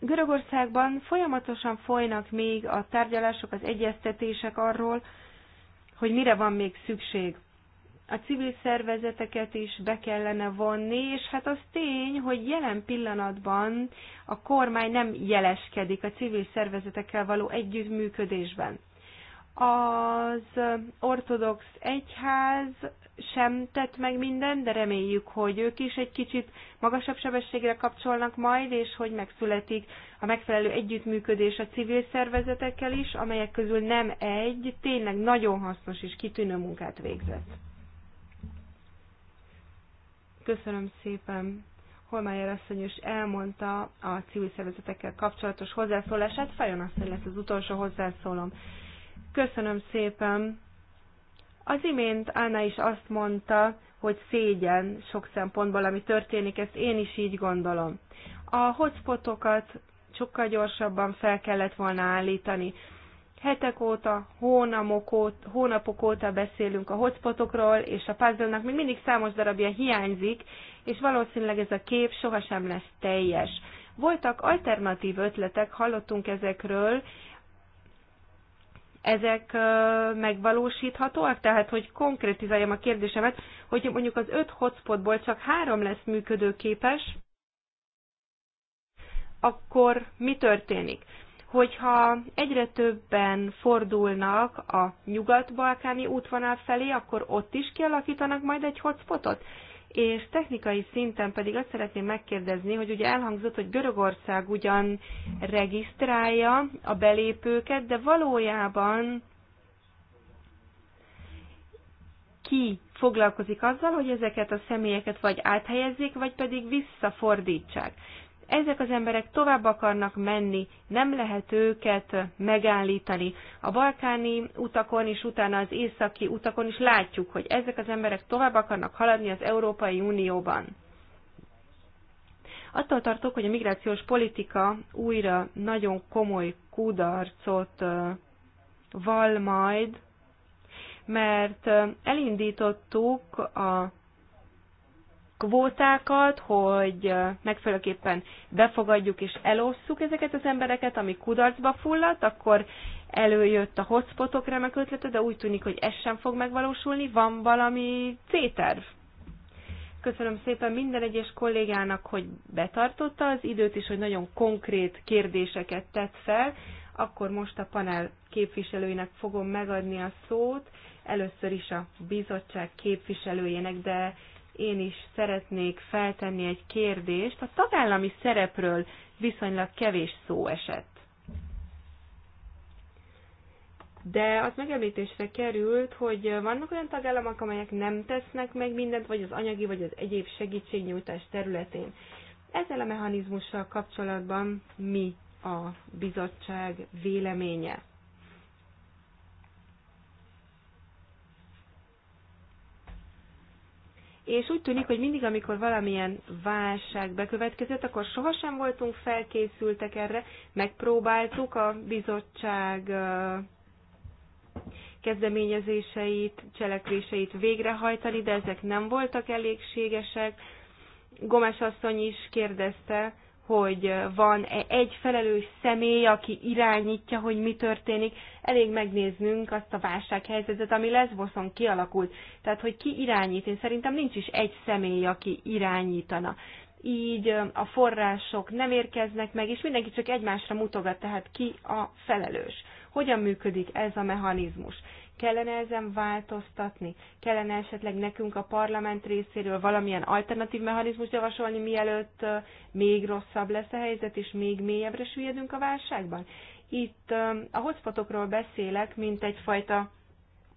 Görögországban folyamatosan folynak még a tárgyalások, az egyeztetések arról, hogy mire van még szükség. A civil szervezeteket is be kellene vonni, és hát az tény, hogy jelen pillanatban a kormány nem jeleskedik a civil szervezetekkel való együttműködésben. Az ortodox egyház sem tett meg minden, de reméljük, hogy ők is egy kicsit magasabb sebességre kapcsolnak majd, és hogy megszületik a megfelelő együttműködés a civil szervezetekkel is, amelyek közül nem egy, tényleg nagyon hasznos és kitűnő munkát végzett. Köszönöm szépen. Holmájer asszony is elmondta a civil szervezetekkel kapcsolatos hozzászólását. Fajon asszony lesz az utolsó hozzászólom. Köszönöm szépen. Az imént Anna is azt mondta, hogy szégyen sok szempontból, ami történik, ezt én is így gondolom. A hotspotokat sokkal gyorsabban fel kellett volna állítani. Hetek óta, hónapok óta, hónapok óta beszélünk a hotspotokról, és a puzzle még mindig számos darabja hiányzik, és valószínűleg ez a kép sohasem lesz teljes. Voltak alternatív ötletek, hallottunk ezekről, ezek megvalósíthatóak? Tehát, hogy konkrétizáljam a kérdésemet, hogy mondjuk az öt hotspotból csak három lesz működőképes, akkor mi történik? Hogyha egyre többen fordulnak a nyugat-balkáni útvonal felé, akkor ott is kialakítanak majd egy hotspotot? és technikai szinten pedig azt szeretném megkérdezni, hogy ugye elhangzott, hogy Görögország ugyan regisztrálja a belépőket, de valójában ki foglalkozik azzal, hogy ezeket a személyeket vagy áthelyezzék, vagy pedig visszafordítsák. Ezek az emberek tovább akarnak menni, nem lehet őket megállítani. A balkáni utakon és utána az északi utakon is látjuk, hogy ezek az emberek tovább akarnak haladni az Európai Unióban. Attól tartok, hogy a migrációs politika újra nagyon komoly kudarcot val majd, mert elindítottuk a kvótákat, hogy megfelelőképpen befogadjuk és elosszuk ezeket az embereket, ami kudarcba fulladt, akkor előjött a hotspotok remek ötlete, de úgy tűnik, hogy ez sem fog megvalósulni. Van valami C-terv? Köszönöm szépen minden egyes kollégának, hogy betartotta az időt és hogy nagyon konkrét kérdéseket tett fel. Akkor most a panel képviselőinek fogom megadni a szót, először is a bizottság képviselőjének, de én is szeretnék feltenni egy kérdést. A tagállami szerepről viszonylag kevés szó esett. De az megemlítésre került, hogy vannak olyan tagállamok, amelyek nem tesznek meg mindent, vagy az anyagi, vagy az egyéb segítségnyújtás területén. Ezzel a mechanizmussal kapcsolatban mi a bizottság véleménye? és úgy tűnik, hogy mindig, amikor valamilyen válság bekövetkezett, akkor sohasem voltunk felkészültek erre, megpróbáltuk a bizottság kezdeményezéseit, cselekvéseit végrehajtani, de ezek nem voltak elégségesek. Gomes asszony is kérdezte, hogy van -e egy felelős személy, aki irányítja, hogy mi történik, elég megnéznünk azt a válsághelyzetet, ami Lesboszon kialakult. Tehát, hogy ki irányít, én szerintem nincs is egy személy, aki irányítana. Így a források nem érkeznek meg, és mindenki csak egymásra mutogat, tehát ki a felelős. Hogyan működik ez a mechanizmus? Kellene ezen változtatni? Kellene esetleg nekünk a parlament részéről valamilyen alternatív mechanizmust javasolni, mielőtt még rosszabb lesz a helyzet, és még mélyebbre süllyedünk a válságban? Itt a hotspotokról beszélek, mint egyfajta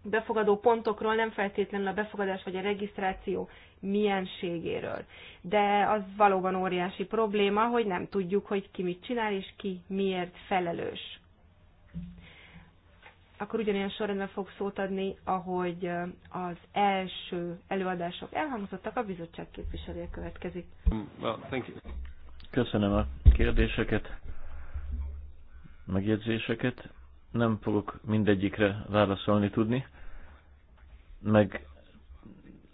befogadó pontokról, nem feltétlenül a befogadás vagy a regisztráció mienségéről. De az valóban óriási probléma, hogy nem tudjuk, hogy ki mit csinál és ki miért felelős akkor ugyanilyen sorrendben fog szót adni, ahogy az első előadások elhangzottak, a bizottság képviselője következik. Well, thank you. Köszönöm a kérdéseket, megjegyzéseket. Nem fogok mindegyikre válaszolni tudni, meg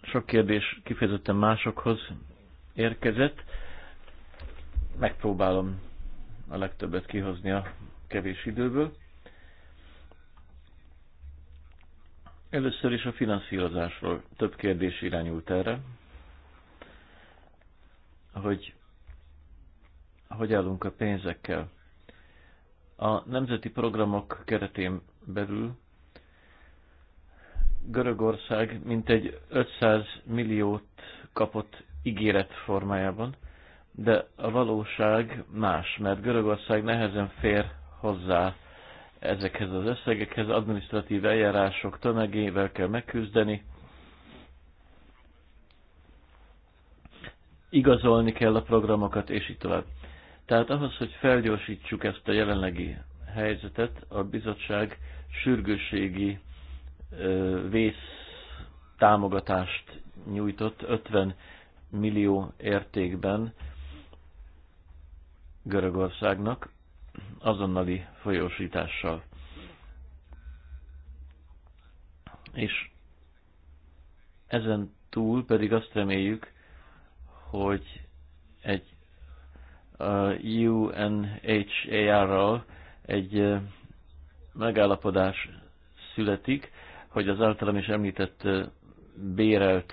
sok kérdés kifejezetten másokhoz érkezett. Megpróbálom a legtöbbet kihozni a kevés időből. Először is a finanszírozásról több kérdés irányult erre, hogy hogy állunk a pénzekkel. A nemzeti programok keretén belül Görögország mintegy 500 milliót kapott ígéret formájában, de a valóság más, mert Görögország nehezen fér hozzá ezekhez az összegekhez, administratív eljárások tömegével kell megküzdeni. Igazolni kell a programokat, és így tovább. Tehát ahhoz, hogy felgyorsítsuk ezt a jelenlegi helyzetet, a bizottság sürgőségi vész támogatást nyújtott 50 millió értékben Görögországnak, azonnali folyósítással. És ezen túl pedig azt reméljük, hogy egy UNHAR-ral egy megállapodás születik, hogy az általam is említett bérelt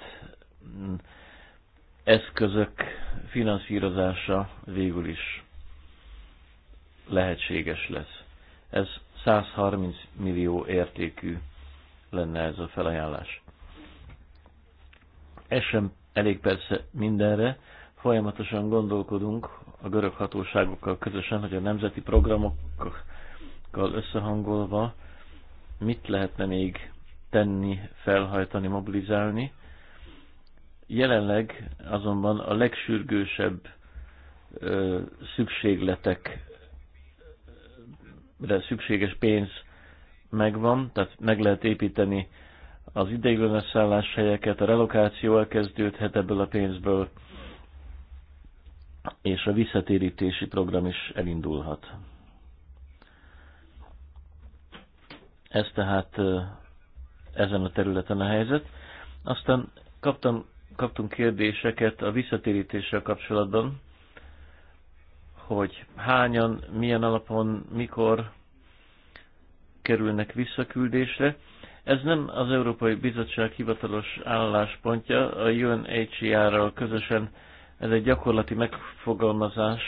eszközök finanszírozása végül is lehetséges lesz. Ez 130 millió értékű lenne ez a felajánlás. Ez sem elég persze mindenre, folyamatosan gondolkodunk a görög hatóságokkal közösen, hogy a nemzeti programokkal összehangolva mit lehetne még tenni, felhajtani, mobilizálni. Jelenleg azonban a legsürgősebb ö, szükségletek szükséges pénz megvan, tehát meg lehet építeni az ideiglenes szálláshelyeket, a relokáció elkezdődhet ebből a pénzből, és a visszatérítési program is elindulhat. Ez tehát ezen a területen a helyzet. Aztán kaptam, kaptunk kérdéseket a visszatérítéssel kapcsolatban hogy hányan, milyen alapon, mikor kerülnek visszaküldésre. Ez nem az Európai Bizottság hivatalos álláspontja, a UNHCR-ral közösen ez egy gyakorlati megfogalmazás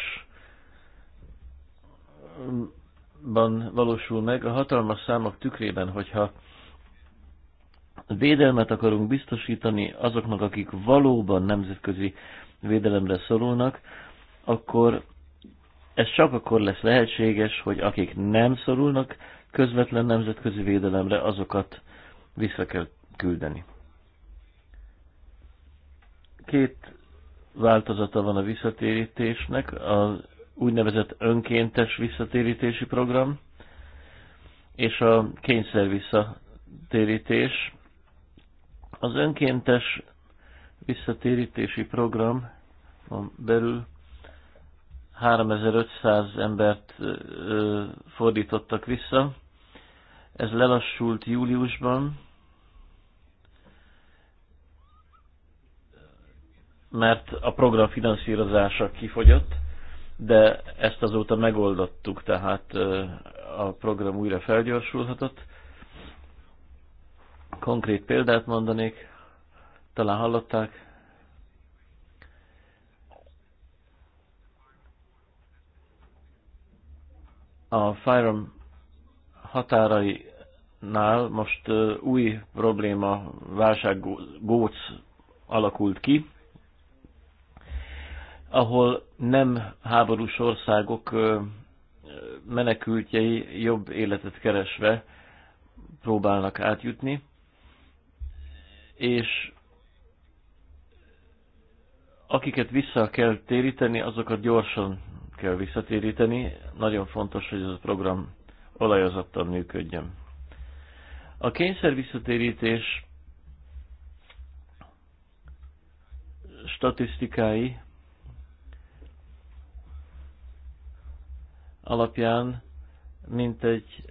valósul meg a hatalmas számok tükrében, hogyha védelmet akarunk biztosítani azoknak, akik valóban nemzetközi védelemre szorulnak, akkor ez csak akkor lesz lehetséges, hogy akik nem szorulnak közvetlen nemzetközi védelemre, azokat vissza kell küldeni. Két változata van a visszatérítésnek, az úgynevezett önkéntes visszatérítési program, és a kényszer visszatérítés. Az önkéntes visszatérítési program belül 3500 embert fordítottak vissza. Ez lelassult júliusban, mert a program finanszírozása kifogyott, de ezt azóta megoldottuk, tehát a program újra felgyorsulhatott. Konkrét példát mondanék, talán hallották, A Fyrom határainál most új probléma, válsággóc alakult ki, ahol nem háborús országok menekültjei jobb életet keresve próbálnak átjutni, és akiket vissza kell téríteni, azokat gyorsan kell visszatéríteni. Nagyon fontos, hogy ez a program olajozottan működjön. A kényszer visszatérítés statisztikái alapján mintegy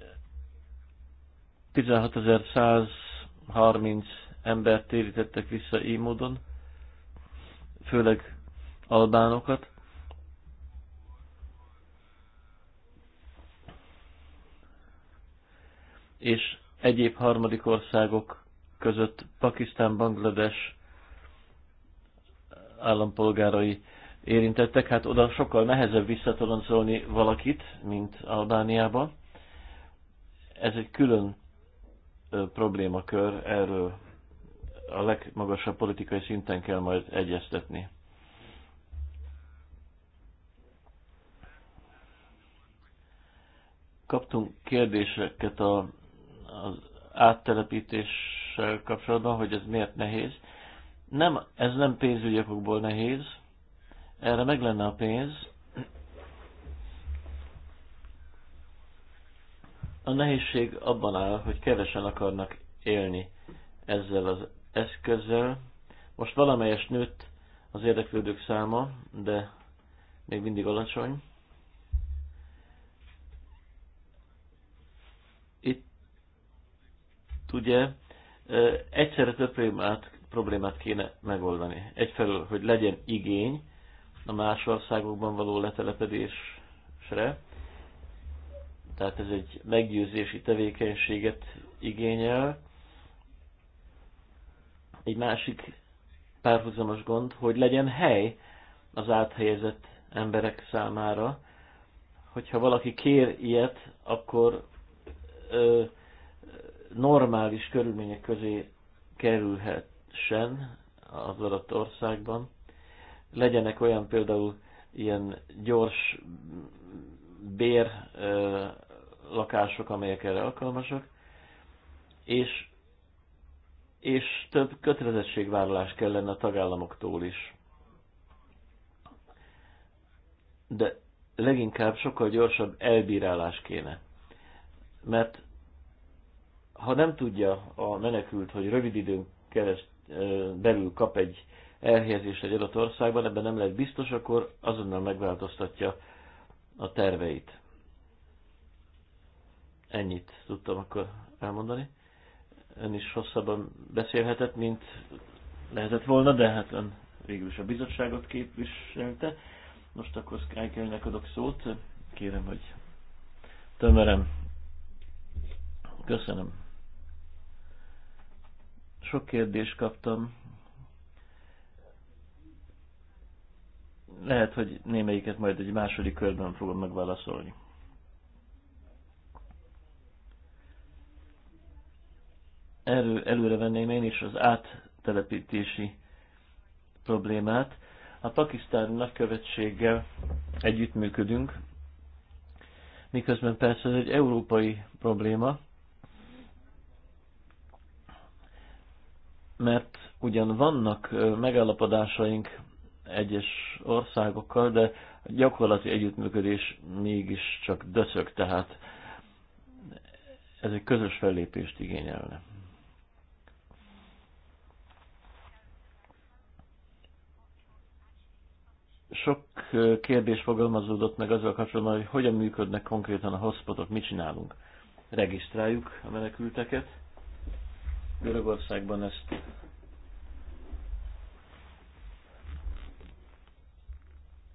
16.130 embert térítettek vissza így módon, főleg albánokat. és egyéb harmadik országok között Pakisztán, Banglades állampolgárai érintettek. Hát oda sokkal nehezebb visszatoloncolni valakit, mint Albániába. Ez egy külön problémakör, erről a legmagasabb politikai szinten kell majd egyeztetni. Kaptunk kérdéseket a az áttelepítéssel kapcsolatban, hogy ez miért nehéz. Nem, ez nem pénzügyi okokból nehéz, erre meg lenne a pénz. A nehézség abban áll, hogy kevesen akarnak élni ezzel az eszközzel. Most valamelyest nőtt az érdeklődők száma, de még mindig alacsony. ugye egyszerre több problémát, problémát kéne megoldani. Egyfelől, hogy legyen igény a más országokban való letelepedésre, tehát ez egy meggyőzési tevékenységet igényel. Egy másik párhuzamos gond, hogy legyen hely az áthelyezett emberek számára, hogyha valaki kér ilyet, akkor ö, normális körülmények közé kerülhessen az adott országban. Legyenek olyan például ilyen gyors bér lakások, amelyek erre alkalmasak, és, és több kötelezettségvállalás kellene a tagállamoktól is. De leginkább sokkal gyorsabb elbírálás kéne. Mert ha nem tudja a menekült, hogy rövid időn kereszt, belül kap egy elhelyezést egy adott országban, ebben nem lehet biztos, akkor azonnal megváltoztatja a terveit. Ennyit tudtam akkor elmondani. Ön is hosszabban beszélhetett, mint lehetett volna, de hát ön végül is a bizottságot képviselte. Most akkor Skykelnek adok szót. Kérem, hogy tömerem. Köszönöm. Sok kérdést kaptam. Lehet, hogy némelyiket majd egy második körben fogom megválaszolni. Erő, előre venném én is az áttelepítési problémát. A pakisztáni nagykövetséggel együttműködünk, miközben persze ez egy európai probléma, mert ugyan vannak megállapodásaink egyes országokkal, de a gyakorlati együttműködés mégiscsak döcög, tehát ez egy közös fellépést igényelne. Sok kérdés fogalmazódott meg azzal kapcsolatban, hogy hogyan működnek konkrétan a hotspotok, mit csinálunk. Regisztráljuk a menekülteket, Görögországban ezt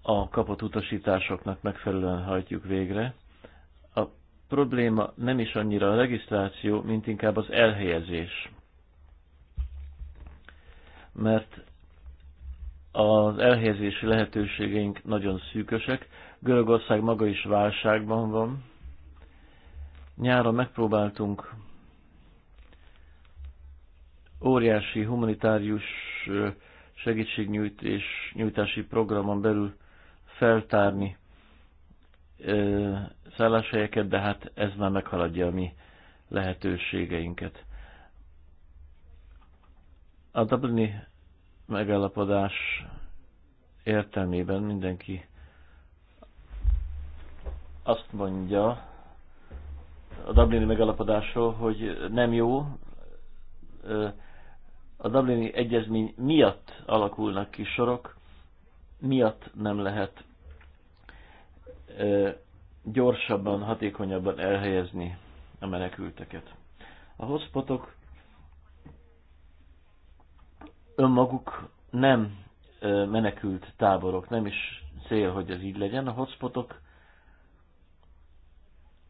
a kapott utasításoknak megfelelően hajtjuk végre. A probléma nem is annyira a regisztráció, mint inkább az elhelyezés. Mert az elhelyezési lehetőségeink nagyon szűkösek. Görögország maga is válságban van. Nyáron megpróbáltunk óriási humanitárius segítségnyújtás nyújtási programon belül feltárni ö, szálláshelyeket, de hát ez már meghaladja a mi lehetőségeinket. A Dublini megállapodás értelmében mindenki azt mondja a Dublini megállapodásról, hogy nem jó, a Dublini Egyezmény miatt alakulnak ki sorok, miatt nem lehet ö, gyorsabban, hatékonyabban elhelyezni a menekülteket. A hotspotok önmaguk nem menekült táborok, nem is cél, hogy ez így legyen. A hotspotok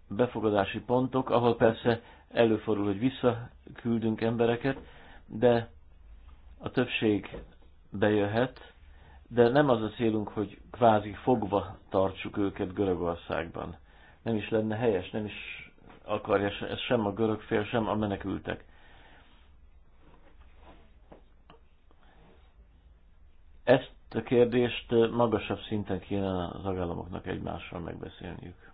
befogadási pontok, ahol persze előfordul, hogy visszaküldünk embereket, de a többség bejöhet, de nem az a célunk, hogy kvázi fogva tartsuk őket Görögországban. Nem is lenne helyes, nem is akarja ez sem a görög fél, sem a menekültek. Ezt a kérdést magasabb szinten kéne az agállamoknak egymással megbeszélniük.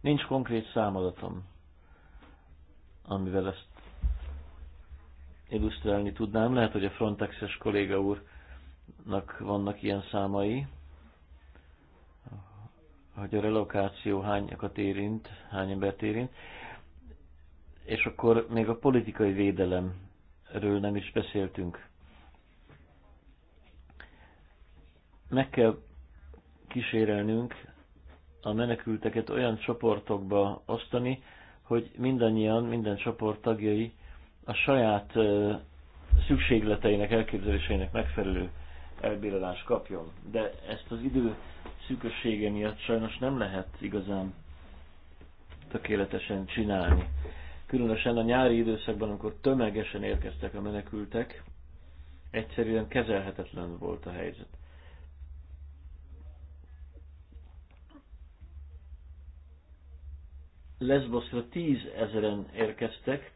Nincs konkrét számadatom, amivel ezt illusztrálni tudnám. Lehet, hogy a Frontexes kolléga úrnak vannak ilyen számai, hogy a relokáció hányakat érint, hány embert érint. És akkor még a politikai védelemről nem is beszéltünk. Meg kell kísérelnünk a menekülteket olyan csoportokba osztani, hogy mindannyian, minden csoport tagjai a saját szükségleteinek, elképzeléseinek megfelelő elbírálást kapjon. De ezt az idő szűkössége miatt sajnos nem lehet igazán tökéletesen csinálni. Különösen a nyári időszakban, amikor tömegesen érkeztek a menekültek, egyszerűen kezelhetetlen volt a helyzet. Lesboszra tízezeren érkeztek,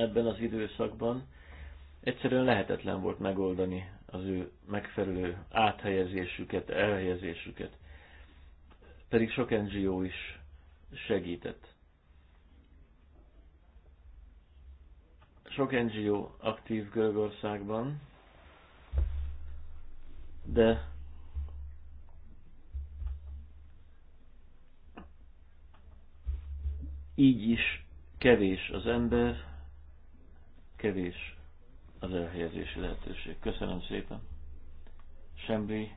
ebben az időszakban. Egyszerűen lehetetlen volt megoldani az ő megfelelő áthelyezésüket, elhelyezésüket. Pedig sok NGO is segített. Sok NGO aktív Görögországban, de így is kevés az ember, kevés az elhelyezési lehetőség. Köszönöm szépen. Sembli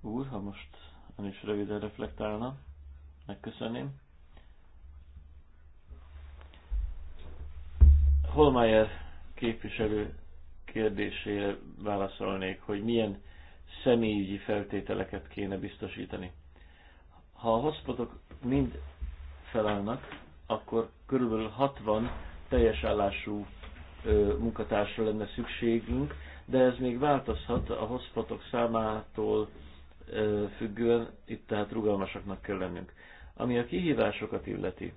úr, ha most ön is röviden reflektálna, megköszönném. Holmeyer képviselő kérdésére válaszolnék, hogy milyen személyügyi feltételeket kéne biztosítani. Ha a hotspotok mind felállnak, akkor körülbelül 60 teljes állású munkatársra lenne szükségünk, de ez még változhat a hotspotok számától függően, itt tehát rugalmasaknak kell lennünk. Ami a kihívásokat illeti,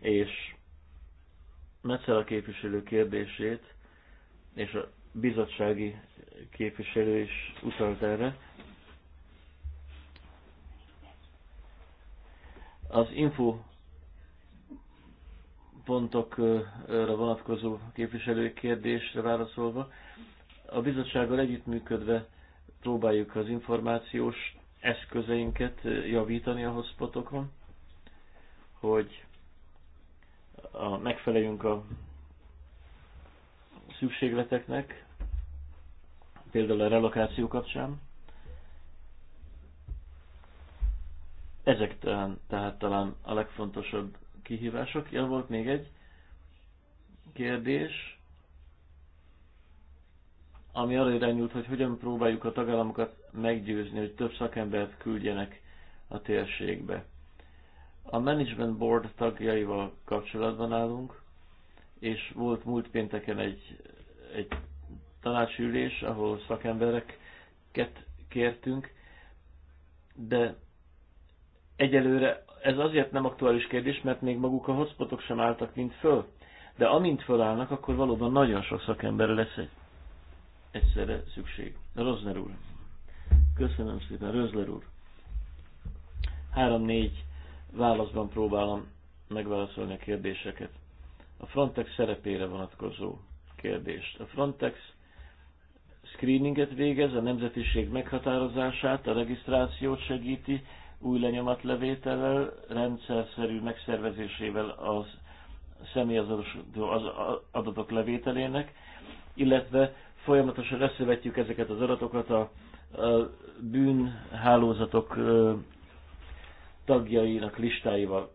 és Metzel képviselő kérdését, és a bizottsági képviselő is utalt erre, az info pontokra vonatkozó képviselői kérdésre válaszolva, a bizottsággal együttműködve próbáljuk az információs eszközeinket javítani a hotspotokon, hogy a, megfeleljünk a szükségleteknek, például a relokáció kapcsán. Ezek talán, tehát talán a legfontosabb kihívások. Ja, volt még egy kérdés, ami arra irányult, hogy hogyan próbáljuk a tagállamokat meggyőzni, hogy több szakembert küldjenek a térségbe. A Management Board tagjaival kapcsolatban állunk, és volt múlt pénteken egy, egy tanácsülés, ahol szakembereket kértünk, de egyelőre ez azért nem aktuális kérdés, mert még maguk a hotspotok sem álltak mind föl. De amint fölállnak, akkor valóban nagyon sok szakember lesz egy, egyszerre szükség. Rozner úr. Köszönöm szépen, Rözler úr. Három-négy válaszban próbálom megválaszolni a kérdéseket. A Frontex szerepére vonatkozó kérdést. A Frontex screeninget végez, a nemzetiség meghatározását, a regisztrációt segíti, új lenyomatlevétellel, rendszerszerű megszervezésével az személyazonos az adatok levételének, illetve folyamatosan összevetjük ezeket az adatokat a, a bűnhálózatok tagjainak listáival.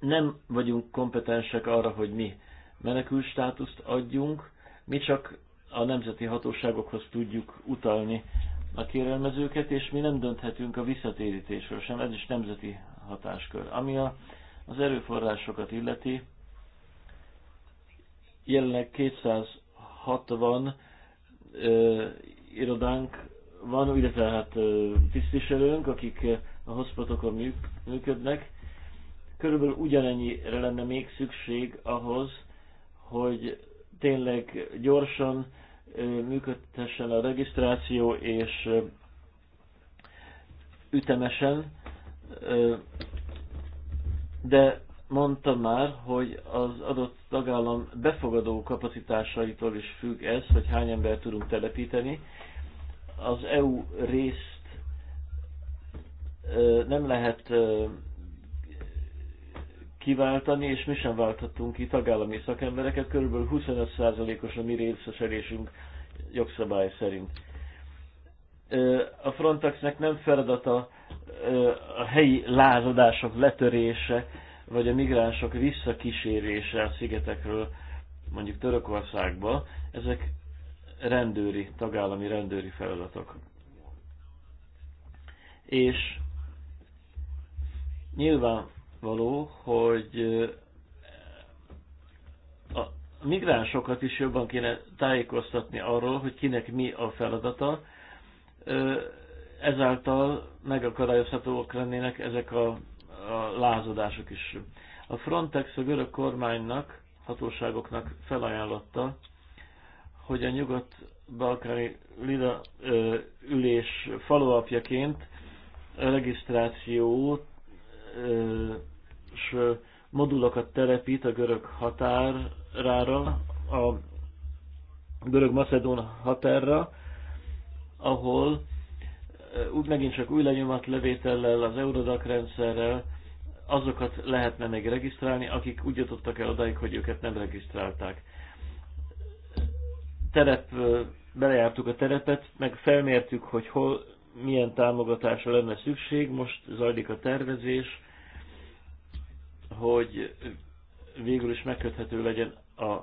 Nem vagyunk kompetensek arra, hogy mi menekül státuszt adjunk, mi csak a nemzeti hatóságokhoz tudjuk utalni a kérelmezőket, és mi nem dönthetünk a visszatérítésről sem, ez is nemzeti hatáskör. Ami a, az erőforrásokat illeti, jelenleg 260 ö, irodánk van, illetve hát ö, tisztviselőnk, akik a műk, működnek. Körülbelül ugyanennyire lenne még szükség ahhoz, hogy tényleg gyorsan, működhessen a regisztráció, és ütemesen, de mondtam már, hogy az adott tagállam befogadó kapacitásaitól is függ ez, hogy hány ember tudunk telepíteni. Az EU részt nem lehet kiváltani, és mi sem válthatunk ki tagállami szakembereket, körülbelül 25%-os a mi részesedésünk jogszabály szerint. A Frontexnek nem feladata a helyi lázadások letörése, vagy a migránsok visszakísérése a szigetekről mondjuk Törökországba, ezek rendőri, tagállami rendőri feladatok. És nyilván való, hogy a migránsokat is jobban kéne tájékoztatni arról, hogy kinek mi a feladata. Ezáltal megakadályozhatóak lennének ezek a, a lázadások is. A Frontex a görög kormánynak, hatóságoknak felajánlotta, hogy a nyugat-balkáni Lida ülés faluapjaként regisztrációt és modulokat telepít a görög határára, a görög-macedón határra, ahol úgy megint csak új levétellel, az Eurodac rendszerrel azokat lehetne még regisztrálni, akik úgy jutottak el odáig, hogy őket nem regisztrálták. Terep, belejártuk a terepet, meg felmértük, hogy hol milyen támogatásra lenne szükség, most zajlik a tervezés, hogy végül is megköthető legyen a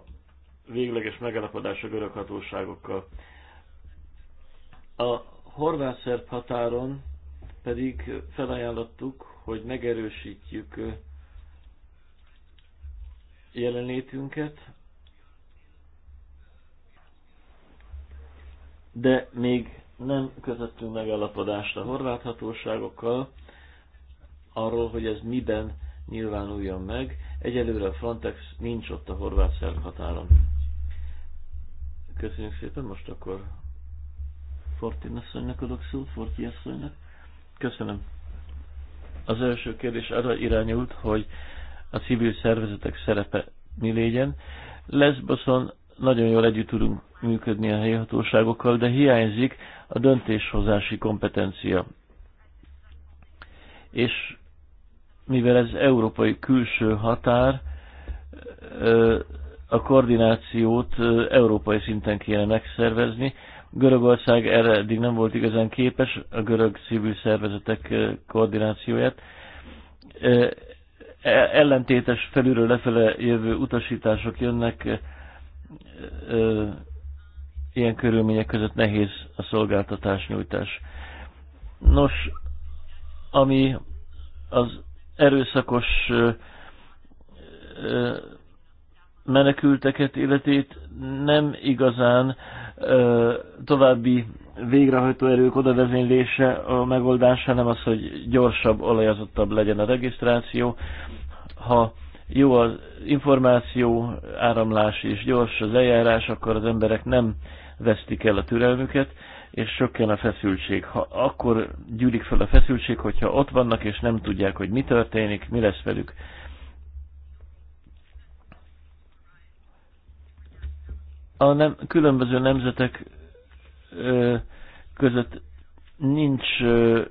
végleges megállapodás a görög hatóságokkal. A horvátszerb határon pedig felajánlottuk, hogy megerősítjük jelenlétünket, de még nem kötöttünk megállapodást a horvát hatóságokkal arról, hogy ez miben nyilvánuljon meg. Egyelőre a Frontex nincs ott a horvát szerb határon. Köszönjük szépen, most akkor Fortin asszonynak adok szót, Forti asszonynak. Köszönöm. Az első kérdés arra irányult, hogy a civil szervezetek szerepe mi legyen. Lesboszon nagyon jól együtt tudunk működni a helyi hatóságokkal, de hiányzik a döntéshozási kompetencia. És mivel ez európai külső határ, a koordinációt európai szinten kéne megszervezni. Görögország erre eddig nem volt igazán képes, a görög civil szervezetek koordinációját. E, ellentétes felülről lefele jövő utasítások jönnek, ilyen körülmények között nehéz a szolgáltatás nyújtás. Nos, ami az erőszakos menekülteket életét nem igazán további végrehajtó erők odavezénylése a megoldás, hanem az, hogy gyorsabb, olajazottabb legyen a regisztráció. Ha jó az információ áramlás és gyors az eljárás, akkor az emberek nem vesztik el a türelmüket és sökken a feszültség. Ha akkor gyűlik fel a feszültség, hogyha ott vannak, és nem tudják, hogy mi történik, mi lesz velük. A nem, különböző nemzetek ö, között nincs ö,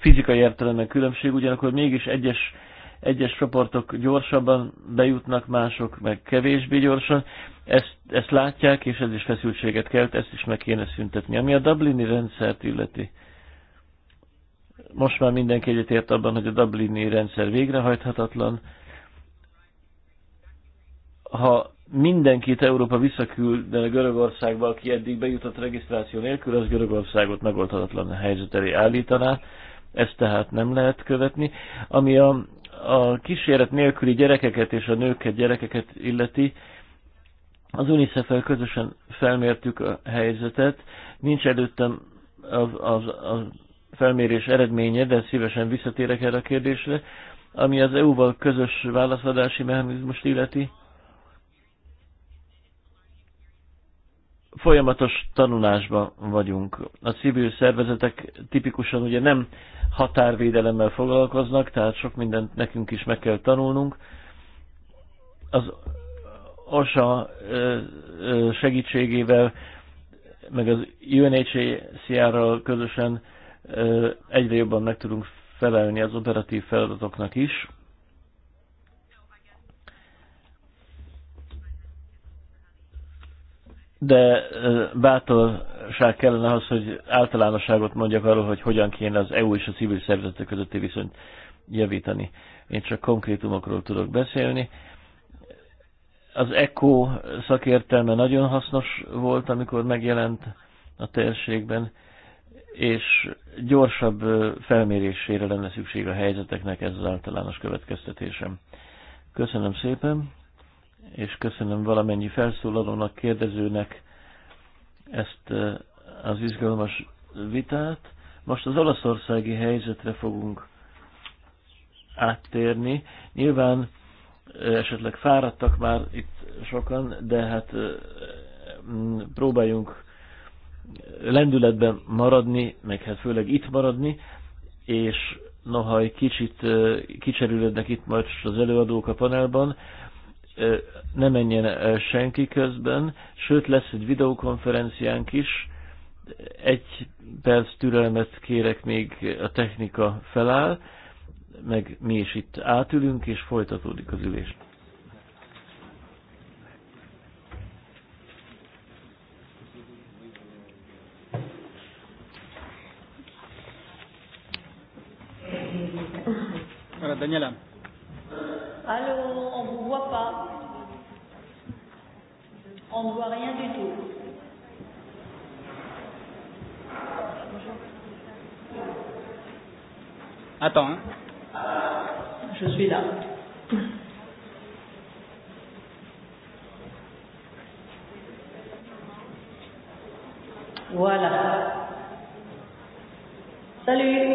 fizikai értelemben különbség, ugyanakkor mégis egyes, egyes csoportok gyorsabban bejutnak, mások meg kevésbé gyorsan. Ezt, ezt látják, és ez is feszültséget kelt, ezt is meg kéne szüntetni. Ami a Dublini rendszert illeti, most már mindenki egyetért abban, hogy a Dublini rendszer végrehajthatatlan. Ha mindenkit Európa visszaküldene Görögországba, aki eddig bejutott regisztráció nélkül, az Görögországot megoldhatatlan helyzet elé állítaná. Ezt tehát nem lehet követni. Ami a, a kíséret nélküli gyerekeket és a nőket, gyerekeket illeti, az unicef közösen felmértük a helyzetet. Nincs előttem az, az, az felmérés eredménye, de szívesen visszatérek erre a kérdésre. Ami az EU-val közös válaszadási mechanizmust illeti, folyamatos tanulásban vagyunk. A civil szervezetek tipikusan ugye nem határvédelemmel foglalkoznak, tehát sok mindent nekünk is meg kell tanulnunk. Az OSA segítségével, meg az UNHCR-ral közösen egyre jobban meg tudunk felelni az operatív feladatoknak is. De bátorság kellene ahhoz, hogy általánosságot mondjak arról, hogy hogyan kéne az EU és a civil szervezetek közötti viszonyt javítani. Én csak konkrétumokról tudok beszélni. Az ECO szakértelme nagyon hasznos volt, amikor megjelent a térségben, és gyorsabb felmérésére lenne szükség a helyzeteknek, ez az általános következtetésem. Köszönöm szépen, és köszönöm valamennyi felszólalónak, kérdezőnek ezt az izgalmas vitát. Most az olaszországi helyzetre fogunk áttérni. Nyilván esetleg fáradtak már itt sokan, de hát próbáljunk lendületben maradni, meg hát főleg itt maradni, és noha egy kicsit kicserülednek itt majd az előadók a panelban, ne menjen el senki közben, sőt lesz egy videokonferenciánk is, egy perc türelmet kérek még a technika feláll, meg mi is itt átülünk, és folytatódik az ülés. Daniela. Allô, on vous voit pas. On ne voit rien du tout. Attends. Hein. Je suis là. Voilà. Salut.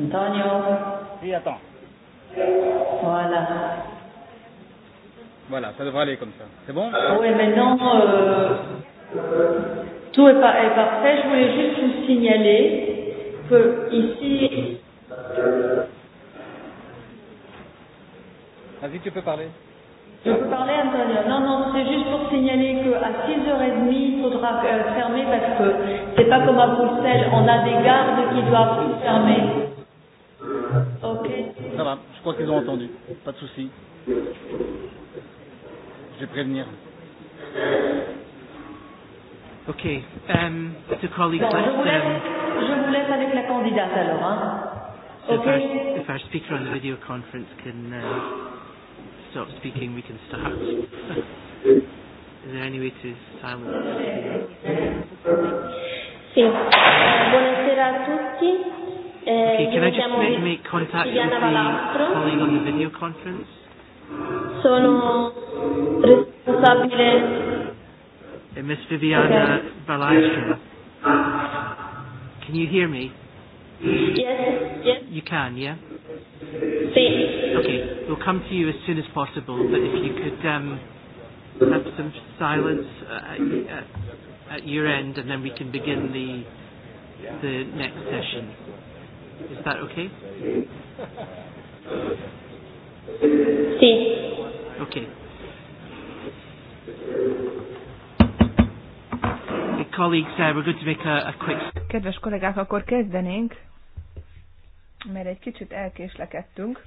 Antonio. Oui, attends. Voilà. Voilà, ça devrait aller comme ça. C'est bon Oui, maintenant. Euh... Tout est, par, est parfait. Je voulais juste vous signaler que ici. Vas-y, tu peux parler. Je peux parler, Antonio. Non, non, c'est juste pour signaler qu'à 6h30, il faudra euh, fermer parce que c'est pas comme à Bruxelles, on a des gardes qui doivent fermer. Ok. Ça va, je crois qu'ils ont entendu. Pas de souci. Je vais prévenir. Ok. Um, the colleague bon, let's, je, vous laisse, um, je vous laisse avec la candidate alors. Hein. So okay. if, our, if our speaker on the video conference can uh, stop speaking, we can start. Is there any way to silence? Sì. Eh, buonasera a tutti. Eh, okay, can I just make, make contact with the colleague on the video conference? Sono responsabile Uh, Miss Viviana Balastro. Can you hear me? Yes, yes. You can, yeah? Sí. Okay, we'll come to you as soon as possible, but if you could um, have some silence uh, at, at your end and then we can begin the, the next session. Is that okay? Sí. Okay colleagues, uh, we're going to make a, a quick... Kedves kollégák, akkor kezdenénk, mert egy kicsit elkéslekedtünk.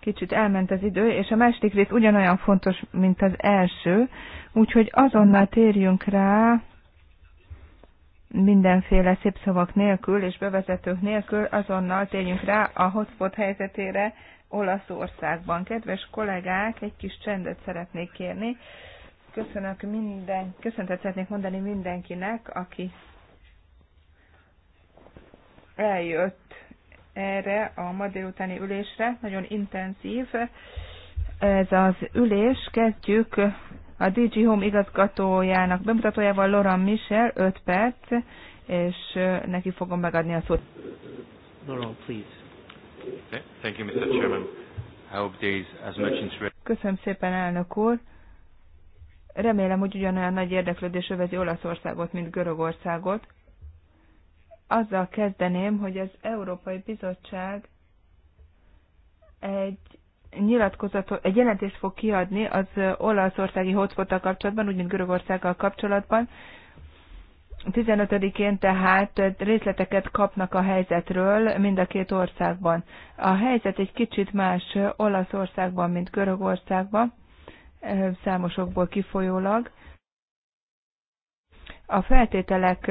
Kicsit elment az idő, és a második rész ugyanolyan fontos, mint az első, úgyhogy azonnal térjünk rá mindenféle szép szavak nélkül és bevezetők nélkül, azonnal térjünk rá a hotspot helyzetére Olaszországban. Kedves kollégák, egy kis csendet szeretnék kérni Köszönök minden, köszöntet szeretnék mondani mindenkinek, aki eljött erre a ma délutáni ülésre. Nagyon intenzív ez az ülés. Kezdjük a DG Home igazgatójának bemutatójával Loran Michel, 5 perc, és neki fogom megadni a szót. Laurent, please. Thank you, Mr. Chairman. I hope there is as much interest. Köszönöm szépen, elnök úr. Remélem, hogy ugyanolyan nagy érdeklődés övezi Olaszországot, mint Görögországot. Azzal kezdeném, hogy az Európai Bizottság egy nyilatkozatot, egy jelentést fog kiadni az olaszországi hotspottal kapcsolatban, úgy, mint Görögországgal kapcsolatban. 15-én tehát részleteket kapnak a helyzetről mind a két országban. A helyzet egy kicsit más Olaszországban, mint Görögországban számosokból kifolyólag. A feltételek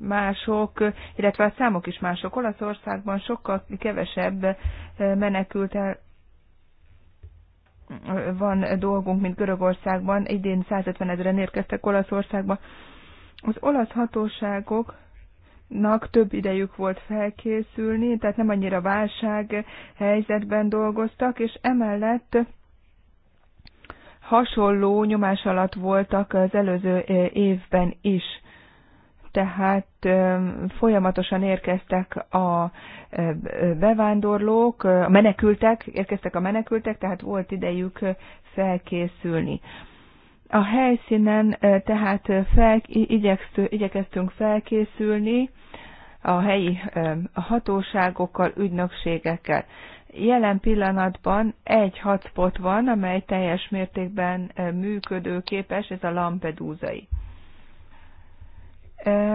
mások, illetve a számok is mások. Olaszországban sokkal kevesebb menekült el van dolgunk, mint Görögországban. Idén 150 ezeren érkeztek Olaszországba. Az olasz hatóságok nak több idejük volt felkészülni, tehát nem annyira válság helyzetben dolgoztak, és emellett hasonló nyomás alatt voltak az előző évben is. Tehát folyamatosan érkeztek a bevándorlók, a menekültek, érkeztek a menekültek, tehát volt idejük felkészülni. A helyszínen tehát fel, igyekeztünk felkészülni a helyi hatóságokkal, ügynökségekkel. Jelen pillanatban egy hotspot van, amely teljes mértékben működőképes, ez a Lampedúzai.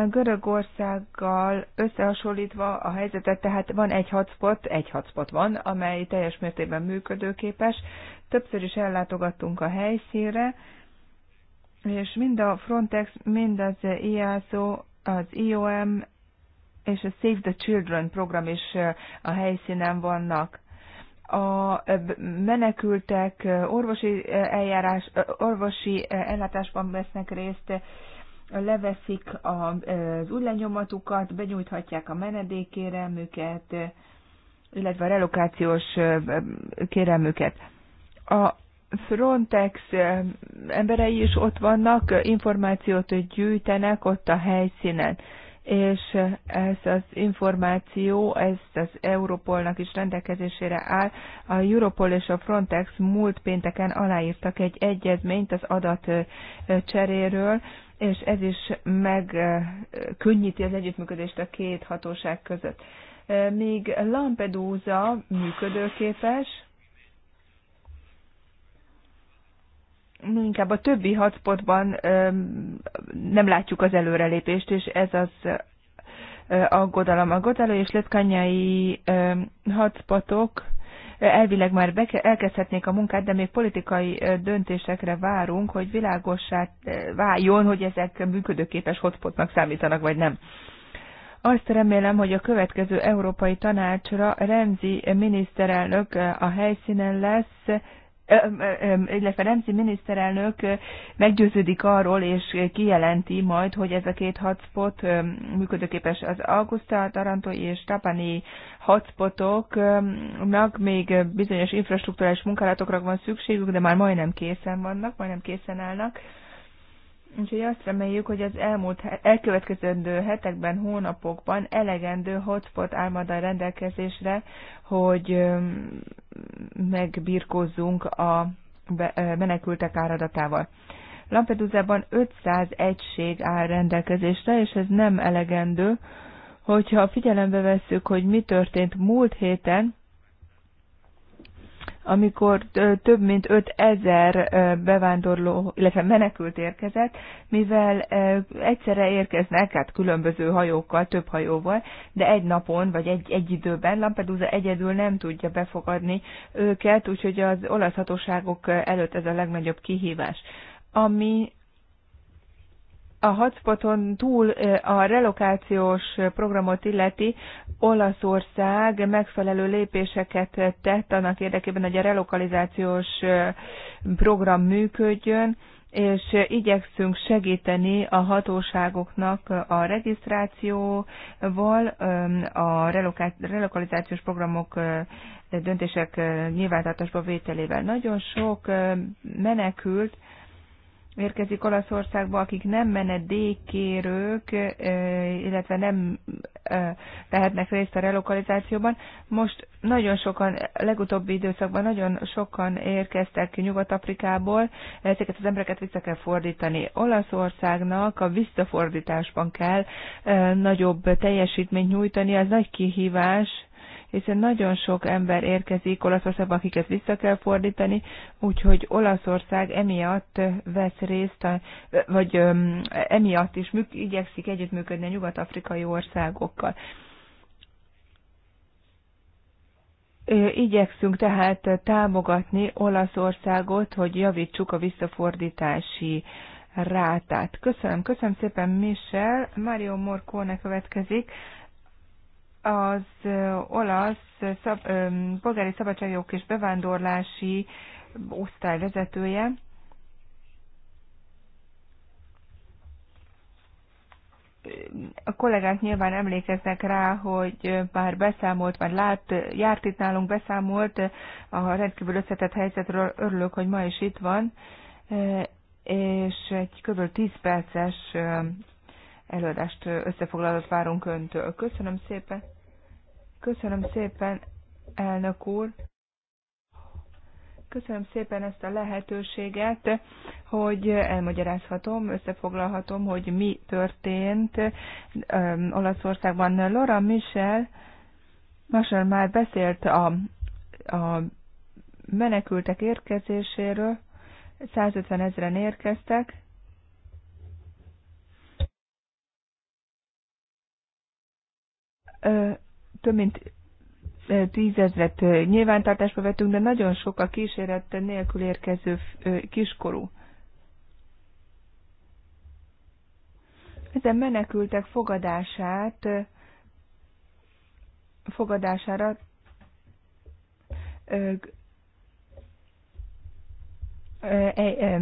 Görögországgal összehasonlítva a helyzetet, tehát van egy hotspot, egy hotspot van, amely teljes mértékben működőképes. Többször is ellátogattunk a helyszínre, és mind a Frontex, mind az IASO, az IOM és a Save the Children program is a helyszínen vannak a menekültek orvosi eljárás, orvosi ellátásban vesznek részt, leveszik az ujjlenyomatukat, benyújthatják a menedékkérelmüket, illetve a relokációs kérelmüket. A Frontex emberei is ott vannak, információt gyűjtenek ott a helyszínen és ez az információ, ez az Europolnak is rendelkezésére áll. A Europol és a Frontex múlt pénteken aláírtak egy egyezményt az adat cseréről, és ez is megkönnyíti az együttműködést a két hatóság között. Míg Lampedusa működőképes, inkább a többi hotspotban nem látjuk az előrelépést, és ez az aggodalom. A Godaló és Letkanyai hotspotok elvileg már beke, elkezdhetnék a munkát, de még politikai döntésekre várunk, hogy világossá váljon, hogy ezek működőképes hotspotnak számítanak, vagy nem. Azt remélem, hogy a következő Európai Tanácsra Remzi miniszterelnök a helyszínen lesz, illetve Remzi miniszterelnök meggyőződik arról, és kijelenti majd, hogy ez a két hotspot működőképes az Augusta, Taranto és Tapani hotspotoknak még bizonyos infrastruktúrális munkálatokra van szükségük, de már majdnem készen vannak, majdnem készen állnak Úgyhogy azt reméljük, hogy az elmúlt, elkövetkezendő hetekben, hónapokban elegendő hotspot álmada rendelkezésre, hogy megbirkózzunk a menekültek áradatával. Lampedusában 500 egység áll rendelkezésre, és ez nem elegendő, hogyha figyelembe vesszük, hogy mi történt múlt héten, amikor több mint 5000 bevándorló, illetve menekült érkezett, mivel egyszerre érkeznek, hát különböző hajókkal, több hajóval, de egy napon, vagy egy, egy időben Lampedusa egyedül nem tudja befogadni őket, úgyhogy az olasz hatóságok előtt ez a legnagyobb kihívás. Ami a hotspoton túl a relokációs programot illeti Olaszország megfelelő lépéseket tett annak érdekében, hogy a relokalizációs program működjön, és igyekszünk segíteni a hatóságoknak a regisztrációval, a relokalizációs programok döntések nyilvántartásba vételével. Nagyon sok menekült, érkezik Olaszországba, akik nem menedékkérők, illetve nem vehetnek részt a relokalizációban. Most nagyon sokan, legutóbbi időszakban nagyon sokan érkeztek Nyugat-Afrikából, ezeket az embereket vissza kell fordítani. Olaszországnak a visszafordításban kell nagyobb teljesítményt nyújtani, az nagy kihívás, hiszen nagyon sok ember érkezik Olaszországba, akiket vissza kell fordítani, úgyhogy Olaszország emiatt vesz részt, a, vagy emiatt is műk, igyekszik együttműködni a nyugat-afrikai országokkal. Igyekszünk tehát támogatni Olaszországot, hogy javítsuk a visszafordítási rátát. Köszönöm, köszönöm szépen, Michel. Mario Morcone következik az olasz szab, polgári szabadságjog és bevándorlási osztály vezetője, a kollégák nyilván emlékeznek rá, hogy már beszámolt, már lát, járt itt nálunk, beszámolt a rendkívül összetett helyzetről, örülök, hogy ma is itt van, és egy kb. 10 perces előadást összefoglalót várunk Öntől. Köszönöm szépen! Köszönöm szépen, elnök úr. Köszönöm szépen ezt a lehetőséget, hogy elmagyarázhatom, összefoglalhatom, hogy mi történt um, Olaszországban. Laura Michel, Marshall már beszélt a, a menekültek érkezéséről, 150 ezeren érkeztek, több mint tízezret nyilvántartásba vettünk, de nagyon sok a kíséret nélkül érkező kiskorú. Ezen menekültek fogadását, fogadására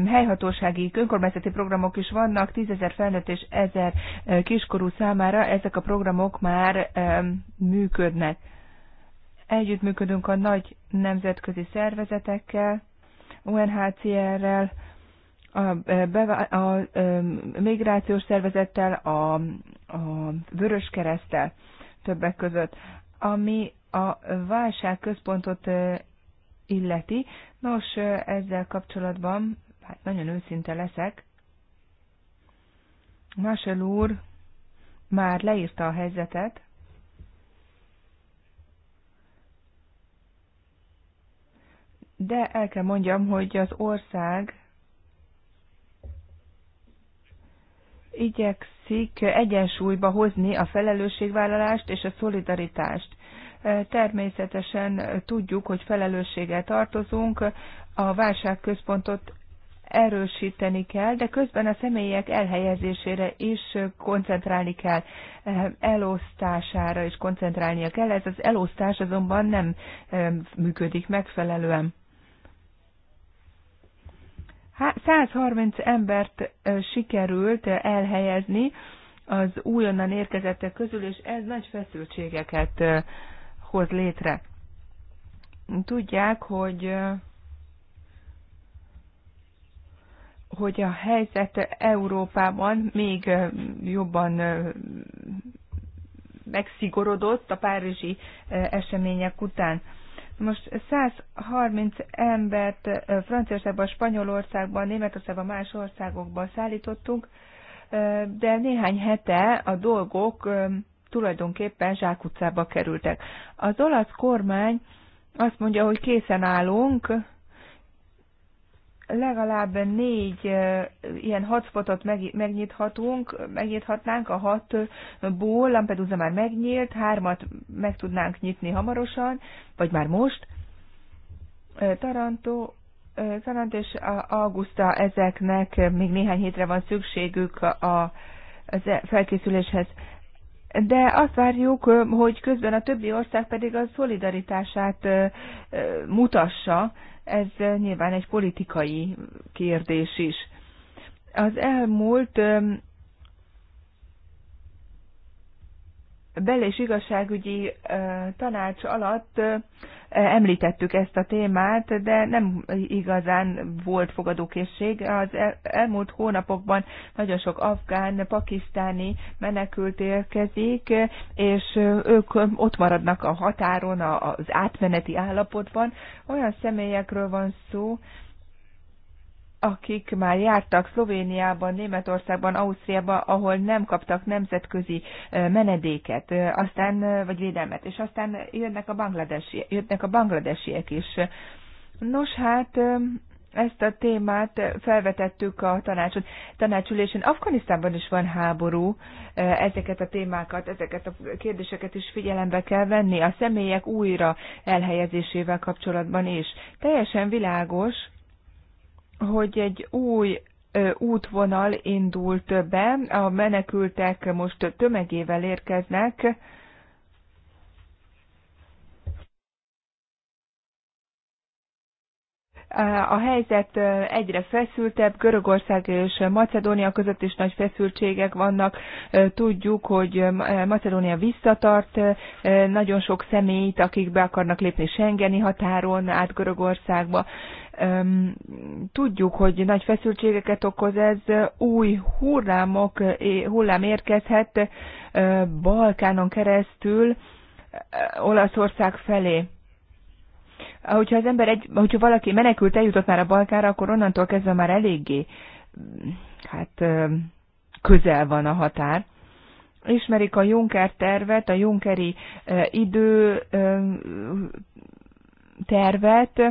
helyhatósági önkormányzati programok is vannak, tízezer felnőtt és ezer kiskorú számára ezek a programok már működnek. Együttműködünk a nagy nemzetközi szervezetekkel, UNHCR-rel, a, a, a, a migrációs szervezettel, a, a Vörös Keresztel többek között, ami a válságközpontot illeti. Nos, ezzel kapcsolatban, hát nagyon őszinte leszek, Marshall úr már leírta a helyzetet, de el kell mondjam, hogy az ország igyekszik egyensúlyba hozni a felelősségvállalást és a szolidaritást. Természetesen tudjuk, hogy felelősséggel tartozunk, a válságközpontot erősíteni kell, de közben a személyek elhelyezésére is koncentrálni kell, elosztására is koncentrálnia kell. Ez az elosztás azonban nem működik megfelelően. 130 embert sikerült elhelyezni az újonnan érkezettek közül, és ez nagy feszültségeket hoz létre. Tudják, hogy hogy a helyzet Európában még jobban megszigorodott a párizsi események után. Most 130 embert Franciaországban, Spanyolországban, Németországban, más országokban szállítottunk, de néhány hete a dolgok tulajdonképpen zsákutcába kerültek. Az olasz kormány azt mondja, hogy készen állunk, legalább négy ilyen hotspotot megnyithatunk, megnyithatnánk a hatból, Lampedusa már megnyílt, hármat meg tudnánk nyitni hamarosan, vagy már most. Taranto, Taranto és Augusta ezeknek még néhány hétre van szükségük a, a e- felkészüléshez de azt várjuk, hogy közben a többi ország pedig a szolidaritását mutassa, ez nyilván egy politikai kérdés is. Az elmúlt bel- és igazságügyi tanács alatt említettük ezt a témát, de nem igazán volt fogadókészség. Az elmúlt hónapokban nagyon sok afgán, pakisztáni menekült érkezik, és ők ott maradnak a határon, az átmeneti állapotban. Olyan személyekről van szó, akik már jártak Szlovéniában, Németországban, Ausztriában, ahol nem kaptak nemzetközi menedéket, aztán, vagy védelmet, és aztán jönnek a, bangladesi, jönnek a bangladesiek is. Nos, hát ezt a témát felvetettük a tanácsot. tanácsülésen. Afganisztánban is van háború, ezeket a témákat, ezeket a kérdéseket is figyelembe kell venni, a személyek újra elhelyezésével kapcsolatban is. Teljesen világos, hogy egy új útvonal indult be, a menekültek most tömegével érkeznek A helyzet egyre feszültebb, Görögország és Macedónia között is nagy feszültségek vannak. Tudjuk, hogy Macedónia visszatart nagyon sok személyt, akik be akarnak lépni Schengeni határon át Görögországba. Tudjuk, hogy nagy feszültségeket okoz ez, új hullámok, hullám érkezhet Balkánon keresztül Olaszország felé hogyha az ember egy, hogyha valaki menekült eljutott már a Balkára, akkor onnantól kezdve már eléggé hát közel van a határ. Ismerik a Juncker tervet, a Junkeri idő tervet,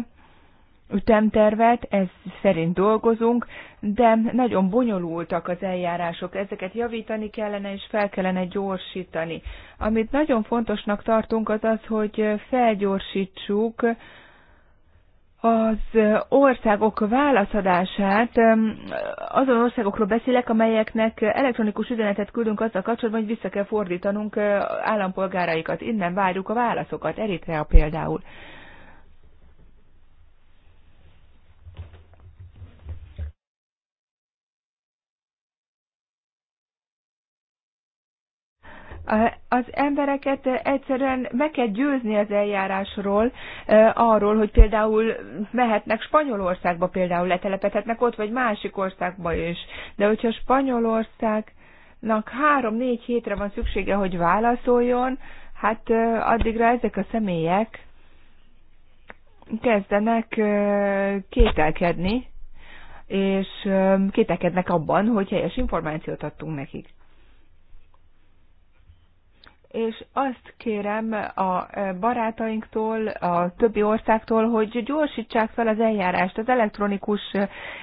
ütemtervet, ez szerint dolgozunk, de nagyon bonyolultak az eljárások, ezeket javítani kellene és fel kellene gyorsítani. Amit nagyon fontosnak tartunk az az, hogy felgyorsítsuk az országok válaszadását, azon országokról beszélek, amelyeknek elektronikus üzenetet küldünk azzal kapcsolatban, hogy vissza kell fordítanunk állampolgáraikat. Innen várjuk a válaszokat, Eritrea például. az embereket egyszerűen meg kell győzni az eljárásról, e, arról, hogy például mehetnek Spanyolországba, például letelepedhetnek ott, vagy másik országba is. De hogyha Spanyolországnak három-négy hétre van szüksége, hogy válaszoljon, hát e, addigra ezek a személyek kezdenek e, kételkedni, és kételkednek abban, hogy helyes információt adtunk nekik és azt kérem a barátainktól, a többi országtól, hogy gyorsítsák fel az eljárást, az elektronikus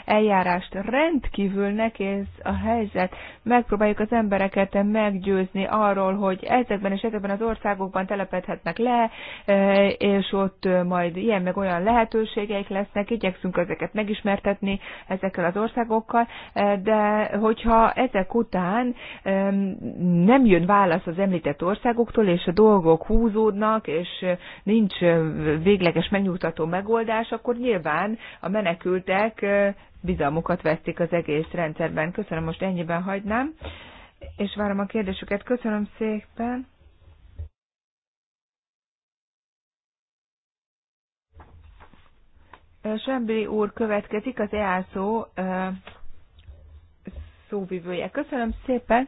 eljárást. Rendkívül nehéz a helyzet. Megpróbáljuk az embereket meggyőzni arról, hogy ezekben és ezekben az országokban telepedhetnek le, e, és ott majd ilyen meg olyan lehetőségeik lesznek. Igyekszünk ezeket megismertetni ezekkel az országokkal, e, de hogyha ezek után e, nem jön válasz az említett országokkal országoktól, és a dolgok húzódnak, és nincs végleges megnyugtató megoldás, akkor nyilván a menekültek bizalmukat vesztik az egész rendszerben. Köszönöm, most ennyiben hagynám, és várom a kérdésüket. Köszönöm szépen! Sembri úr következik, az EASZO szóvivője. Köszönöm szépen!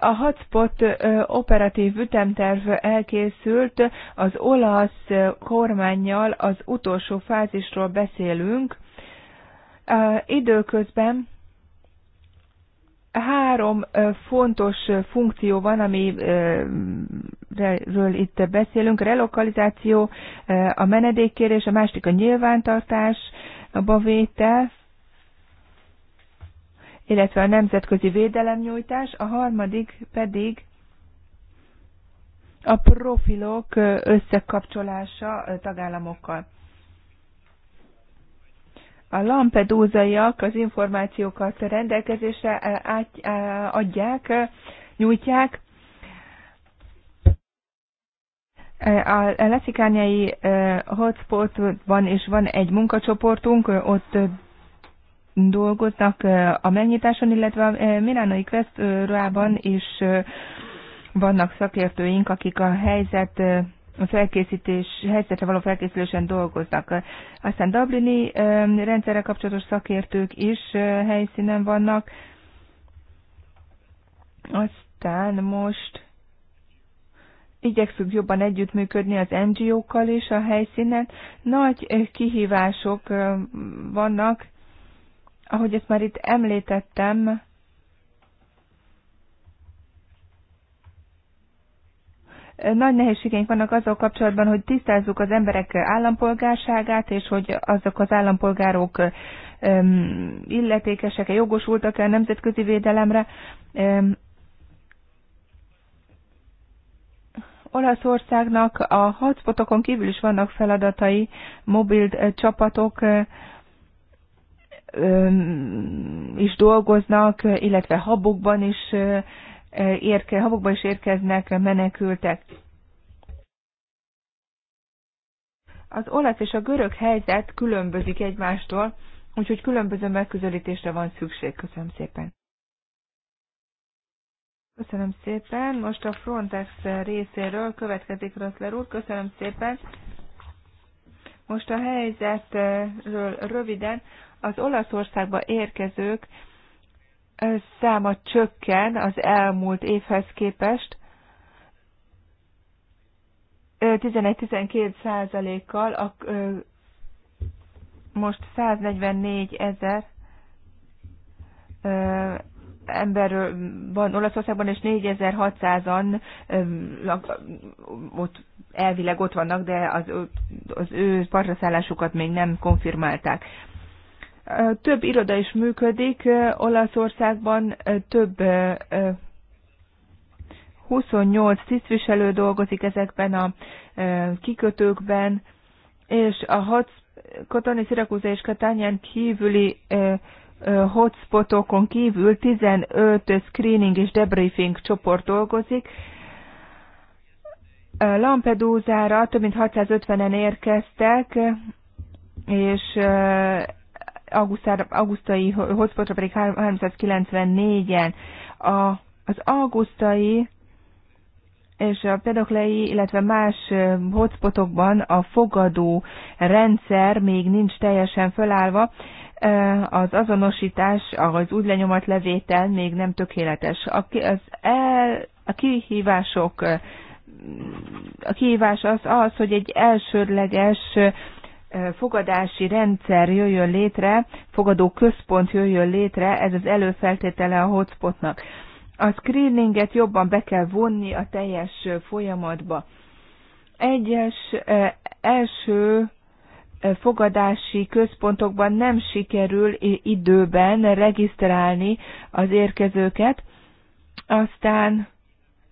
A hotspot operatív ütemterv elkészült, az olasz kormányjal az utolsó fázisról beszélünk. Időközben három fontos funkció van, amiről itt beszélünk, a relokalizáció, a menedékkérés, a másik a nyilvántartás, a bavétel, illetve a nemzetközi védelemnyújtás, a harmadik pedig a profilok összekapcsolása tagállamokkal. A lampedúzaiak az információkat rendelkezésre adják, nyújtják. A leszikányai hotspotban is van egy munkacsoportunk, ott dolgoznak a megnyitáson, illetve a Milánai quest ruában is vannak szakértőink, akik a helyzet a felkészítés, helyzetre való felkészülésen dolgoznak. Aztán Dublini rendszerre kapcsolatos szakértők is helyszínen vannak. Aztán most igyekszünk jobban együttműködni az NGO-kkal is a helyszínen. Nagy kihívások vannak, ahogy ezt már itt említettem, nagy nehézségeink vannak azzal kapcsolatban, hogy tisztázzuk az emberek állampolgárságát, és hogy azok az állampolgárok illetékesek-e, jogosultak-e a nemzetközi védelemre. Olaszországnak a hotspotokon kívül is vannak feladatai, mobil csapatok, is dolgoznak, illetve habokban is, érke, habokban is érkeznek menekültek. Az olasz és a görög helyzet különbözik egymástól, úgyhogy különböző megközelítésre van szükség. Köszönöm szépen. Köszönöm szépen. Most a Frontex részéről következik Röszler úr. Köszönöm szépen. Most a helyzetről röviden az Olaszországba érkezők száma csökken az elmúlt évhez képest, 11-12 százalékkal, most 144 ezer ember van Olaszországban, és 4600-an ott elvileg ott vannak, de az, az ő partraszállásukat még nem konfirmálták. Több iroda is működik Olaszországban, több 28 tisztviselő dolgozik ezekben a kikötőkben, és a hot, Katani, Szirakúza és Katányán kívüli hotspotokon kívül 15 screening és debriefing csoport dolgozik. Lampedúzára több mint 650-en érkeztek, és augusztai hotspottra pedig 394-en. A, az augusztai és a pedoklei, illetve más hotspotokban a fogadó rendszer még nincs teljesen felállva, az azonosítás, az úgy lenyomat levétel még nem tökéletes. A, az el, a kihívások a kihívás az az, hogy egy elsődleges fogadási rendszer jöjjön létre, fogadó központ jöjjön létre, ez az előfeltétele a hotspotnak. A screeninget jobban be kell vonni a teljes folyamatba. Egyes első fogadási központokban nem sikerül időben regisztrálni az érkezőket, aztán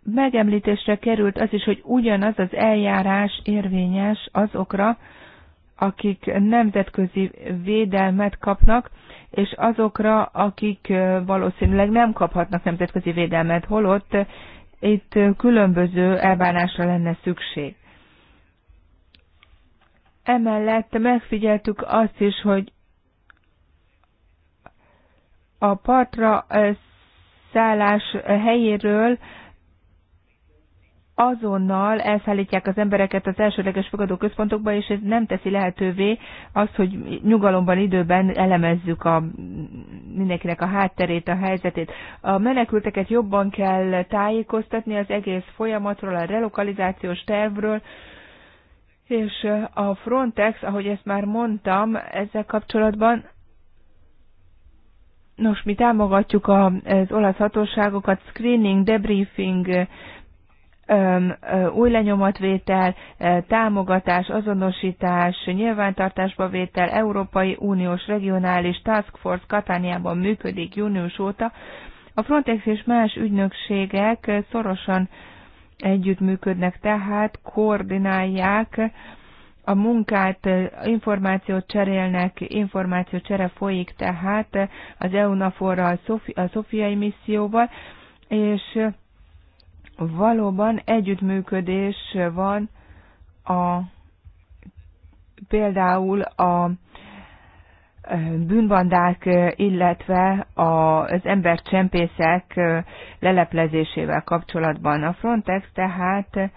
megemlítésre került az is, hogy ugyanaz az eljárás érvényes azokra, akik nemzetközi védelmet kapnak, és azokra, akik valószínűleg nem kaphatnak nemzetközi védelmet, holott itt különböző elbánásra lenne szükség. Emellett megfigyeltük azt is, hogy a partra szállás helyéről azonnal elszállítják az embereket az elsőleges fogadóközpontokba, és ez nem teszi lehetővé azt, hogy nyugalomban időben elemezzük a, mindenkinek a hátterét, a helyzetét. A menekülteket jobban kell tájékoztatni az egész folyamatról, a relokalizációs tervről, és a Frontex, ahogy ezt már mondtam, ezzel kapcsolatban Nos, mi támogatjuk az olasz hatóságokat, screening, debriefing új lenyomatvétel, támogatás, azonosítás, nyilvántartásba vétel, Európai Uniós Regionális Task Force Katániában működik június óta. A Frontex és más ügynökségek szorosan együttműködnek, tehát koordinálják a munkát, információt cserélnek, csere folyik tehát az EUNAFOR-ral, a szofiai misszióval, és valóban együttműködés van a például a e, bűnbandák, illetve az embercsempészek leleplezésével kapcsolatban. A Frontex tehát e,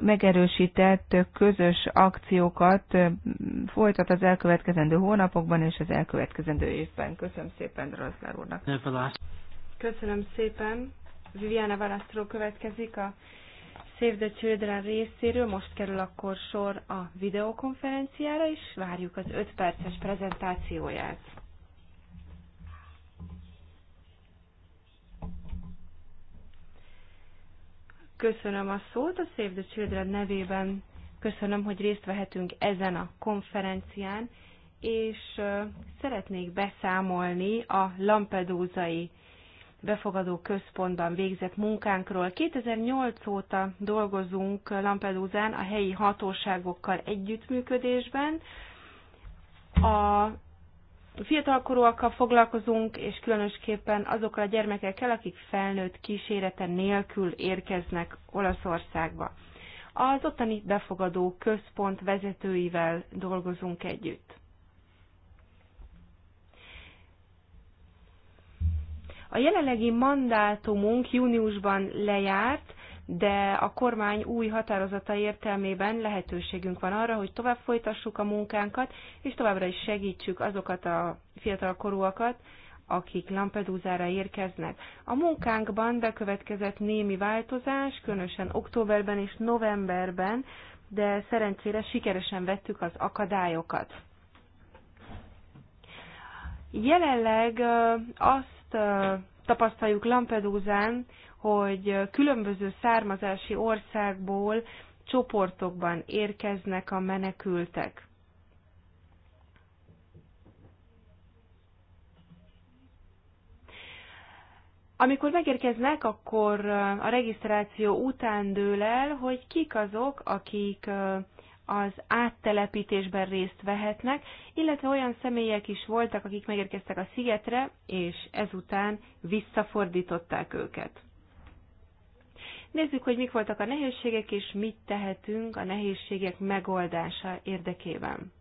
megerősített közös akciókat e, folytat az elkövetkezendő hónapokban és az elkövetkezendő évben. Köszönöm szépen Draszler úrnak. Köszönöm szépen. Viviana Valastról következik a Save the Children részéről. Most kerül akkor sor a videokonferenciára, és várjuk az 5 perces prezentációját. Köszönöm a szót, a Save the Children nevében köszönöm, hogy részt vehetünk ezen a konferencián, és szeretnék beszámolni a Lampedúzai befogadó központban végzett munkánkról. 2008 óta dolgozunk Lampedusán a helyi hatóságokkal együttműködésben. A fiatalkorúakkal foglalkozunk, és különösképpen azokkal a gyermekekkel, akik felnőtt kísérete nélkül érkeznek Olaszországba. Az ottani befogadó központ vezetőivel dolgozunk együtt. A jelenlegi mandátumunk júniusban lejárt, de a kormány új határozata értelmében lehetőségünk van arra, hogy tovább folytassuk a munkánkat, és továbbra is segítsük azokat a fiatal korúakat, akik lampedúzára érkeznek. A munkánkban bekövetkezett némi változás, különösen októberben és novemberben, de szerencsére sikeresen vettük az akadályokat. Jelenleg az azt tapasztaljuk Lampedusán, hogy különböző származási országból csoportokban érkeznek a menekültek. Amikor megérkeznek, akkor a regisztráció után dől el, hogy kik azok, akik az áttelepítésben részt vehetnek, illetve olyan személyek is voltak, akik megérkeztek a szigetre, és ezután visszafordították őket. Nézzük, hogy mik voltak a nehézségek, és mit tehetünk a nehézségek megoldása érdekében.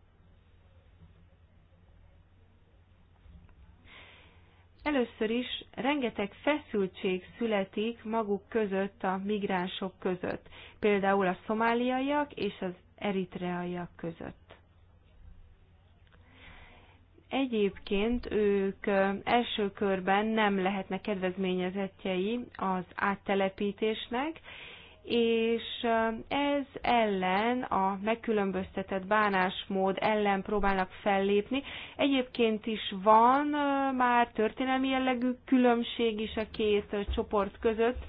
Először is rengeteg feszültség születik maguk között, a migránsok között. Például a szomáliaiak és az eritreaiak között. Egyébként ők első körben nem lehetnek kedvezményezettjei az áttelepítésnek, és ez ellen a megkülönböztetett bánásmód ellen próbálnak fellépni. Egyébként is van már történelmi jellegű különbség is a két csoport között,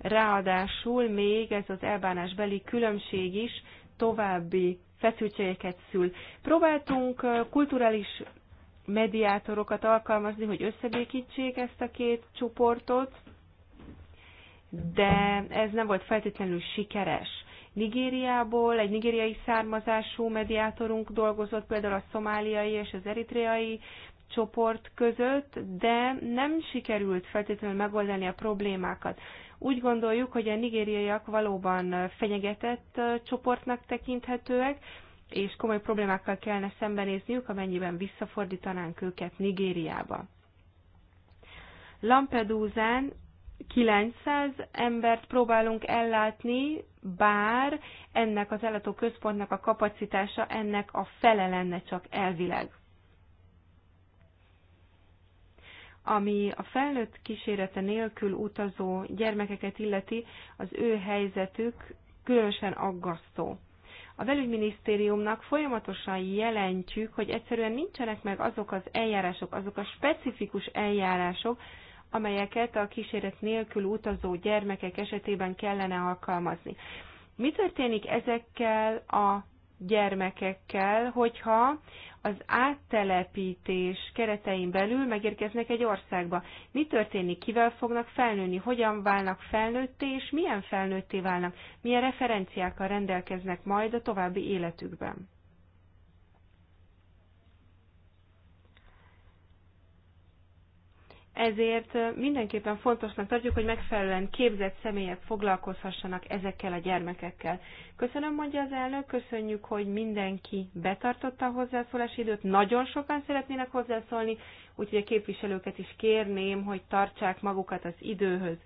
ráadásul még ez az elbánásbeli különbség is további feszültségeket szül. Próbáltunk kulturális mediátorokat alkalmazni, hogy összebékítsék ezt a két csoportot, de ez nem volt feltétlenül sikeres. Nigériából egy nigériai származású mediátorunk dolgozott például a szomáliai és az eritreai csoport között, de nem sikerült feltétlenül megoldani a problémákat. Úgy gondoljuk, hogy a nigériaiak valóban fenyegetett csoportnak tekinthetőek, és komoly problémákkal kellene szembenézniük, amennyiben visszafordítanánk őket Nigériába. Lampedúzán 900 embert próbálunk ellátni, bár ennek az ellátó központnak a kapacitása ennek a fele lenne csak elvileg. Ami a felnőtt kísérete nélkül utazó gyermekeket illeti, az ő helyzetük különösen aggasztó. A belügyminisztériumnak folyamatosan jelentjük, hogy egyszerűen nincsenek meg azok az eljárások, azok a specifikus eljárások, amelyeket a kíséret nélkül utazó gyermekek esetében kellene alkalmazni. Mi történik ezekkel a gyermekekkel, hogyha az áttelepítés keretein belül megérkeznek egy országba. Mi történik, kivel fognak felnőni, hogyan válnak felnőtté, és milyen felnőtté válnak, milyen referenciákkal rendelkeznek majd a további életükben. ezért mindenképpen fontosnak tartjuk, hogy megfelelően képzett személyek foglalkozhassanak ezekkel a gyermekekkel. Köszönöm, mondja az elnök, köszönjük, hogy mindenki betartotta a hozzászólási időt. Nagyon sokan szeretnének hozzászólni, úgyhogy a képviselőket is kérném, hogy tartsák magukat az időhöz.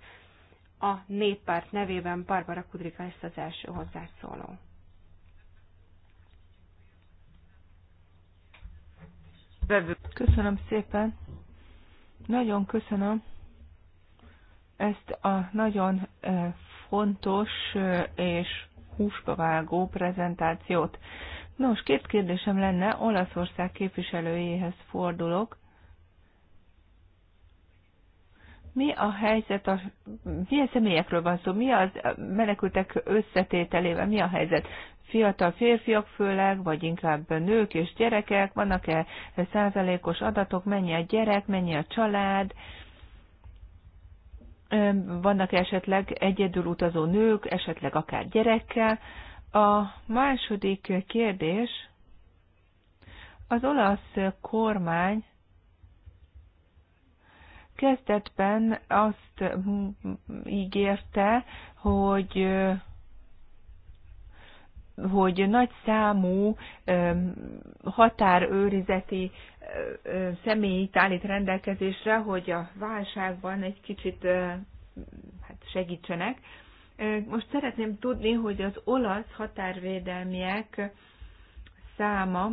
A néppárt nevében Barbara Kudrika lesz az első hozzászóló. Köszönöm szépen nagyon köszönöm ezt a nagyon e, fontos e, és húsbavágó prezentációt. Nos, két kérdésem lenne, Olaszország képviselőjéhez fordulok. mi a helyzet, a, milyen személyekről van szó, mi az menekültek összetételével, mi a helyzet? Fiatal férfiak főleg, vagy inkább nők és gyerekek, vannak-e százalékos adatok, mennyi a gyerek, mennyi a család, vannak -e esetleg egyedül utazó nők, esetleg akár gyerekkel. A második kérdés, az olasz kormány Kezdetben azt ígérte, hogy hogy nagy számú határőrizeti személyt állít rendelkezésre, hogy a válságban egy kicsit hát segítsenek. Most szeretném tudni, hogy az olasz határvédelmiek száma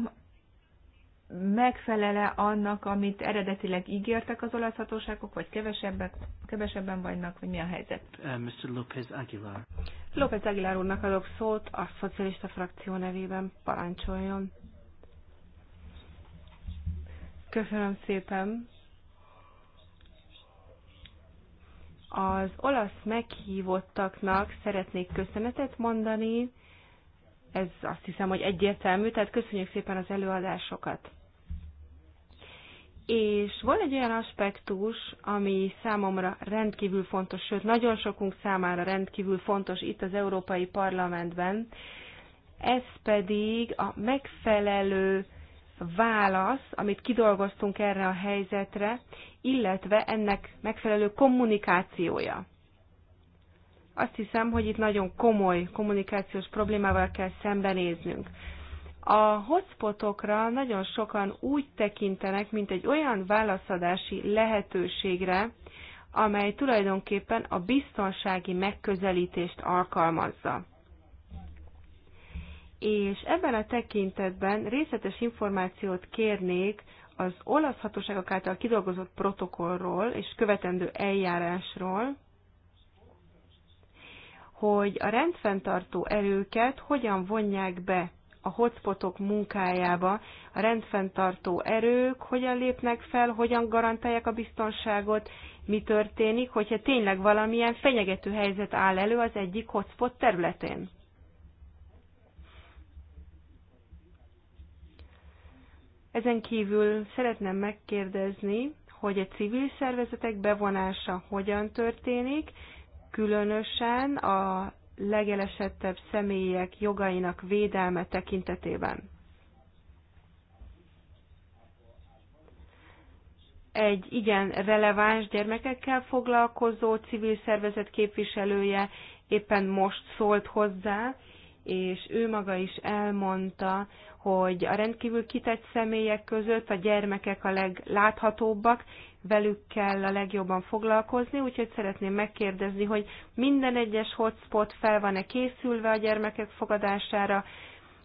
megfelele annak, amit eredetileg ígértek az olasz hatóságok, vagy kevesebbek, kevesebben vannak, vagy mi a helyzet? Uh, Mr. López Aguilar. López Aguilar úrnak adok szót a szocialista frakció nevében. Parancsoljon. Köszönöm szépen. Az olasz meghívottaknak szeretnék köszönetet mondani. Ez azt hiszem, hogy egyértelmű, tehát köszönjük szépen az előadásokat és van egy olyan aspektus, ami számomra rendkívül fontos, sőt nagyon sokunk számára rendkívül fontos itt az Európai Parlamentben, ez pedig a megfelelő válasz, amit kidolgoztunk erre a helyzetre, illetve ennek megfelelő kommunikációja. Azt hiszem, hogy itt nagyon komoly kommunikációs problémával kell szembenéznünk. A hotspotokra nagyon sokan úgy tekintenek, mint egy olyan válaszadási lehetőségre, amely tulajdonképpen a biztonsági megközelítést alkalmazza. És ebben a tekintetben részletes információt kérnék az olasz hatóságok által kidolgozott protokollról és követendő eljárásról, hogy a rendfenntartó erőket hogyan vonják be a hotspotok munkájába, a rendfenntartó erők hogyan lépnek fel, hogyan garantálják a biztonságot, mi történik, hogyha tényleg valamilyen fenyegető helyzet áll elő az egyik hotspot területén. Ezen kívül szeretném megkérdezni, hogy a civil szervezetek bevonása hogyan történik, különösen a legelesettebb személyek jogainak védelme tekintetében. Egy igen releváns gyermekekkel foglalkozó civil szervezet képviselője éppen most szólt hozzá, és ő maga is elmondta, hogy a rendkívül kitett személyek között a gyermekek a legláthatóbbak, velük kell a legjobban foglalkozni, úgyhogy szeretném megkérdezni, hogy minden egyes hotspot fel van-e készülve a gyermekek fogadására,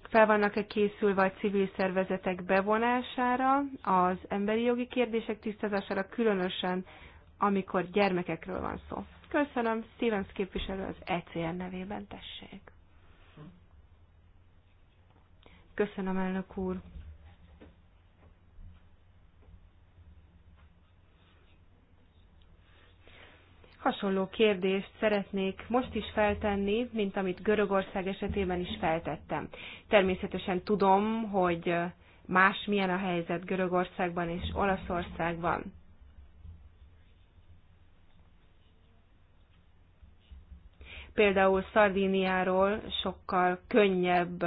fel vannak-e készülve a civil szervezetek bevonására, az emberi jogi kérdések tisztázására, különösen amikor gyermekekről van szó. Köszönöm, Stevens képviselő az ECR nevében tessék. Köszönöm, elnök úr. Hasonló kérdést szeretnék most is feltenni, mint amit Görögország esetében is feltettem. Természetesen tudom, hogy más milyen a helyzet Görögországban és Olaszországban. Például Szardíniáról sokkal könnyebb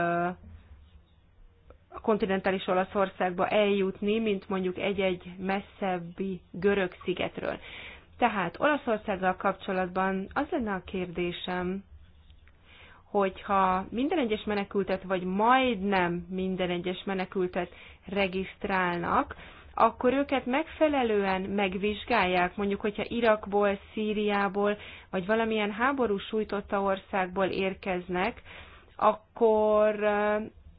a kontinentális Olaszországba eljutni, mint mondjuk egy-egy messzebbi görög szigetről. Tehát Olaszországgal kapcsolatban az lenne a kérdésem, hogyha minden egyes menekültet, vagy majdnem minden egyes menekültet regisztrálnak, akkor őket megfelelően megvizsgálják, mondjuk, hogyha Irakból, Szíriából, vagy valamilyen háború sújtotta országból érkeznek, akkor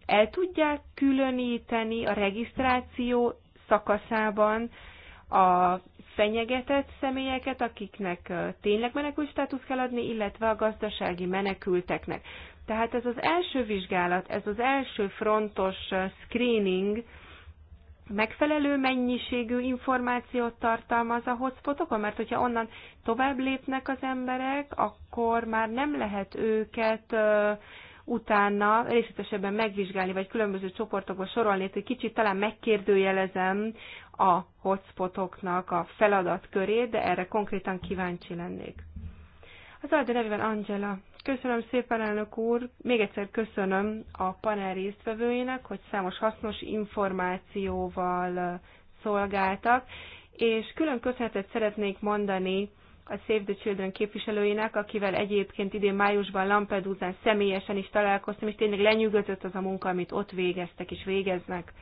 el tudják különíteni a regisztráció szakaszában a fenyegetett személyeket, akiknek tényleg menekült státusz kell adni, illetve a gazdasági menekülteknek. Tehát ez az első vizsgálat, ez az első frontos screening megfelelő mennyiségű információt tartalmaz a hotspotokon, mert hogyha onnan tovább lépnek az emberek, akkor már nem lehet őket utána részletesebben megvizsgálni, vagy különböző csoportokba sorolni, hogy kicsit talán megkérdőjelezem a hotspotoknak a feladatkörét, de erre konkrétan kíváncsi lennék. Az Aldi nevében Angela. Köszönöm szépen, elnök úr. Még egyszer köszönöm a panel résztvevőjének, hogy számos hasznos információval szolgáltak, és külön köszönetet szeretnék mondani a Save the Children képviselőjének, akivel egyébként idén májusban Lampedusán személyesen is találkoztam, és tényleg lenyűgözött az a munka, amit ott végeztek és végeznek.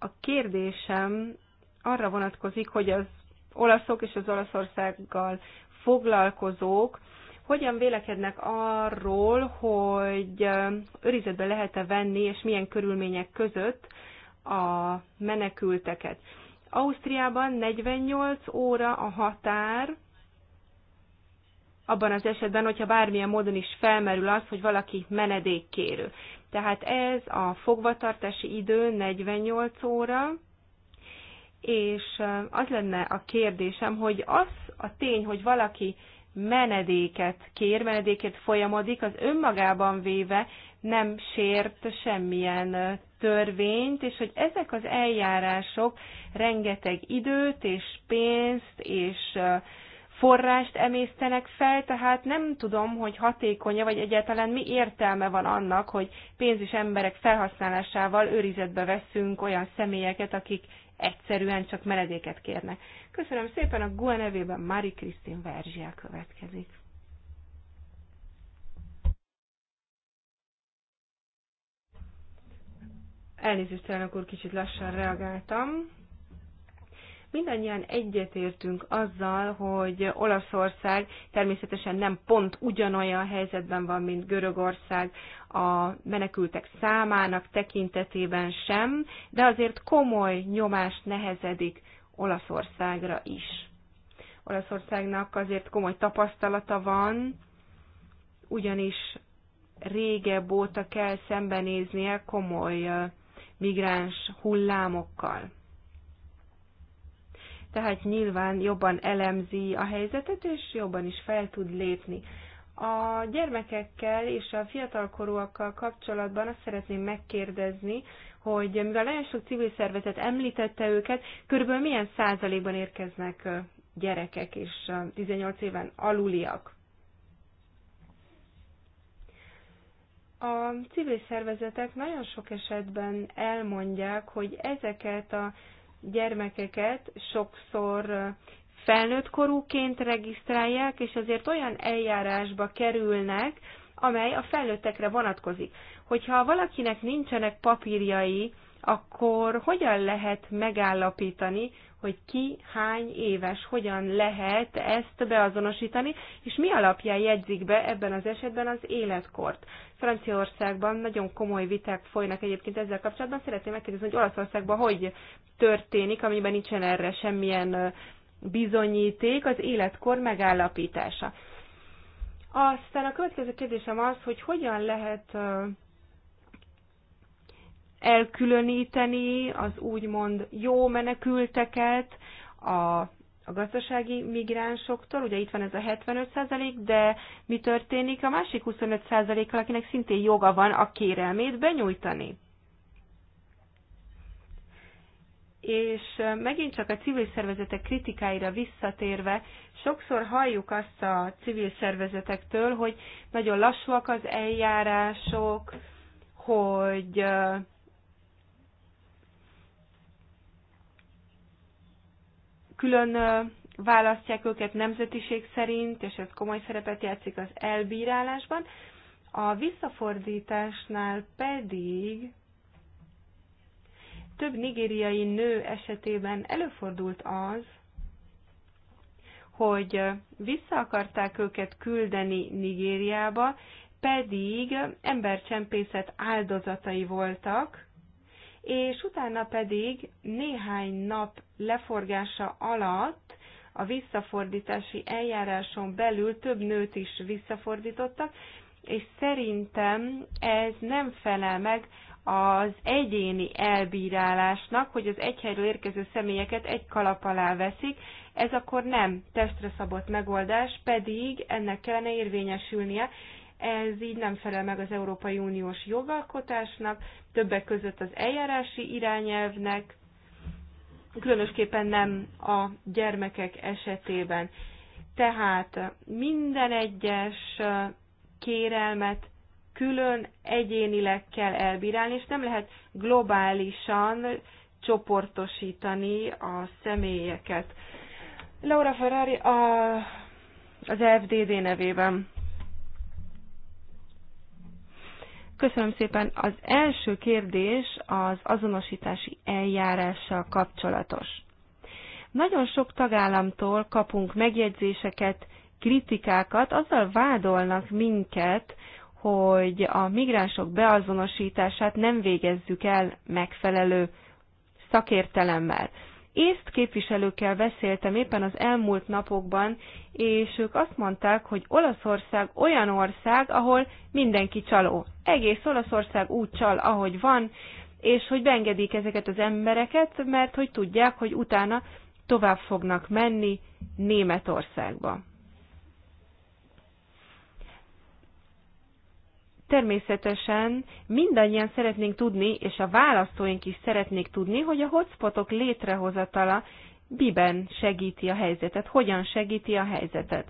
A kérdésem arra vonatkozik, hogy az olaszok és az Olaszországgal foglalkozók hogyan vélekednek arról, hogy őrizetbe lehet-e venni, és milyen körülmények között a menekülteket. Ausztriában 48 óra a határ, abban az esetben, hogyha bármilyen módon is felmerül az, hogy valaki menedékkérő. Tehát ez a fogvatartási idő 48 óra, és az lenne a kérdésem, hogy az a tény, hogy valaki menedéket kér, menedéket folyamodik, az önmagában véve nem sért semmilyen törvényt, és hogy ezek az eljárások rengeteg időt és pénzt és forrást emésztenek fel, tehát nem tudom, hogy hatékonya, vagy egyáltalán mi értelme van annak, hogy pénz és emberek felhasználásával őrizetbe veszünk olyan személyeket, akik egyszerűen csak menedéket kérnek. Köszönöm szépen, a GUE nevében Mari Krisztin Verzsiá következik. Elnézést, elnök úr, kicsit lassan reagáltam. Mindannyian egyetértünk azzal, hogy Olaszország természetesen nem pont ugyanolyan helyzetben van, mint Görögország a menekültek számának tekintetében sem, de azért komoly nyomás nehezedik Olaszországra is. Olaszországnak azért komoly tapasztalata van, ugyanis régebb óta kell szembenéznie komoly migráns hullámokkal. Tehát nyilván jobban elemzi a helyzetet, és jobban is fel tud lépni. A gyermekekkel és a fiatalkorúakkal kapcsolatban azt szeretném megkérdezni, hogy mivel nagyon sok civil szervezet említette őket, körülbelül milyen százalékban érkeznek gyerekek és 18 éven aluliak. A civil szervezetek nagyon sok esetben elmondják, hogy ezeket a gyermekeket sokszor felnőtt korúként regisztrálják, és azért olyan eljárásba kerülnek, amely a felnőttekre vonatkozik hogyha valakinek nincsenek papírjai, akkor hogyan lehet megállapítani, hogy ki hány éves, hogyan lehet ezt beazonosítani, és mi alapján jegyzik be ebben az esetben az életkort. Franciaországban nagyon komoly viták folynak egyébként ezzel kapcsolatban. Szeretném megkérdezni, hogy Olaszországban hogy történik, amiben nincsen erre semmilyen bizonyíték, az életkor megállapítása. Aztán a következő kérdésem az, hogy hogyan lehet elkülöníteni az úgymond jó menekülteket a, a gazdasági migránsoktól, ugye itt van ez a 75%, de mi történik a másik 25%-kal, akinek szintén joga van a kérelmét benyújtani? És megint csak a civil szervezetek kritikáira visszatérve, sokszor halljuk azt a civil szervezetektől, hogy nagyon lassúak az eljárások, hogy külön választják őket nemzetiség szerint, és ez komoly szerepet játszik az elbírálásban. A visszafordításnál pedig több nigériai nő esetében előfordult az, hogy vissza akarták őket küldeni Nigériába, pedig embercsempészet áldozatai voltak, és utána pedig néhány nap leforgása alatt a visszafordítási eljáráson belül több nőt is visszafordítottak, és szerintem ez nem felel meg az egyéni elbírálásnak, hogy az egy helyről érkező személyeket egy kalap alá veszik, ez akkor nem testre szabott megoldás, pedig ennek kellene érvényesülnie, ez így nem felel meg az Európai Uniós jogalkotásnak, többek között az eljárási irányelvnek, különösképpen nem a gyermekek esetében. Tehát minden egyes kérelmet külön egyénileg kell elbírálni, és nem lehet globálisan csoportosítani a személyeket. Laura Ferrari a, az FDD nevében. Köszönöm szépen. Az első kérdés az azonosítási eljárással kapcsolatos. Nagyon sok tagállamtól kapunk megjegyzéseket, kritikákat, azzal vádolnak minket, hogy a migránsok beazonosítását nem végezzük el megfelelő szakértelemmel észt képviselőkkel beszéltem éppen az elmúlt napokban, és ők azt mondták, hogy Olaszország olyan ország, ahol mindenki csaló. Egész Olaszország úgy csal, ahogy van, és hogy beengedik ezeket az embereket, mert hogy tudják, hogy utána tovább fognak menni Németországba. Természetesen mindannyian szeretnénk tudni, és a választóink is szeretnék tudni, hogy a hotspotok létrehozatala miben segíti a helyzetet, hogyan segíti a helyzetet.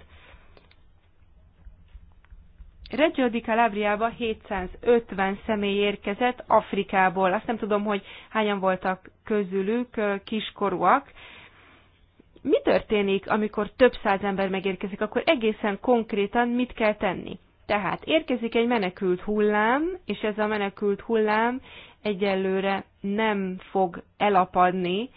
Reggio di Calabriába 750 személy érkezett Afrikából. Azt nem tudom, hogy hányan voltak közülük kiskorúak. Mi történik, amikor több száz ember megérkezik? Akkor egészen konkrétan mit kell tenni? Tehát érkezik egy menekült hullám, és ez a menekült hullám egyelőre nem fog elapadni.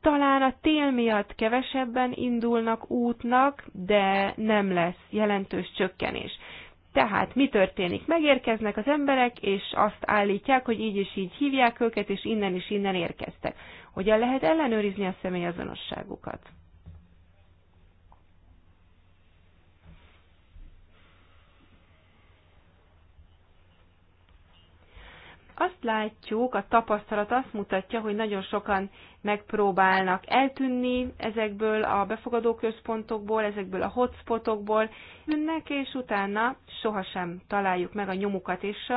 Talán a tél miatt kevesebben indulnak útnak, de nem lesz jelentős csökkenés. Tehát mi történik? Megérkeznek az emberek, és azt állítják, hogy így és így hívják őket, és innen és innen érkeztek. Hogyan lehet ellenőrizni a személyazonosságukat? Azt látjuk, a tapasztalat azt mutatja, hogy nagyon sokan megpróbálnak eltűnni ezekből a befogadó központokból, ezekből a hotspotokból, jönnek, és utána sohasem találjuk meg a nyomukat, és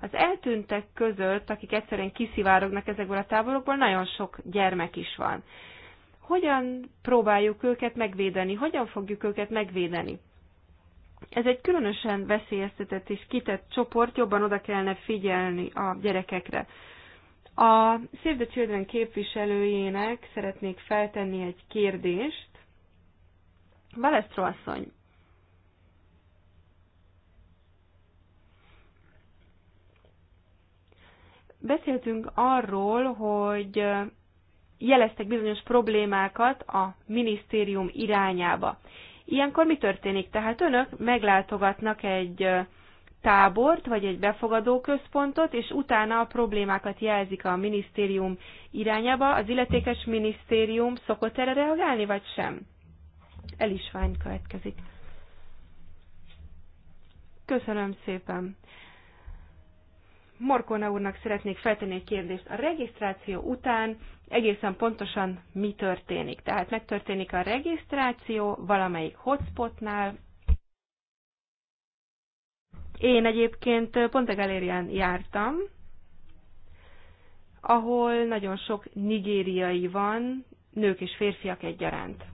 az eltűntek között, akik egyszerűen kiszivárognak ezekből a táborokból, nagyon sok gyermek is van. Hogyan próbáljuk őket megvédeni? Hogyan fogjuk őket megvédeni? Ez egy különösen veszélyeztetett és kitett csoport, jobban oda kellene figyelni a gyerekekre. A Save the Children képviselőjének szeretnék feltenni egy kérdést. Balestro asszony, beszéltünk arról, hogy jeleztek bizonyos problémákat a minisztérium irányába. Ilyenkor mi történik? Tehát önök meglátogatnak egy tábort, vagy egy befogadó központot, és utána a problémákat jelzik a minisztérium irányába. Az illetékes minisztérium szokott erre reagálni, vagy sem? is következik. Köszönöm szépen. Morkona úrnak szeretnék feltenni egy kérdést. A regisztráció után egészen pontosan mi történik? Tehát megtörténik a regisztráció valamelyik hotspotnál. Én egyébként pont a Galérián jártam, ahol nagyon sok nigériai van, nők és férfiak egyaránt.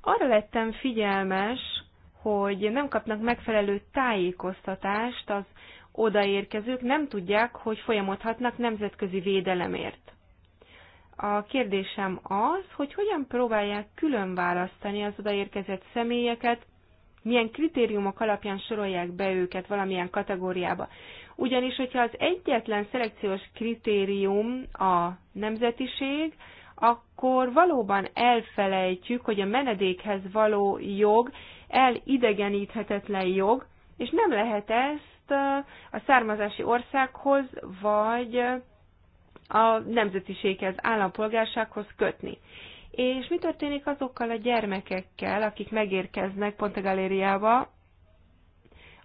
Arra lettem figyelmes, hogy nem kapnak megfelelő tájékoztatást az odaérkezők, nem tudják, hogy folyamodhatnak nemzetközi védelemért. A kérdésem az, hogy hogyan próbálják külön választani az odaérkezett személyeket, milyen kritériumok alapján sorolják be őket valamilyen kategóriába. Ugyanis, hogyha az egyetlen szelekciós kritérium a nemzetiség, akkor valóban elfelejtjük, hogy a menedékhez való jog elidegeníthetetlen jog, és nem lehet ezt a származási országhoz vagy a nemzetiséghez, állampolgársághoz kötni. És mi történik azokkal a gyermekekkel, akik megérkeznek Ponte Galériába,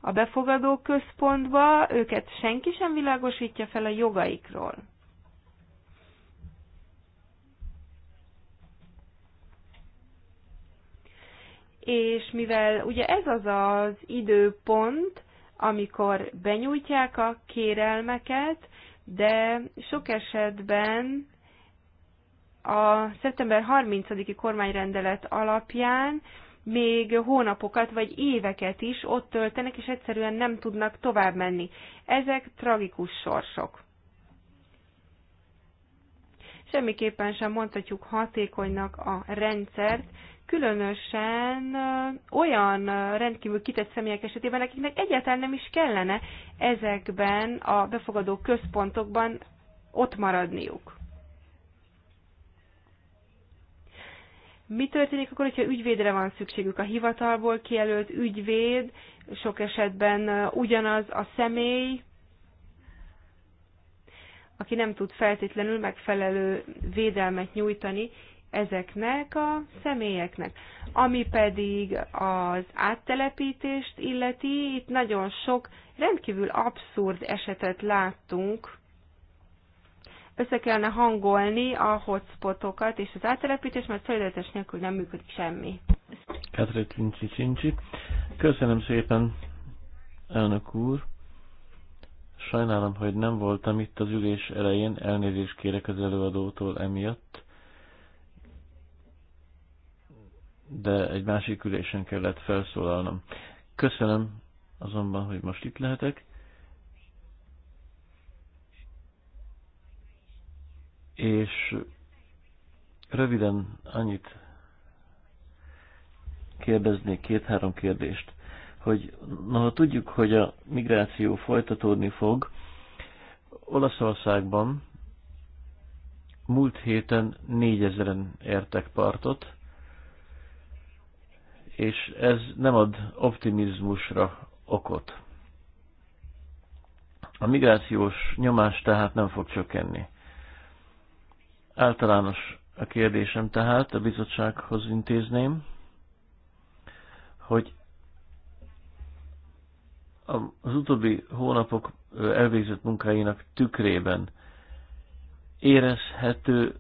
a befogadó központba, őket senki sem világosítja fel a jogaikról. és mivel ugye ez az az időpont, amikor benyújtják a kérelmeket, de sok esetben a szeptember 30-i kormányrendelet alapján még hónapokat vagy éveket is ott töltenek, és egyszerűen nem tudnak tovább menni. Ezek tragikus sorsok. Semmiképpen sem mondhatjuk hatékonynak a rendszert, különösen olyan rendkívül kitett személyek esetében, akiknek egyáltalán nem is kellene ezekben a befogadó központokban ott maradniuk. Mi történik akkor, hogyha ügyvédre van szükségük? A hivatalból kijelölt ügyvéd, sok esetben ugyanaz a személy, aki nem tud feltétlenül megfelelő védelmet nyújtani, ezeknek a személyeknek. Ami pedig az áttelepítést illeti, itt nagyon sok rendkívül abszurd esetet láttunk. Össze kellene hangolni a hotspotokat és az áttelepítés, mert szolidaritás nélkül nem működik semmi. Köszönöm szépen, elnök úr. Sajnálom, hogy nem voltam itt az ülés elején, elnézést kérek az előadótól emiatt de egy másik ülésen kellett felszólalnom. Köszönöm azonban, hogy most itt lehetek. És röviden annyit kérdeznék, két-három kérdést, hogy na, ha tudjuk, hogy a migráció folytatódni fog, Olaszországban múlt héten négyezeren értek partot, és ez nem ad optimizmusra okot. A migrációs nyomás tehát nem fog csökkenni. Általános a kérdésem tehát, a bizottsághoz intézném, hogy az utóbbi hónapok elvégzett munkáinak tükrében érezhető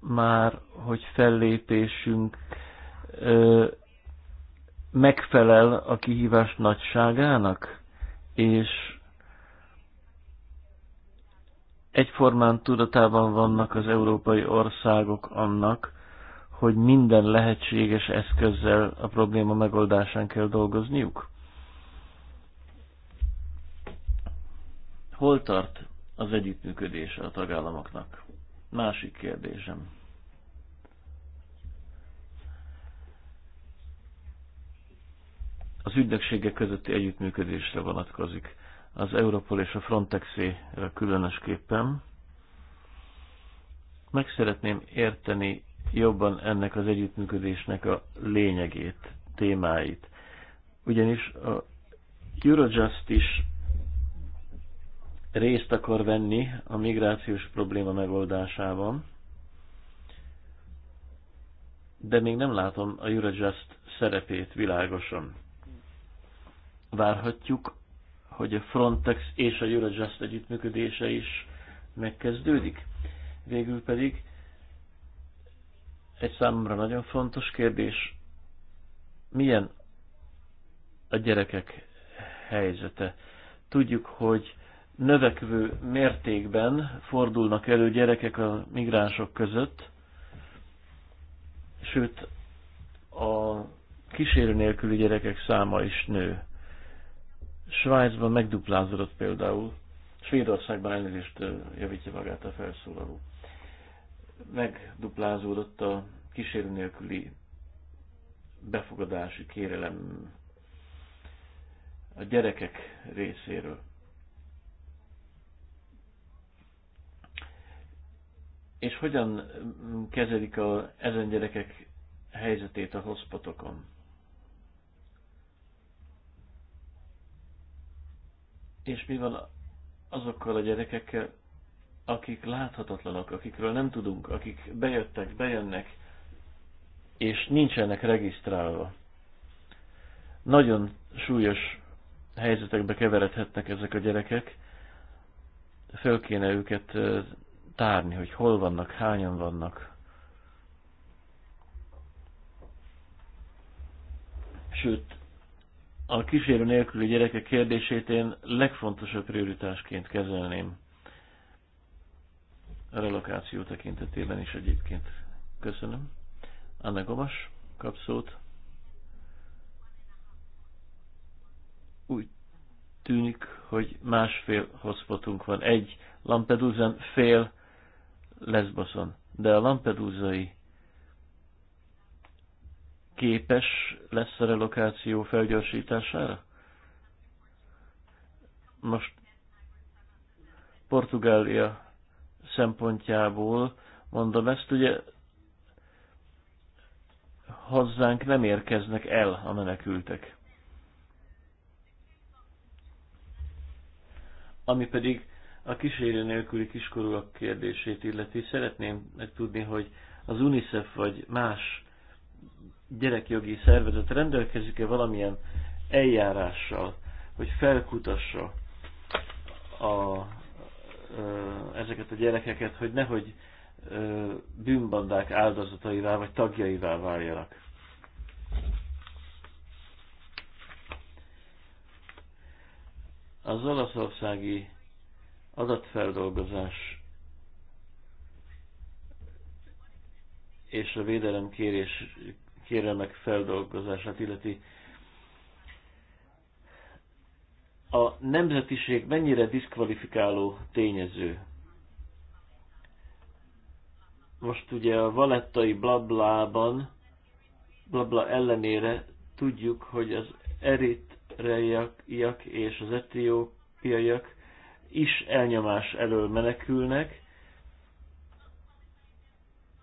már, hogy fellépésünk megfelel a kihívás nagyságának, és egyformán tudatában vannak az európai országok annak, hogy minden lehetséges eszközzel a probléma megoldásán kell dolgozniuk? Hol tart az együttműködés a tagállamoknak? Másik kérdésem. az ügynökségek közötti együttműködésre vonatkozik. Az Europol és a frontex különösképpen. Meg szeretném érteni jobban ennek az együttműködésnek a lényegét, témáit. Ugyanis a Eurojust is részt akar venni a migrációs probléma megoldásában, de még nem látom a Eurojust szerepét világosan várhatjuk, hogy a Frontex és a Eurojust együttműködése is megkezdődik. Végül pedig egy számomra nagyon fontos kérdés, milyen a gyerekek helyzete. Tudjuk, hogy növekvő mértékben fordulnak elő gyerekek a migránsok között, sőt a kísérő nélküli gyerekek száma is nő. Svájcban megduplázódott például, Svédországban elnézést javítja magát a felszólaló. Megduplázódott a kísérő nélküli befogadási kérelem a gyerekek részéről. És hogyan kezelik a, ezen gyerekek helyzetét a hospatokon? És mi van azokkal a gyerekekkel, akik láthatatlanok, akikről nem tudunk, akik bejöttek, bejönnek, és nincsenek regisztrálva. Nagyon súlyos helyzetekbe keveredhetnek ezek a gyerekek, föl kéne őket tárni, hogy hol vannak, hányan vannak. Sőt, a kísérő nélküli gyerekek kérdését én legfontosabb prioritásként kezelném. A relokáció tekintetében is egyébként. Köszönöm. Anna Gomas, kapszót. Úgy tűnik, hogy másfél hotspotunk van. Egy Lampedusán, fél Lesboson. De a Lampedusai képes lesz a relokáció felgyorsítására? Most Portugália szempontjából mondom ezt, ugye hozzánk nem érkeznek el a menekültek. Ami pedig a kísérő nélküli kiskorúak kérdését illeti, szeretném megtudni, hogy az UNICEF vagy más gyerekjogi szervezet rendelkezik-e valamilyen eljárással, hogy felkutassa a, ezeket a gyerekeket, hogy nehogy bűnbandák áldozataivá vagy tagjaivá váljanak. Az olaszországi adatfeldolgozás és a védelem kérés kéremek feldolgozását illeti. A nemzetiség mennyire diszkvalifikáló tényező? Most ugye a valettai blablában, blabla ellenére tudjuk, hogy az eritreiak és az etiópiaiak is elnyomás elől menekülnek,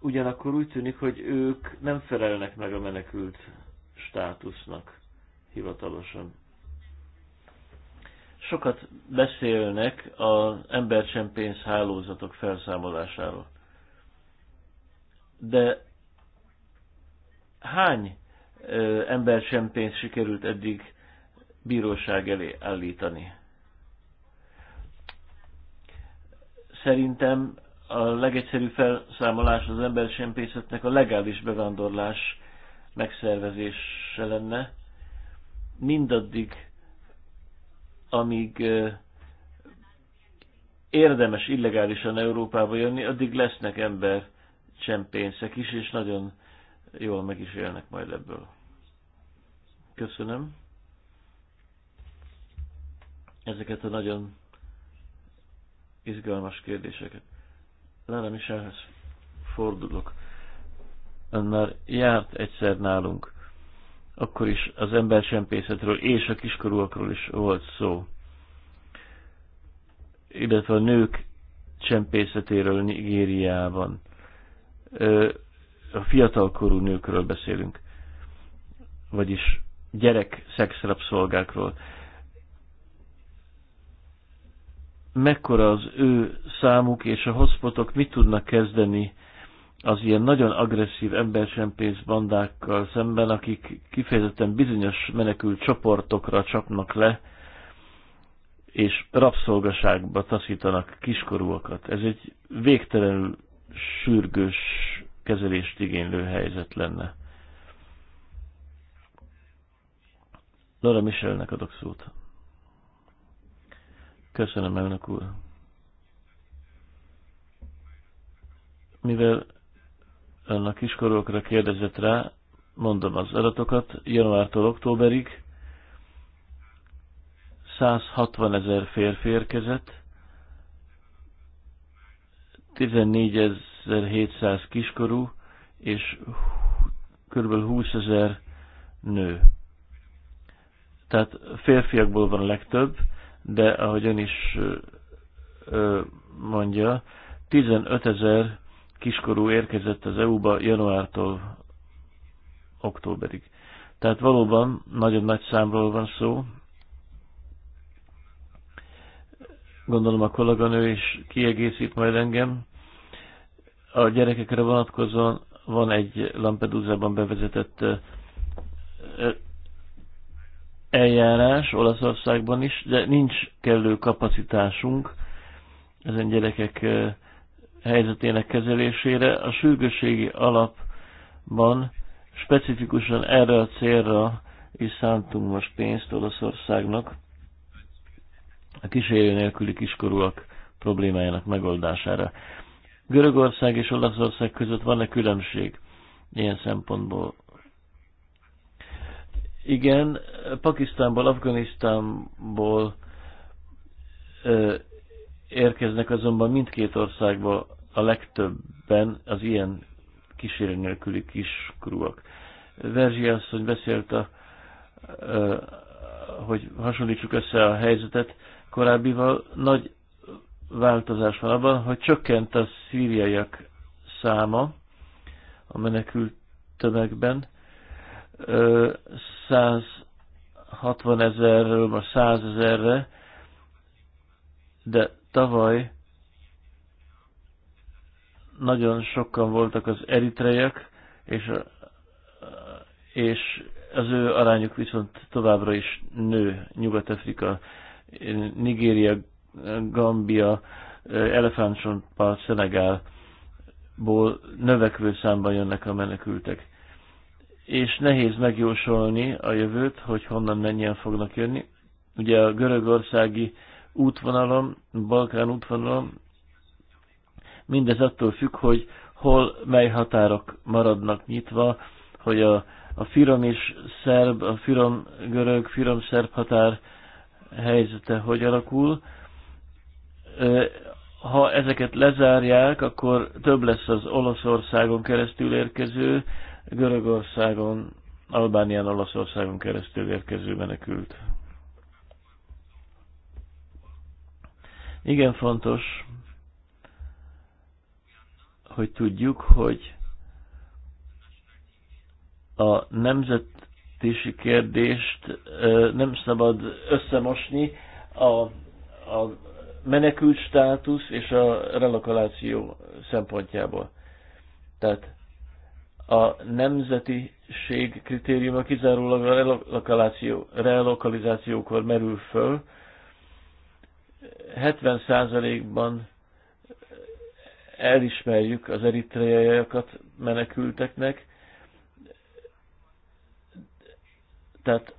Ugyanakkor úgy tűnik, hogy ők nem felelnek meg a menekült státusznak hivatalosan. Sokat beszélnek az embercsempész hálózatok felszámolásáról. De hány embercsempénz sikerült eddig bíróság elé állítani? Szerintem a legegyszerűbb felszámolás az embercsempészetnek a legális bevándorlás megszervezése lenne. Mindaddig, amíg érdemes illegálisan Európába jönni, addig lesznek ember csempénzek is, és nagyon jól meg is élnek majd ebből. Köszönöm. Ezeket a nagyon izgalmas kérdéseket velem is ehhez fordulok. Ön már járt egyszer nálunk. Akkor is az embercsempészetről és a kiskorúakról is volt szó. Illetve a nők csempészetéről Nigériában. A fiatalkorú nőkről beszélünk. Vagyis gyerek szexrapszolgákról. szolgákról mekkora az ő számuk és a hotspotok mit tudnak kezdeni az ilyen nagyon agresszív embercsempész bandákkal szemben, akik kifejezetten bizonyos menekült csoportokra csapnak le, és rabszolgaságba taszítanak kiskorúakat. Ez egy végtelenül sürgős kezelést igénylő helyzet lenne. Laura Michelnek adok szót. Köszönöm, elnök úr. Mivel ön a kiskorokra kérdezett rá, mondom az adatokat, januártól októberig 160 ezer férfi érkezett, 14.700 kiskorú, és kb. 20.000 nő. Tehát férfiakból van a legtöbb, de ahogy ön is mondja, 15 ezer kiskorú érkezett az EU-ba januártól októberig. Tehát valóban nagyon nagy számról van szó. Gondolom a kolléganő is kiegészít majd engem. A gyerekekre vonatkozóan van egy Lampedusa-ban bevezetett eljárás Olaszországban is, de nincs kellő kapacitásunk ezen gyerekek helyzetének kezelésére. A sürgőségi alapban specifikusan erre a célra is szántunk most pénzt Olaszországnak a kísérő nélküli kiskorúak problémájának megoldására. Görögország és Olaszország között van-e különbség ilyen szempontból? Igen, Pakisztánból, Afganisztánból ö, érkeznek azonban mindkét országból a legtöbben az ilyen kísérő nélküli kiskorúak. Verzsi asszony beszélt, a, ö, hogy hasonlítsuk össze a helyzetet korábbival. Nagy változás van abban, hogy csökkent a szíriaiak száma a menekült tömegben, 160 ezerről most 100 ezerre, de tavaly nagyon sokan voltak az eritreiek, és, és az ő arányuk viszont továbbra is nő. Nyugat-Afrika, Nigéria, Gambia, Elefántcsontpart, Szenegálból növekvő számban jönnek a menekültek és nehéz megjósolni a jövőt, hogy honnan mennyien fognak jönni. Ugye a görögországi útvonalon, Balkán útvonalon, mindez attól függ, hogy hol mely határok maradnak nyitva, hogy a, a firom és szerb, a firom görög, firom szerb határ helyzete hogy alakul. Ha ezeket lezárják, akkor több lesz az Olaszországon keresztül érkező, Görögországon, Albánián, Olaszországon keresztül érkező menekült. Igen fontos, hogy tudjuk, hogy a nemzetési kérdést nem szabad összemosni a, a menekült státusz és a relokaláció szempontjából. Tehát a nemzetiség kritériuma kizárólag a relokalizációkor merül föl. 70%-ban elismerjük az eritreaiakat menekülteknek, tehát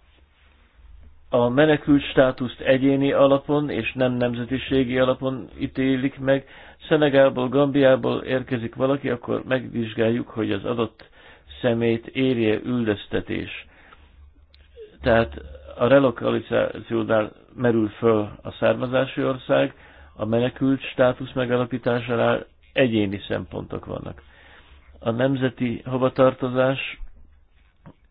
a menekült státuszt egyéni alapon és nem nemzetiségi alapon ítélik meg. Szenegából, Gambiából érkezik valaki, akkor megvizsgáljuk, hogy az adott szemét érje üldöztetés. Tehát a relokalizációnál merül föl a származási ország, a menekült státusz megalapításánál egyéni szempontok vannak. A nemzeti hovatartozás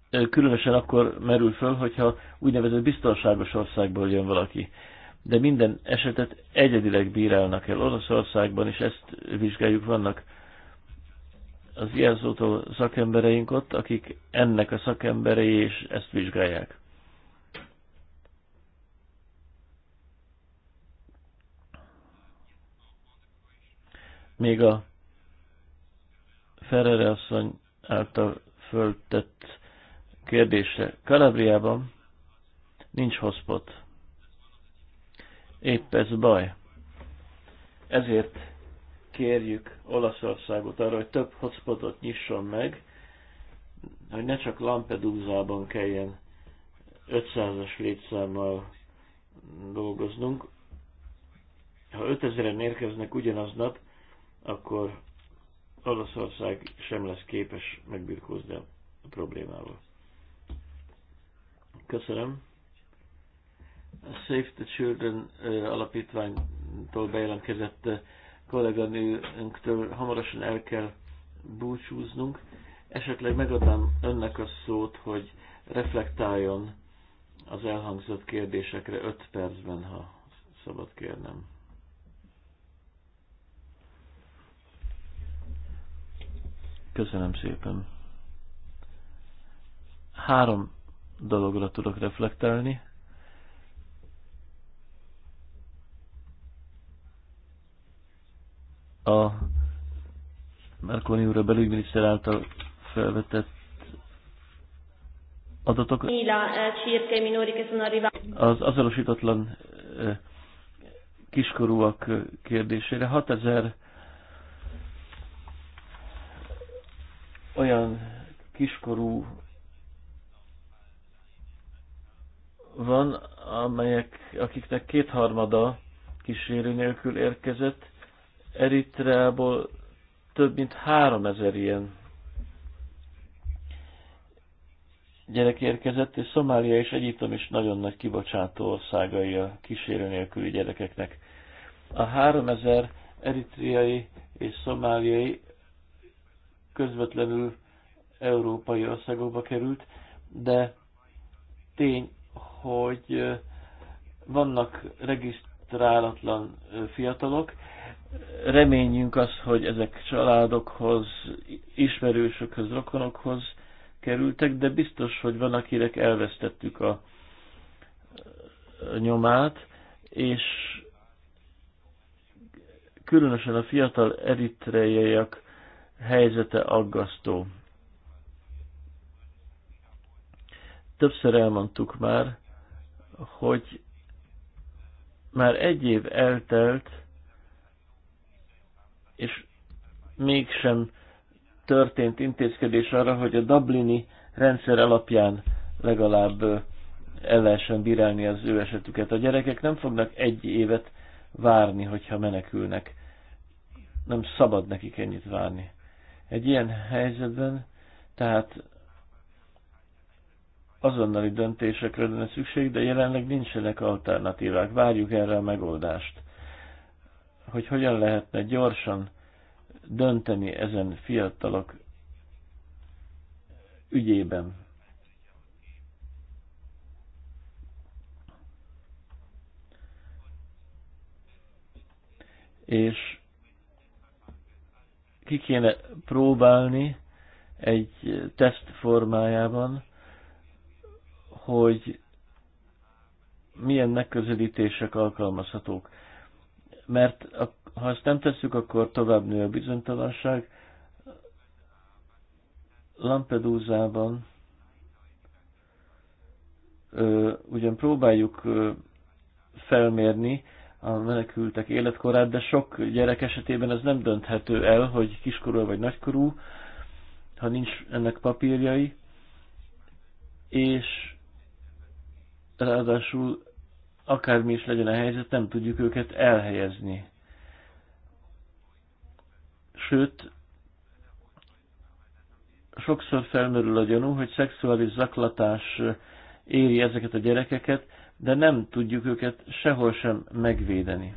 különösen akkor merül föl, hogyha úgynevezett biztonságos országból jön valaki. De minden esetet egyedileg bírálnak el. Oroszországban is ezt vizsgáljuk, vannak az ilyen szótól szakembereink ott, akik ennek a szakemberei, és ezt vizsgálják. Még a Ferrere asszony által föltett kérdése. Kalabriában nincs hotspot. Épp ez baj. Ezért kérjük Olaszországot arra, hogy több hotspotot nyisson meg, hogy ne csak Lampedusa-ban kelljen 500-as létszámmal dolgoznunk. Ha 5000-en érkeznek ugyanaznap, akkor Olaszország sem lesz képes megbirkózni a problémával. Köszönöm. A Save the Children alapítványtól bejelentkezett kolléganőnktől hamarosan el kell búcsúznunk. Esetleg megadnám önnek a szót, hogy reflektáljon az elhangzott kérdésekre öt percben, ha szabad kérnem. Köszönöm szépen. Három dologra tudok reflektálni. A Marconi úr a belügyminiszter által felvetett adatok eh, az azonosítatlan eh, kiskorúak eh, kérdésére 6000 olyan kiskorú van, amelyek, akiknek kétharmada kísérő nélkül érkezett, Eritreából több mint három ezer ilyen gyerek érkezett, és Szomália és Egyiptom is nagyon nagy kibocsátó országai a kísérő nélküli gyerekeknek. A ezer eritriai és szomáliai közvetlenül európai országokba került, de tény hogy vannak regisztrálatlan fiatalok. Reményünk az, hogy ezek családokhoz, ismerősökhöz, rokonokhoz kerültek, de biztos, hogy van, akinek elvesztettük a nyomát, és különösen a fiatal eritreiak helyzete aggasztó. Többször elmondtuk már, hogy már egy év eltelt, és mégsem történt intézkedés arra, hogy a Dublini rendszer alapján legalább el lehessen bírálni az ő esetüket. A gyerekek nem fognak egy évet várni, hogyha menekülnek. Nem szabad nekik ennyit várni. Egy ilyen helyzetben tehát azonnali döntésekre lenne szükség, de jelenleg nincsenek alternatívák. Várjuk erre a megoldást, hogy hogyan lehetne gyorsan dönteni ezen fiatalok ügyében. És ki kéne próbálni egy teszt formájában, hogy milyen megközelítések alkalmazhatók. Mert ha ezt nem tesszük, akkor tovább nő a bizonytalanság. Lampedúzában ugyan próbáljuk felmérni a menekültek életkorát, de sok gyerek esetében ez nem dönthető el, hogy kiskorú vagy nagykorú, ha nincs ennek papírjai, és ráadásul akármi is legyen a helyzet, nem tudjuk őket elhelyezni. Sőt, sokszor felmerül a gyanú, hogy szexuális zaklatás éri ezeket a gyerekeket, de nem tudjuk őket sehol sem megvédeni.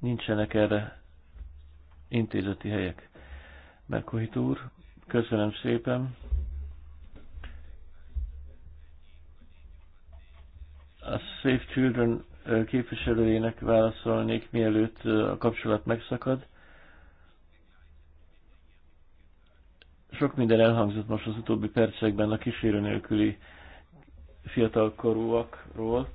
Nincsenek erre intézeti helyek. Merkohit úr, köszönöm szépen. a Safe Children képviselőjének válaszolnék, mielőtt a kapcsolat megszakad. Sok minden elhangzott most az utóbbi percekben a kísérő nélküli fiatalkorúakról.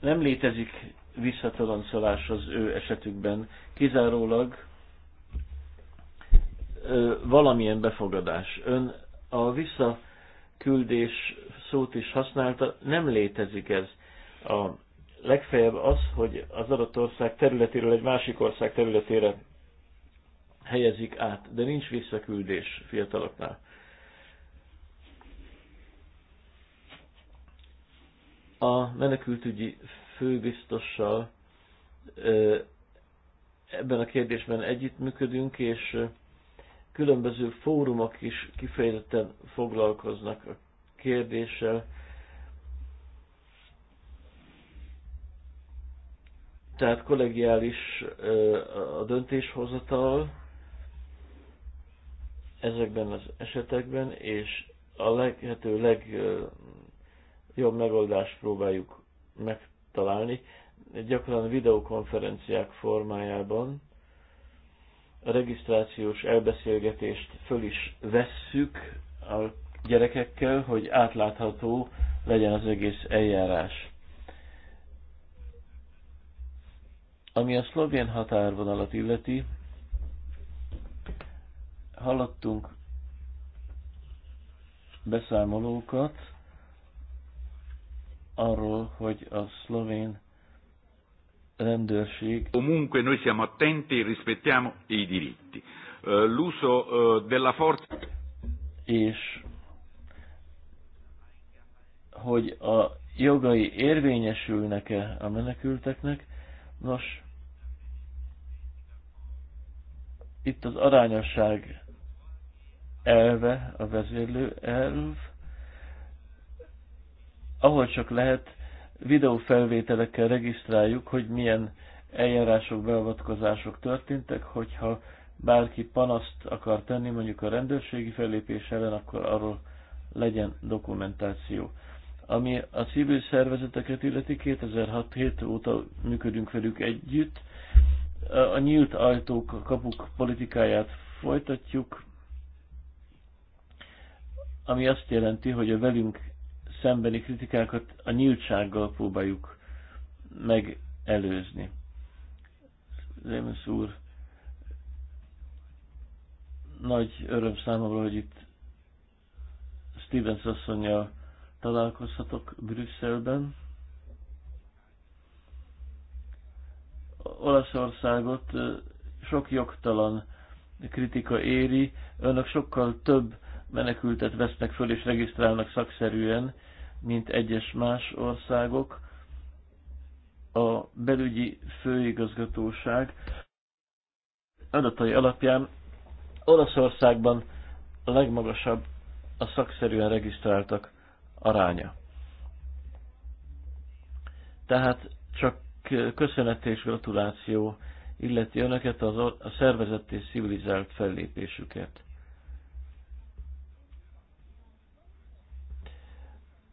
Nem létezik visszatoloncolás az ő esetükben, kizárólag valamilyen befogadás. Ön a visszaküldés szót is használta, nem létezik ez. A legfeljebb az, hogy az adott ország területéről egy másik ország területére helyezik át, de nincs visszaküldés fiataloknál. A menekültügyi főbiztossal ebben a kérdésben együttműködünk, és különböző fórumok is kifejezetten foglalkoznak a kérdéssel. Tehát kollegiális a döntéshozatal ezekben az esetekben, és a lehető legjobb megoldást próbáljuk megtalálni, gyakran videokonferenciák formájában. A regisztrációs elbeszélgetést föl is vesszük a gyerekekkel, hogy átlátható legyen az egész eljárás. Ami a szlovén határvonalat illeti, hallottunk beszámolókat arról, hogy a szlovén rendőrség Comunque noi siamo attenti e rispettiamo i diritti. Eh, l'uso eh, della forza és hogy a jogai érvényesülnek-e a menekülteknek. Nos, itt az arányosság elve, a vezérlő elv, ahol csak lehet, videófelvételekkel regisztráljuk, hogy milyen eljárások, beavatkozások történtek, hogyha bárki panaszt akar tenni mondjuk a rendőrségi fellépés ellen, akkor arról legyen dokumentáció. Ami a civil szervezeteket illeti, 2006-7 óta működünk velük együtt. A nyílt ajtók, a kapuk politikáját folytatjuk, ami azt jelenti, hogy a velünk szembeni kritikákat a nyíltsággal próbáljuk megelőzni. Rémusz úr, nagy öröm számomra, hogy itt Stevens asszonyjal találkozhatok Brüsszelben. Olaszországot sok jogtalan kritika éri, önök sokkal több menekültet vesznek föl és regisztrálnak szakszerűen, mint egyes más országok. A belügyi főigazgatóság adatai alapján Olaszországban a legmagasabb a szakszerűen regisztráltak aránya. Tehát csak köszönet és gratuláció illeti önöket az a szervezett és civilizált fellépésüket.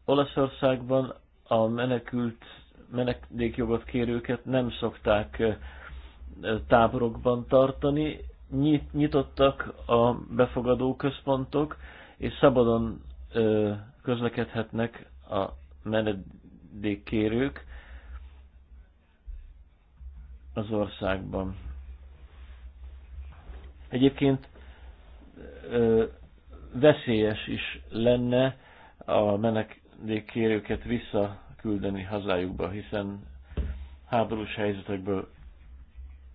Olaszországban a menekült menekdékjogot kérőket nem szokták táborokban tartani, nyitottak a befogadó központok, és szabadon közlekedhetnek a menedékkérők az országban. Egyébként veszélyes is lenne a menedékkérőket visszaküldeni hazájukba, hiszen háborús helyzetekből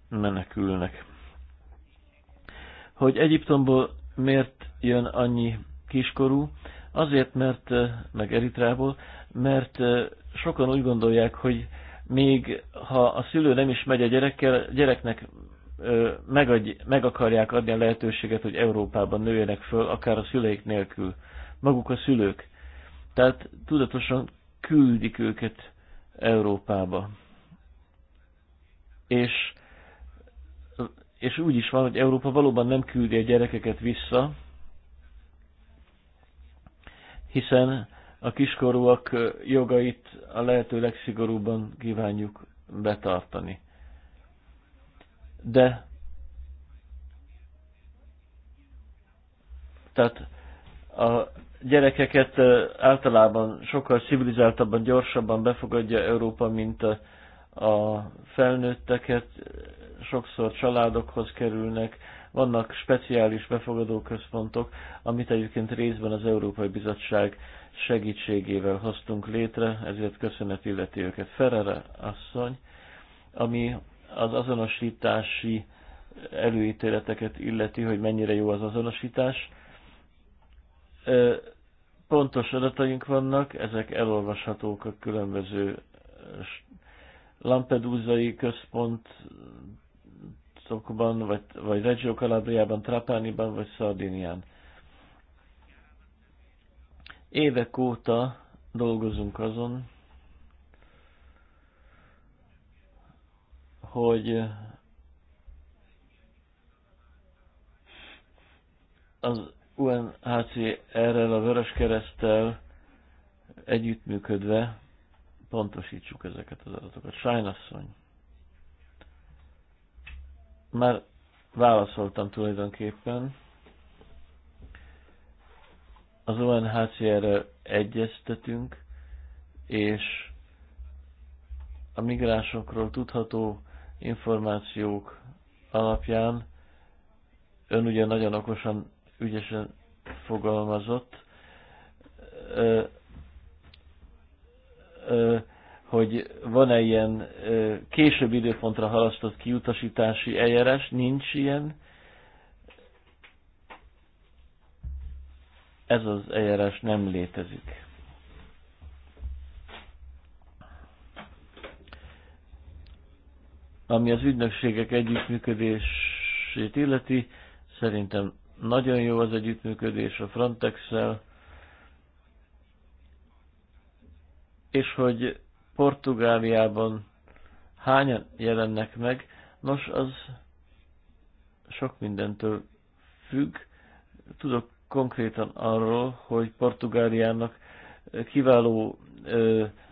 menekülnek. Hogy Egyiptomból miért jön annyi kiskorú? Azért, mert, meg Eritrából, mert sokan úgy gondolják, hogy még ha a szülő nem is megy a gyerekkel, gyereknek megadj, meg akarják adni a lehetőséget, hogy Európában nőjenek föl, akár a szüleik nélkül, maguk a szülők. Tehát tudatosan küldik őket Európába. És, és úgy is van, hogy Európa valóban nem küldi a gyerekeket vissza, hiszen a kiskorúak jogait a lehető legszigorúbban kívánjuk betartani. De tehát a gyerekeket általában sokkal civilizáltabban, gyorsabban befogadja Európa, mint a felnőtteket, sokszor családokhoz kerülnek, vannak speciális befogadó központok, amit egyébként részben az Európai Bizottság segítségével hoztunk létre, ezért köszönet illeti őket. Ferrere asszony, ami az azonosítási előítéleteket illeti, hogy mennyire jó az azonosítás. Pontos adataink vannak, ezek elolvashatók a különböző Lampedúzai központ Szokban, vagy, vagy Reggio Calabriában, Trapániban, vagy Szardinián. Évek óta dolgozunk azon, hogy az UNHCR-rel, a Vörös Keresztel együttműködve pontosítsuk ezeket az adatokat. Sajnasszony! már válaszoltam tulajdonképpen. Az UNHCR-re egyeztetünk, és a migránsokról tudható információk alapján ön ugye nagyon okosan, ügyesen fogalmazott, ö, ö, hogy van-e ilyen később időpontra halasztott kiutasítási eljárás, nincs ilyen. Ez az eljárás nem létezik. Ami az ügynökségek együttműködését illeti, szerintem nagyon jó az együttműködés a Frontex-szel, és hogy Portugáliában hányan jelennek meg, nos, az sok mindentől függ. Tudok konkrétan arról, hogy Portugáliának kiváló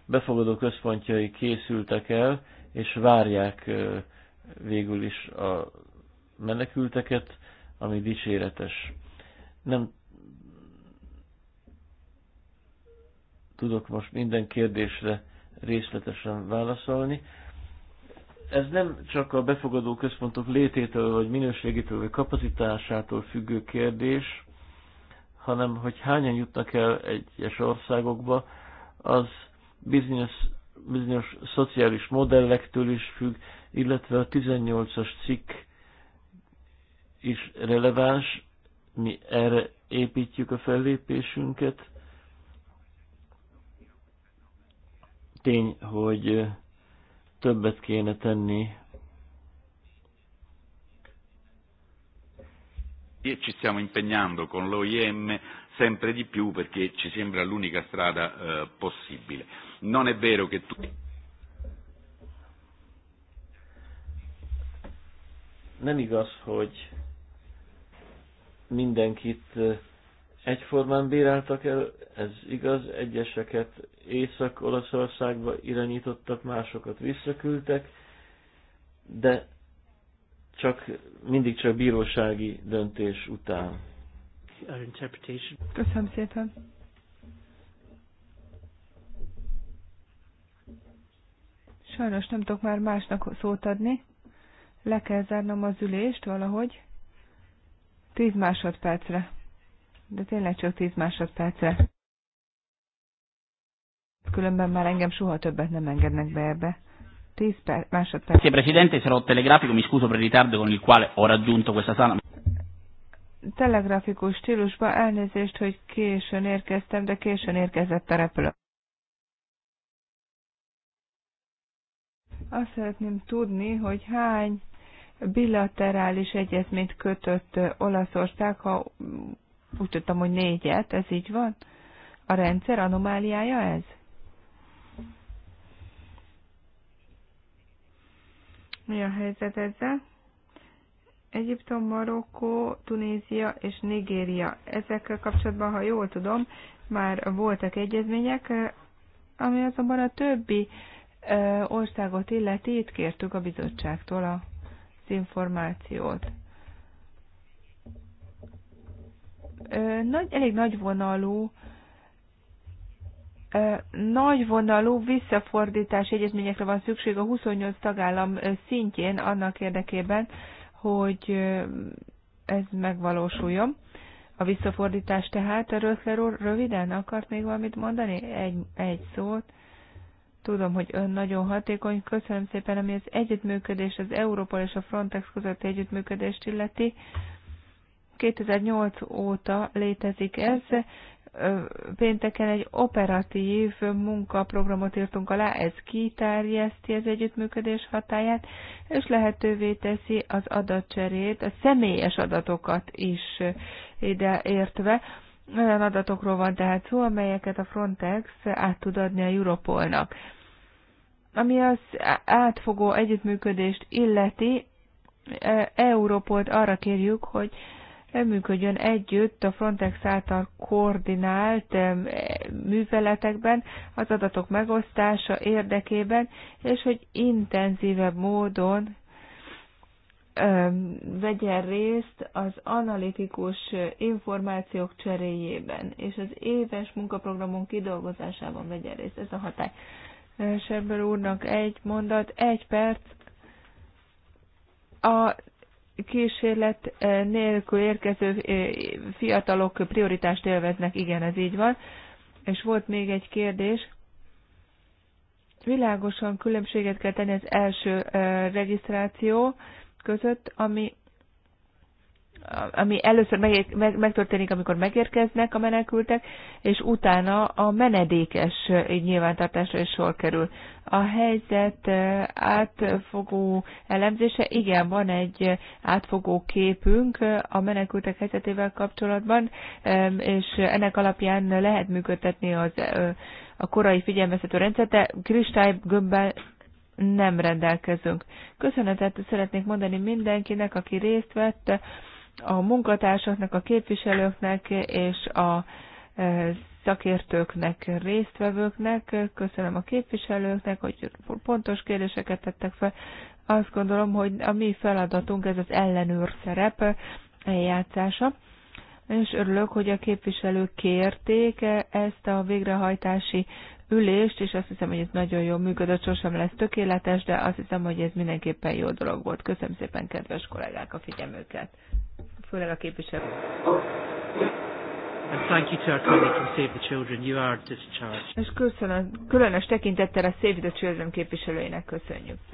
befogadó központjai készültek el, és várják végül is a menekülteket, ami dicséretes. Nem tudok most minden kérdésre részletesen válaszolni. Ez nem csak a befogadó központok lététől, vagy minőségétől, vagy kapacitásától függő kérdés, hanem hogy hányan jutnak el egyes országokba, az bizonyos, bizonyos szociális modellektől is függ, illetve a 18-as cikk is releváns, mi erre építjük a fellépésünket, tény, hogy többet kéne tenni. Ci stiamo impegnando con l'OIM sempre di più perché ci sembra l'unica strada eh, possibile. Non è vero che tu... Nem igaz, hogy mindenkit egyformán bíráltak el, ez igaz, egyeseket Észak-Olaszországba irányítottak, másokat visszaküldtek, de csak, mindig csak bírósági döntés után. Köszönöm szépen. Sajnos nem tudok már másnak szót adni. Le kell zárnom az ülést valahogy. Tíz másodpercre de tényleg csak 10 másodpercre. Különben már engem soha többet nem engednek be ebbe. 10 per- másodperc. Grazie Presidente, sarò telegrafico, mi scuso per il ritardo con il quale ho raggiunto questa sala. Telegrafikus stílusban elnézést, hogy későn érkeztem, de későn érkezett a repülő. Azt szeretném tudni, hogy hány bilaterális egyezményt kötött Olaszország, ha úgy tudtam, hogy négyet, ez így van? A rendszer anomáliája ez? Mi a helyzet ezzel? Egyiptom, Marokkó, Tunézia és Nigéria. Ezekkel kapcsolatban, ha jól tudom, már voltak egyezmények, ami azonban a többi országot illeti, itt kértük a bizottságtól az információt. nagy, elég nagyvonalú nagyvonalú visszafordítás egyezményekre van szükség a 28 tagállam szintjén annak érdekében, hogy ez megvalósuljon. A visszafordítás tehát, Röszler úr, röviden akart még valamit mondani? Egy, egy szót. Tudom, hogy ön nagyon hatékony. Köszönöm szépen, ami az együttműködés, az Európa és a Frontex közötti együttműködést illeti. 2008 óta létezik ez. Pénteken egy operatív munkaprogramot írtunk alá, ez kiterjeszti az együttműködés hatáját, és lehetővé teszi az adatcserét, a személyes adatokat is ide értve. Olyan adatokról van tehát szó, amelyeket a Frontex át tud adni a Europolnak. Ami az átfogó együttműködést illeti, Európolt arra kérjük, hogy működjön együtt a Frontex által koordinált műveletekben az adatok megosztása érdekében, és hogy intenzívebb módon vegyen részt az analitikus információk cseréjében, és az éves munkaprogramon kidolgozásában vegyen részt. Ez a hatály. Sebber úrnak egy mondat, egy perc. A kísérlet eh, nélkül érkező eh, fiatalok prioritást élveznek, igen, ez így van. És volt még egy kérdés. Világosan különbséget kell tenni az első eh, regisztráció között, ami ami először meg, meg, megtörténik, amikor megérkeznek a menekültek, és utána a menedékes nyilvántartásra is sor kerül. A helyzet átfogó elemzése, igen, van egy átfogó képünk a menekültek helyzetével kapcsolatban, és ennek alapján lehet működtetni az, a korai figyelmeztető rendszert, de kristálygömbben nem rendelkezünk. Köszönetet szeretnék mondani mindenkinek, aki részt vett a munkatársaknak, a képviselőknek és a e, szakértőknek, résztvevőknek, köszönöm a képviselőknek, hogy pontos kérdéseket tettek fel. Azt gondolom, hogy a mi feladatunk ez az ellenőr szerep eljátszása, és örülök, hogy a képviselők kérték e, ezt a végrehajtási ülést, és azt hiszem, hogy ez nagyon jól működött, sosem lesz tökéletes, de azt hiszem, hogy ez mindenképpen jó dolog volt. Köszönöm szépen, kedves kollégák, a figyelmüket, főleg a képviselők. And thank you to our colleague from Save the Children. You are discharged. És köszönöm, különös tekintettel a Save the Children képviselőinek köszönjük.